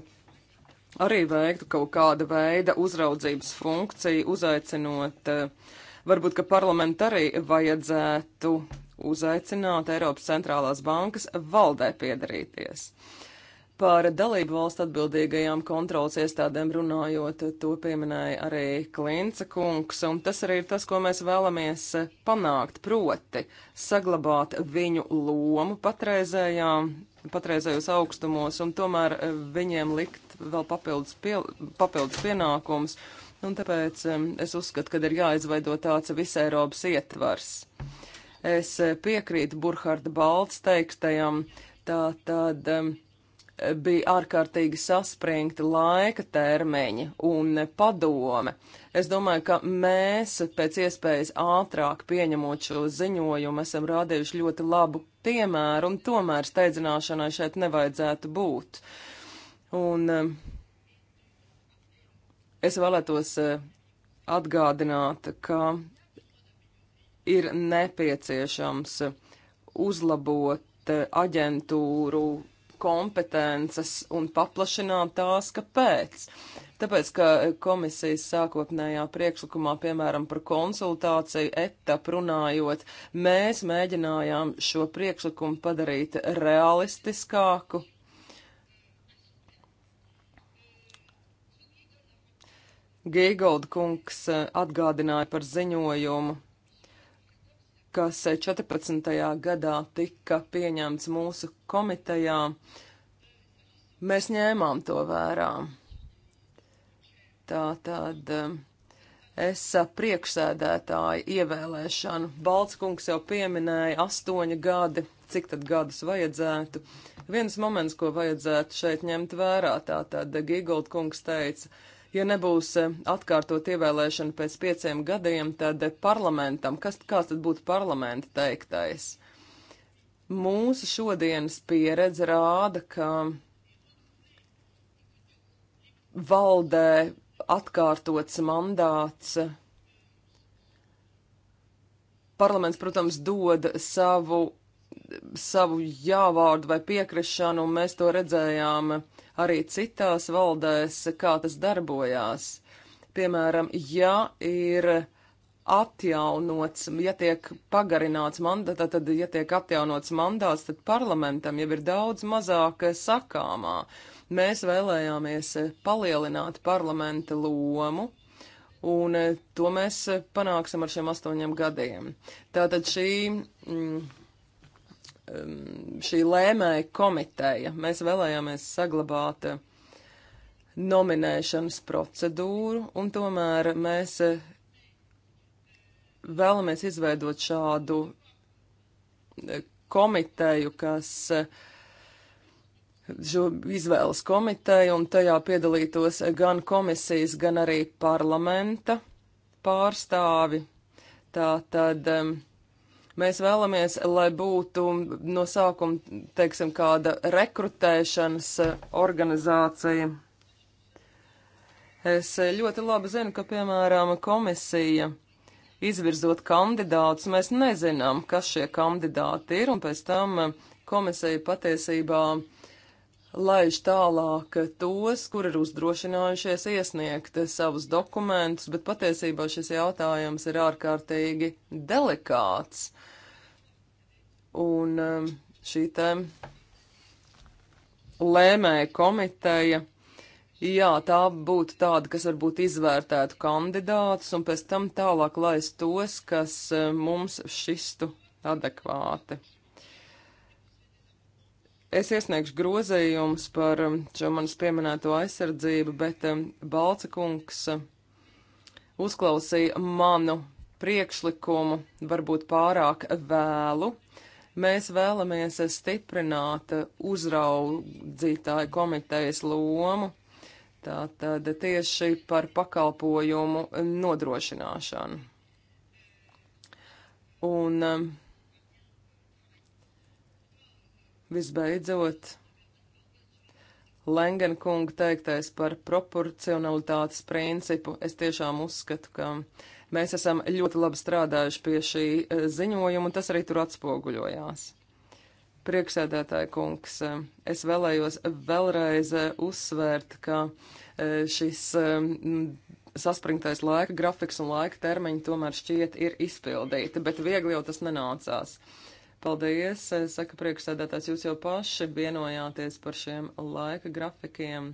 arī veiktu kaut kāda veida uzraudzības funkciju, uzaicinot, varbūt, ka parlament arī vajadzētu uzaicināt Eiropas centrālās bankas valdē piedarīties. Uh, Par dalību valstu atbildīgajām kontrols iestādēm runājot, to pieminēja arī Klinca kungs, un tas arī ir tas, ko mēs vēlamies panākt, proti saglabāt viņu lomu patreizējā, patreizējos augstumos, un tomēr viņiem likt vēl papildus, pie, papildus pienākums, un tāpēc um, es uzskatu, ka ir jāizveido tāds visai Eiropas ietvars. Es piekrītu Burharda Balts teiktajam, tā tad. Um, bija ārkārtīgi saspringti laika termiņi un padome. Es domāju, ka mēs pēc iespējas ātrāk pieņemot šo ziņojumu esam rādījuši ļoti labu piemēru, un tomēr steidzināšanai šeit nevajadzētu būt. Un eh, es vēlētos eh, atgādināt, ka ir nepieciešams uzlabot eh, aģentūru kompetences un paplašināt tās, kāpēc. Tāpēc, ka komisijas sākotnējā priekšlikumā, piemēram, par konsultāciju etapu runājot, mēs mēģinājām šo priekšlikumu padarīt realistiskāku. Gīgolda kungs eh, atgādināja par ziņojumu kas 14. Eh, gadā tika pieņemts mūsu komitejā, mēs ņēmām to vērā. Tā tad eh, es eh, priekšsēdētāju ievēlēšanu. Baltskungs jau pieminēja astoņi gadi, cik tad gadus vajadzētu. Viens moments, ko vajadzētu šeit ņemt vērā, tā tad Gigold kungs teica, Ja nebūs e, atkārtot ievēlēšana pēc pieciem gadiem, tad e, parlamentam, kas, kāds tad būtu parlamenta teiktais? Mūsu šodienas pieredze rāda, ka valdē atkārtots mandāts. Parlaments, protams, dod savu savu jāvārdu vai piekrišanu, un mēs to redzējām arī citās valdēs, kā tas darbojās. Piemēram, ja ir atjaunots, ja tiek pagarināts mandāts, tad, ja tiek atjaunots mandāts, tad parlamentam jau ir daudz mazāk sakāmā. Mēs vēlējāmies palielināt parlamenta lomu, un to mēs panāksim ar šiem astoņiem gadiem. Tātad šī. Mm, Um, šī lēmēja komiteja. Mēs vēlējāmies saglabāt uh, nominēšanas procedūru, un tomēr mēs uh, vēlamies izveidot šādu uh, komiteju, kas šo izvēles komiteju, un tajā piedalītos gan komisijas, gan arī parlamenta pārstāvi. Tā tad um, Mēs vēlamies, lai būtu no sākuma, teiksim, kāda rekrutēšanas eh, organizācija. Es eh, ļoti labi zinu, ka, piemēram, komisija izvirzot kandidātus, mēs nezinām, kas šie kandidāti ir, un pēc tam eh, komisija patiesībā uh, laiž tālāk tos, kur ir uzdrošinājušies iesniegt savus dokumentus, bet patiesībā šis jautājums ir ārkārtīgi delikāts. Un um, šī te lēmēja komiteja, jā, tā būtu tāda, kas varbūt izvērtētu kandidātus un pēc tam tālāk laist tos, kas um, mums šistu adekvāti. Es iesniegšu grozījumus par um, šo manis pieminēto aizsardzību, bet um, Balca kungs um, uzklausīja manu priekšlikumu varbūt pārāk vēlu. Mēs vēlamies stiprināt uzraudzītāju komitejas lomu, tātad tieši par pakalpojumu nodrošināšanu. Un um, Visbeidzot, Lengena kunga teiktais par proporcionalitātes principu, es tiešām uzskatu, ka mēs esam ļoti labi strādājuši pie šī eh, ziņojuma, un tas arī tur atspoguļojās. Priekšsēdētāja kungs, eh, es vēlējos vēlreiz eh, uzsvērt, ka šis saspringtais laika grafiks un laika termiņi tomēr šķiet ir izpildīti, bet viegli jau tas nenācās. Uh, Paldies, eh, saka priekšsēdētājs, jūs jau paši vienojāties par šiem laika grafikiem,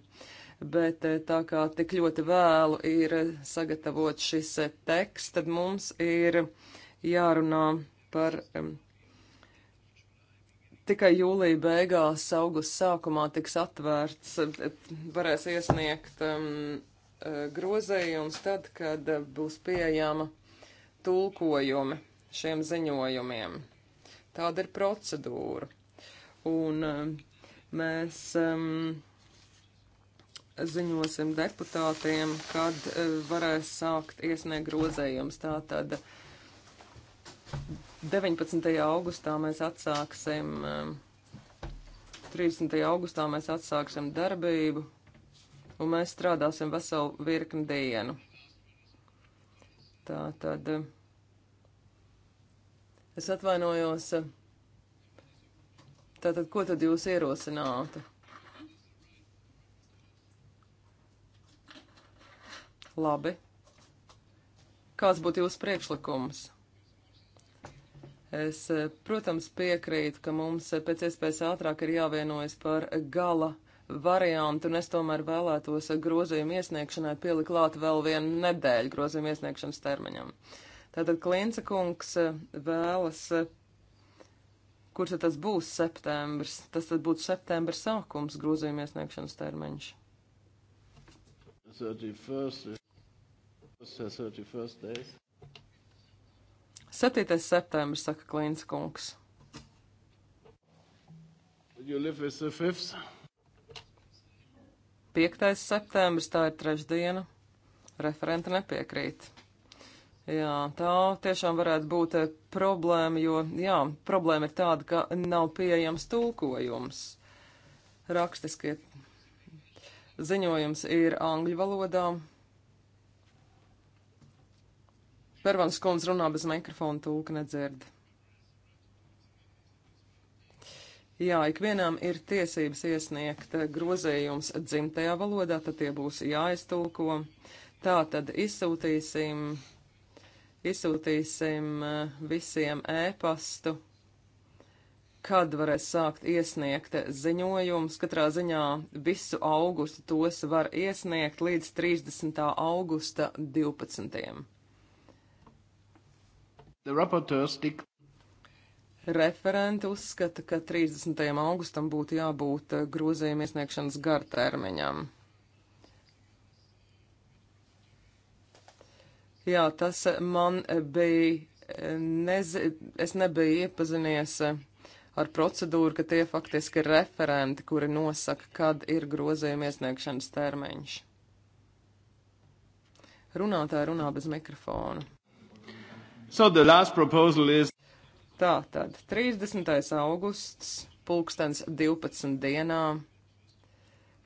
bet eh, tā kā tik ļoti vēlu ir sagatavot šis eh, teksts, tad mums ir jārunā par tikai jūlija beigās, augusta sākumā tiks atvērts, varēs iesniegt um, grozējums tad, kad būs pieejama tulkojumi šiem ziņojumiem. Tāda ir procedūra. Un um, mēs um, ziņosim deputātiem, kad uh, varēs sākt iesniegt grozējums. Tātad 19. augustā mēs atsāksim, um, 30. augustā mēs atsāksim darbību, un mēs strādāsim veselu virkni dienu. Tātad. Uh, Es atvainojos. Tātad, ko tad jūs ierosinātu? Labi. Kāds būtu jūsu priekšlikums? Es, eh, protams, piekrītu, ka mums eh, pēc iespējas ātrāk ir jāvienojas par gala variantu, un es tomēr vēlētos grozījumu iesniegšanai pielikt klāt vēl vienu nedēļu grozījumu iesniegšanas termiņam. Uh, Tātad Klinca kungs eh, vēlas, eh, kurš tad tas būs septembris? Tas tad būtu septembra sākums grozījuma iesniegšanas termiņš. 31. 31 days. 7. septembris, saka Klīns kungs. Piektais septembris, tā ir trešdiena. Referenti nepiekrīt. Jā, tā tiešām varētu būt eh, problēma, jo, jā, problēma ir tāda, ka nav pieejams tulkojums. Rakstiskie ziņojums ir angļu valodā. Pervans kundze runā bez mikrofona, tūka nedzird. Jā, ikvienam ir tiesības iesniegt eh, grozējums dzimtajā valodā, tad tie būs jāiztulko. Tā tad izsūtīsim Izsūtīsim eh, visiem ēpastu, kad varēs sākt iesniegt ziņojums. Katrā ziņā visu augustu tos var iesniegt līdz 30. augusta 12. Referenti uzskata, ka 30. augustam būtu jābūt eh, grozījuma iesniegšanas gartermiņam. Jā, tas man bija, nez, es nebiju iepazinies ar procedūru, ka tie faktiski ir referenti, kuri nosaka, kad ir grozījuma iesniegšanas termiņš. Runātāji runā bez mikrofona. So the last proposal is. Tā tad 30. augusts, pulkstens 12 dienā.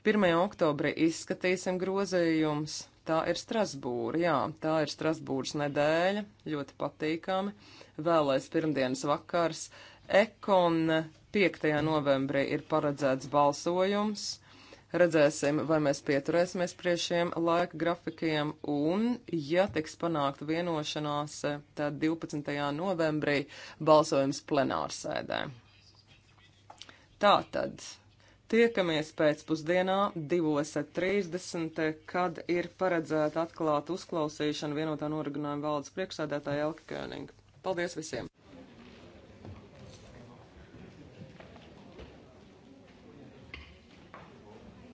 1. oktobrī izskatīsim grozījums. Tā ir Strasbūra, jā, tā ir Strasbūras nedēļa, ļoti patīkami. Vēlais pirmdienas vakars. Ekon 5. novembrī ir paredzēts balsojums. Redzēsim, vai mēs pieturēsimies pie šiem laika grafikiem, un, ja tiks panākta vienošanās, tad 12. novembrī balsojums plenārsēdē. Tātad Tiekamies pēcpusdienā 2.30, kad ir paredzēta atklāta uzklausīšana vienotā noraginājuma valdes priekšsēdētāja Elke König. Paldies visiem!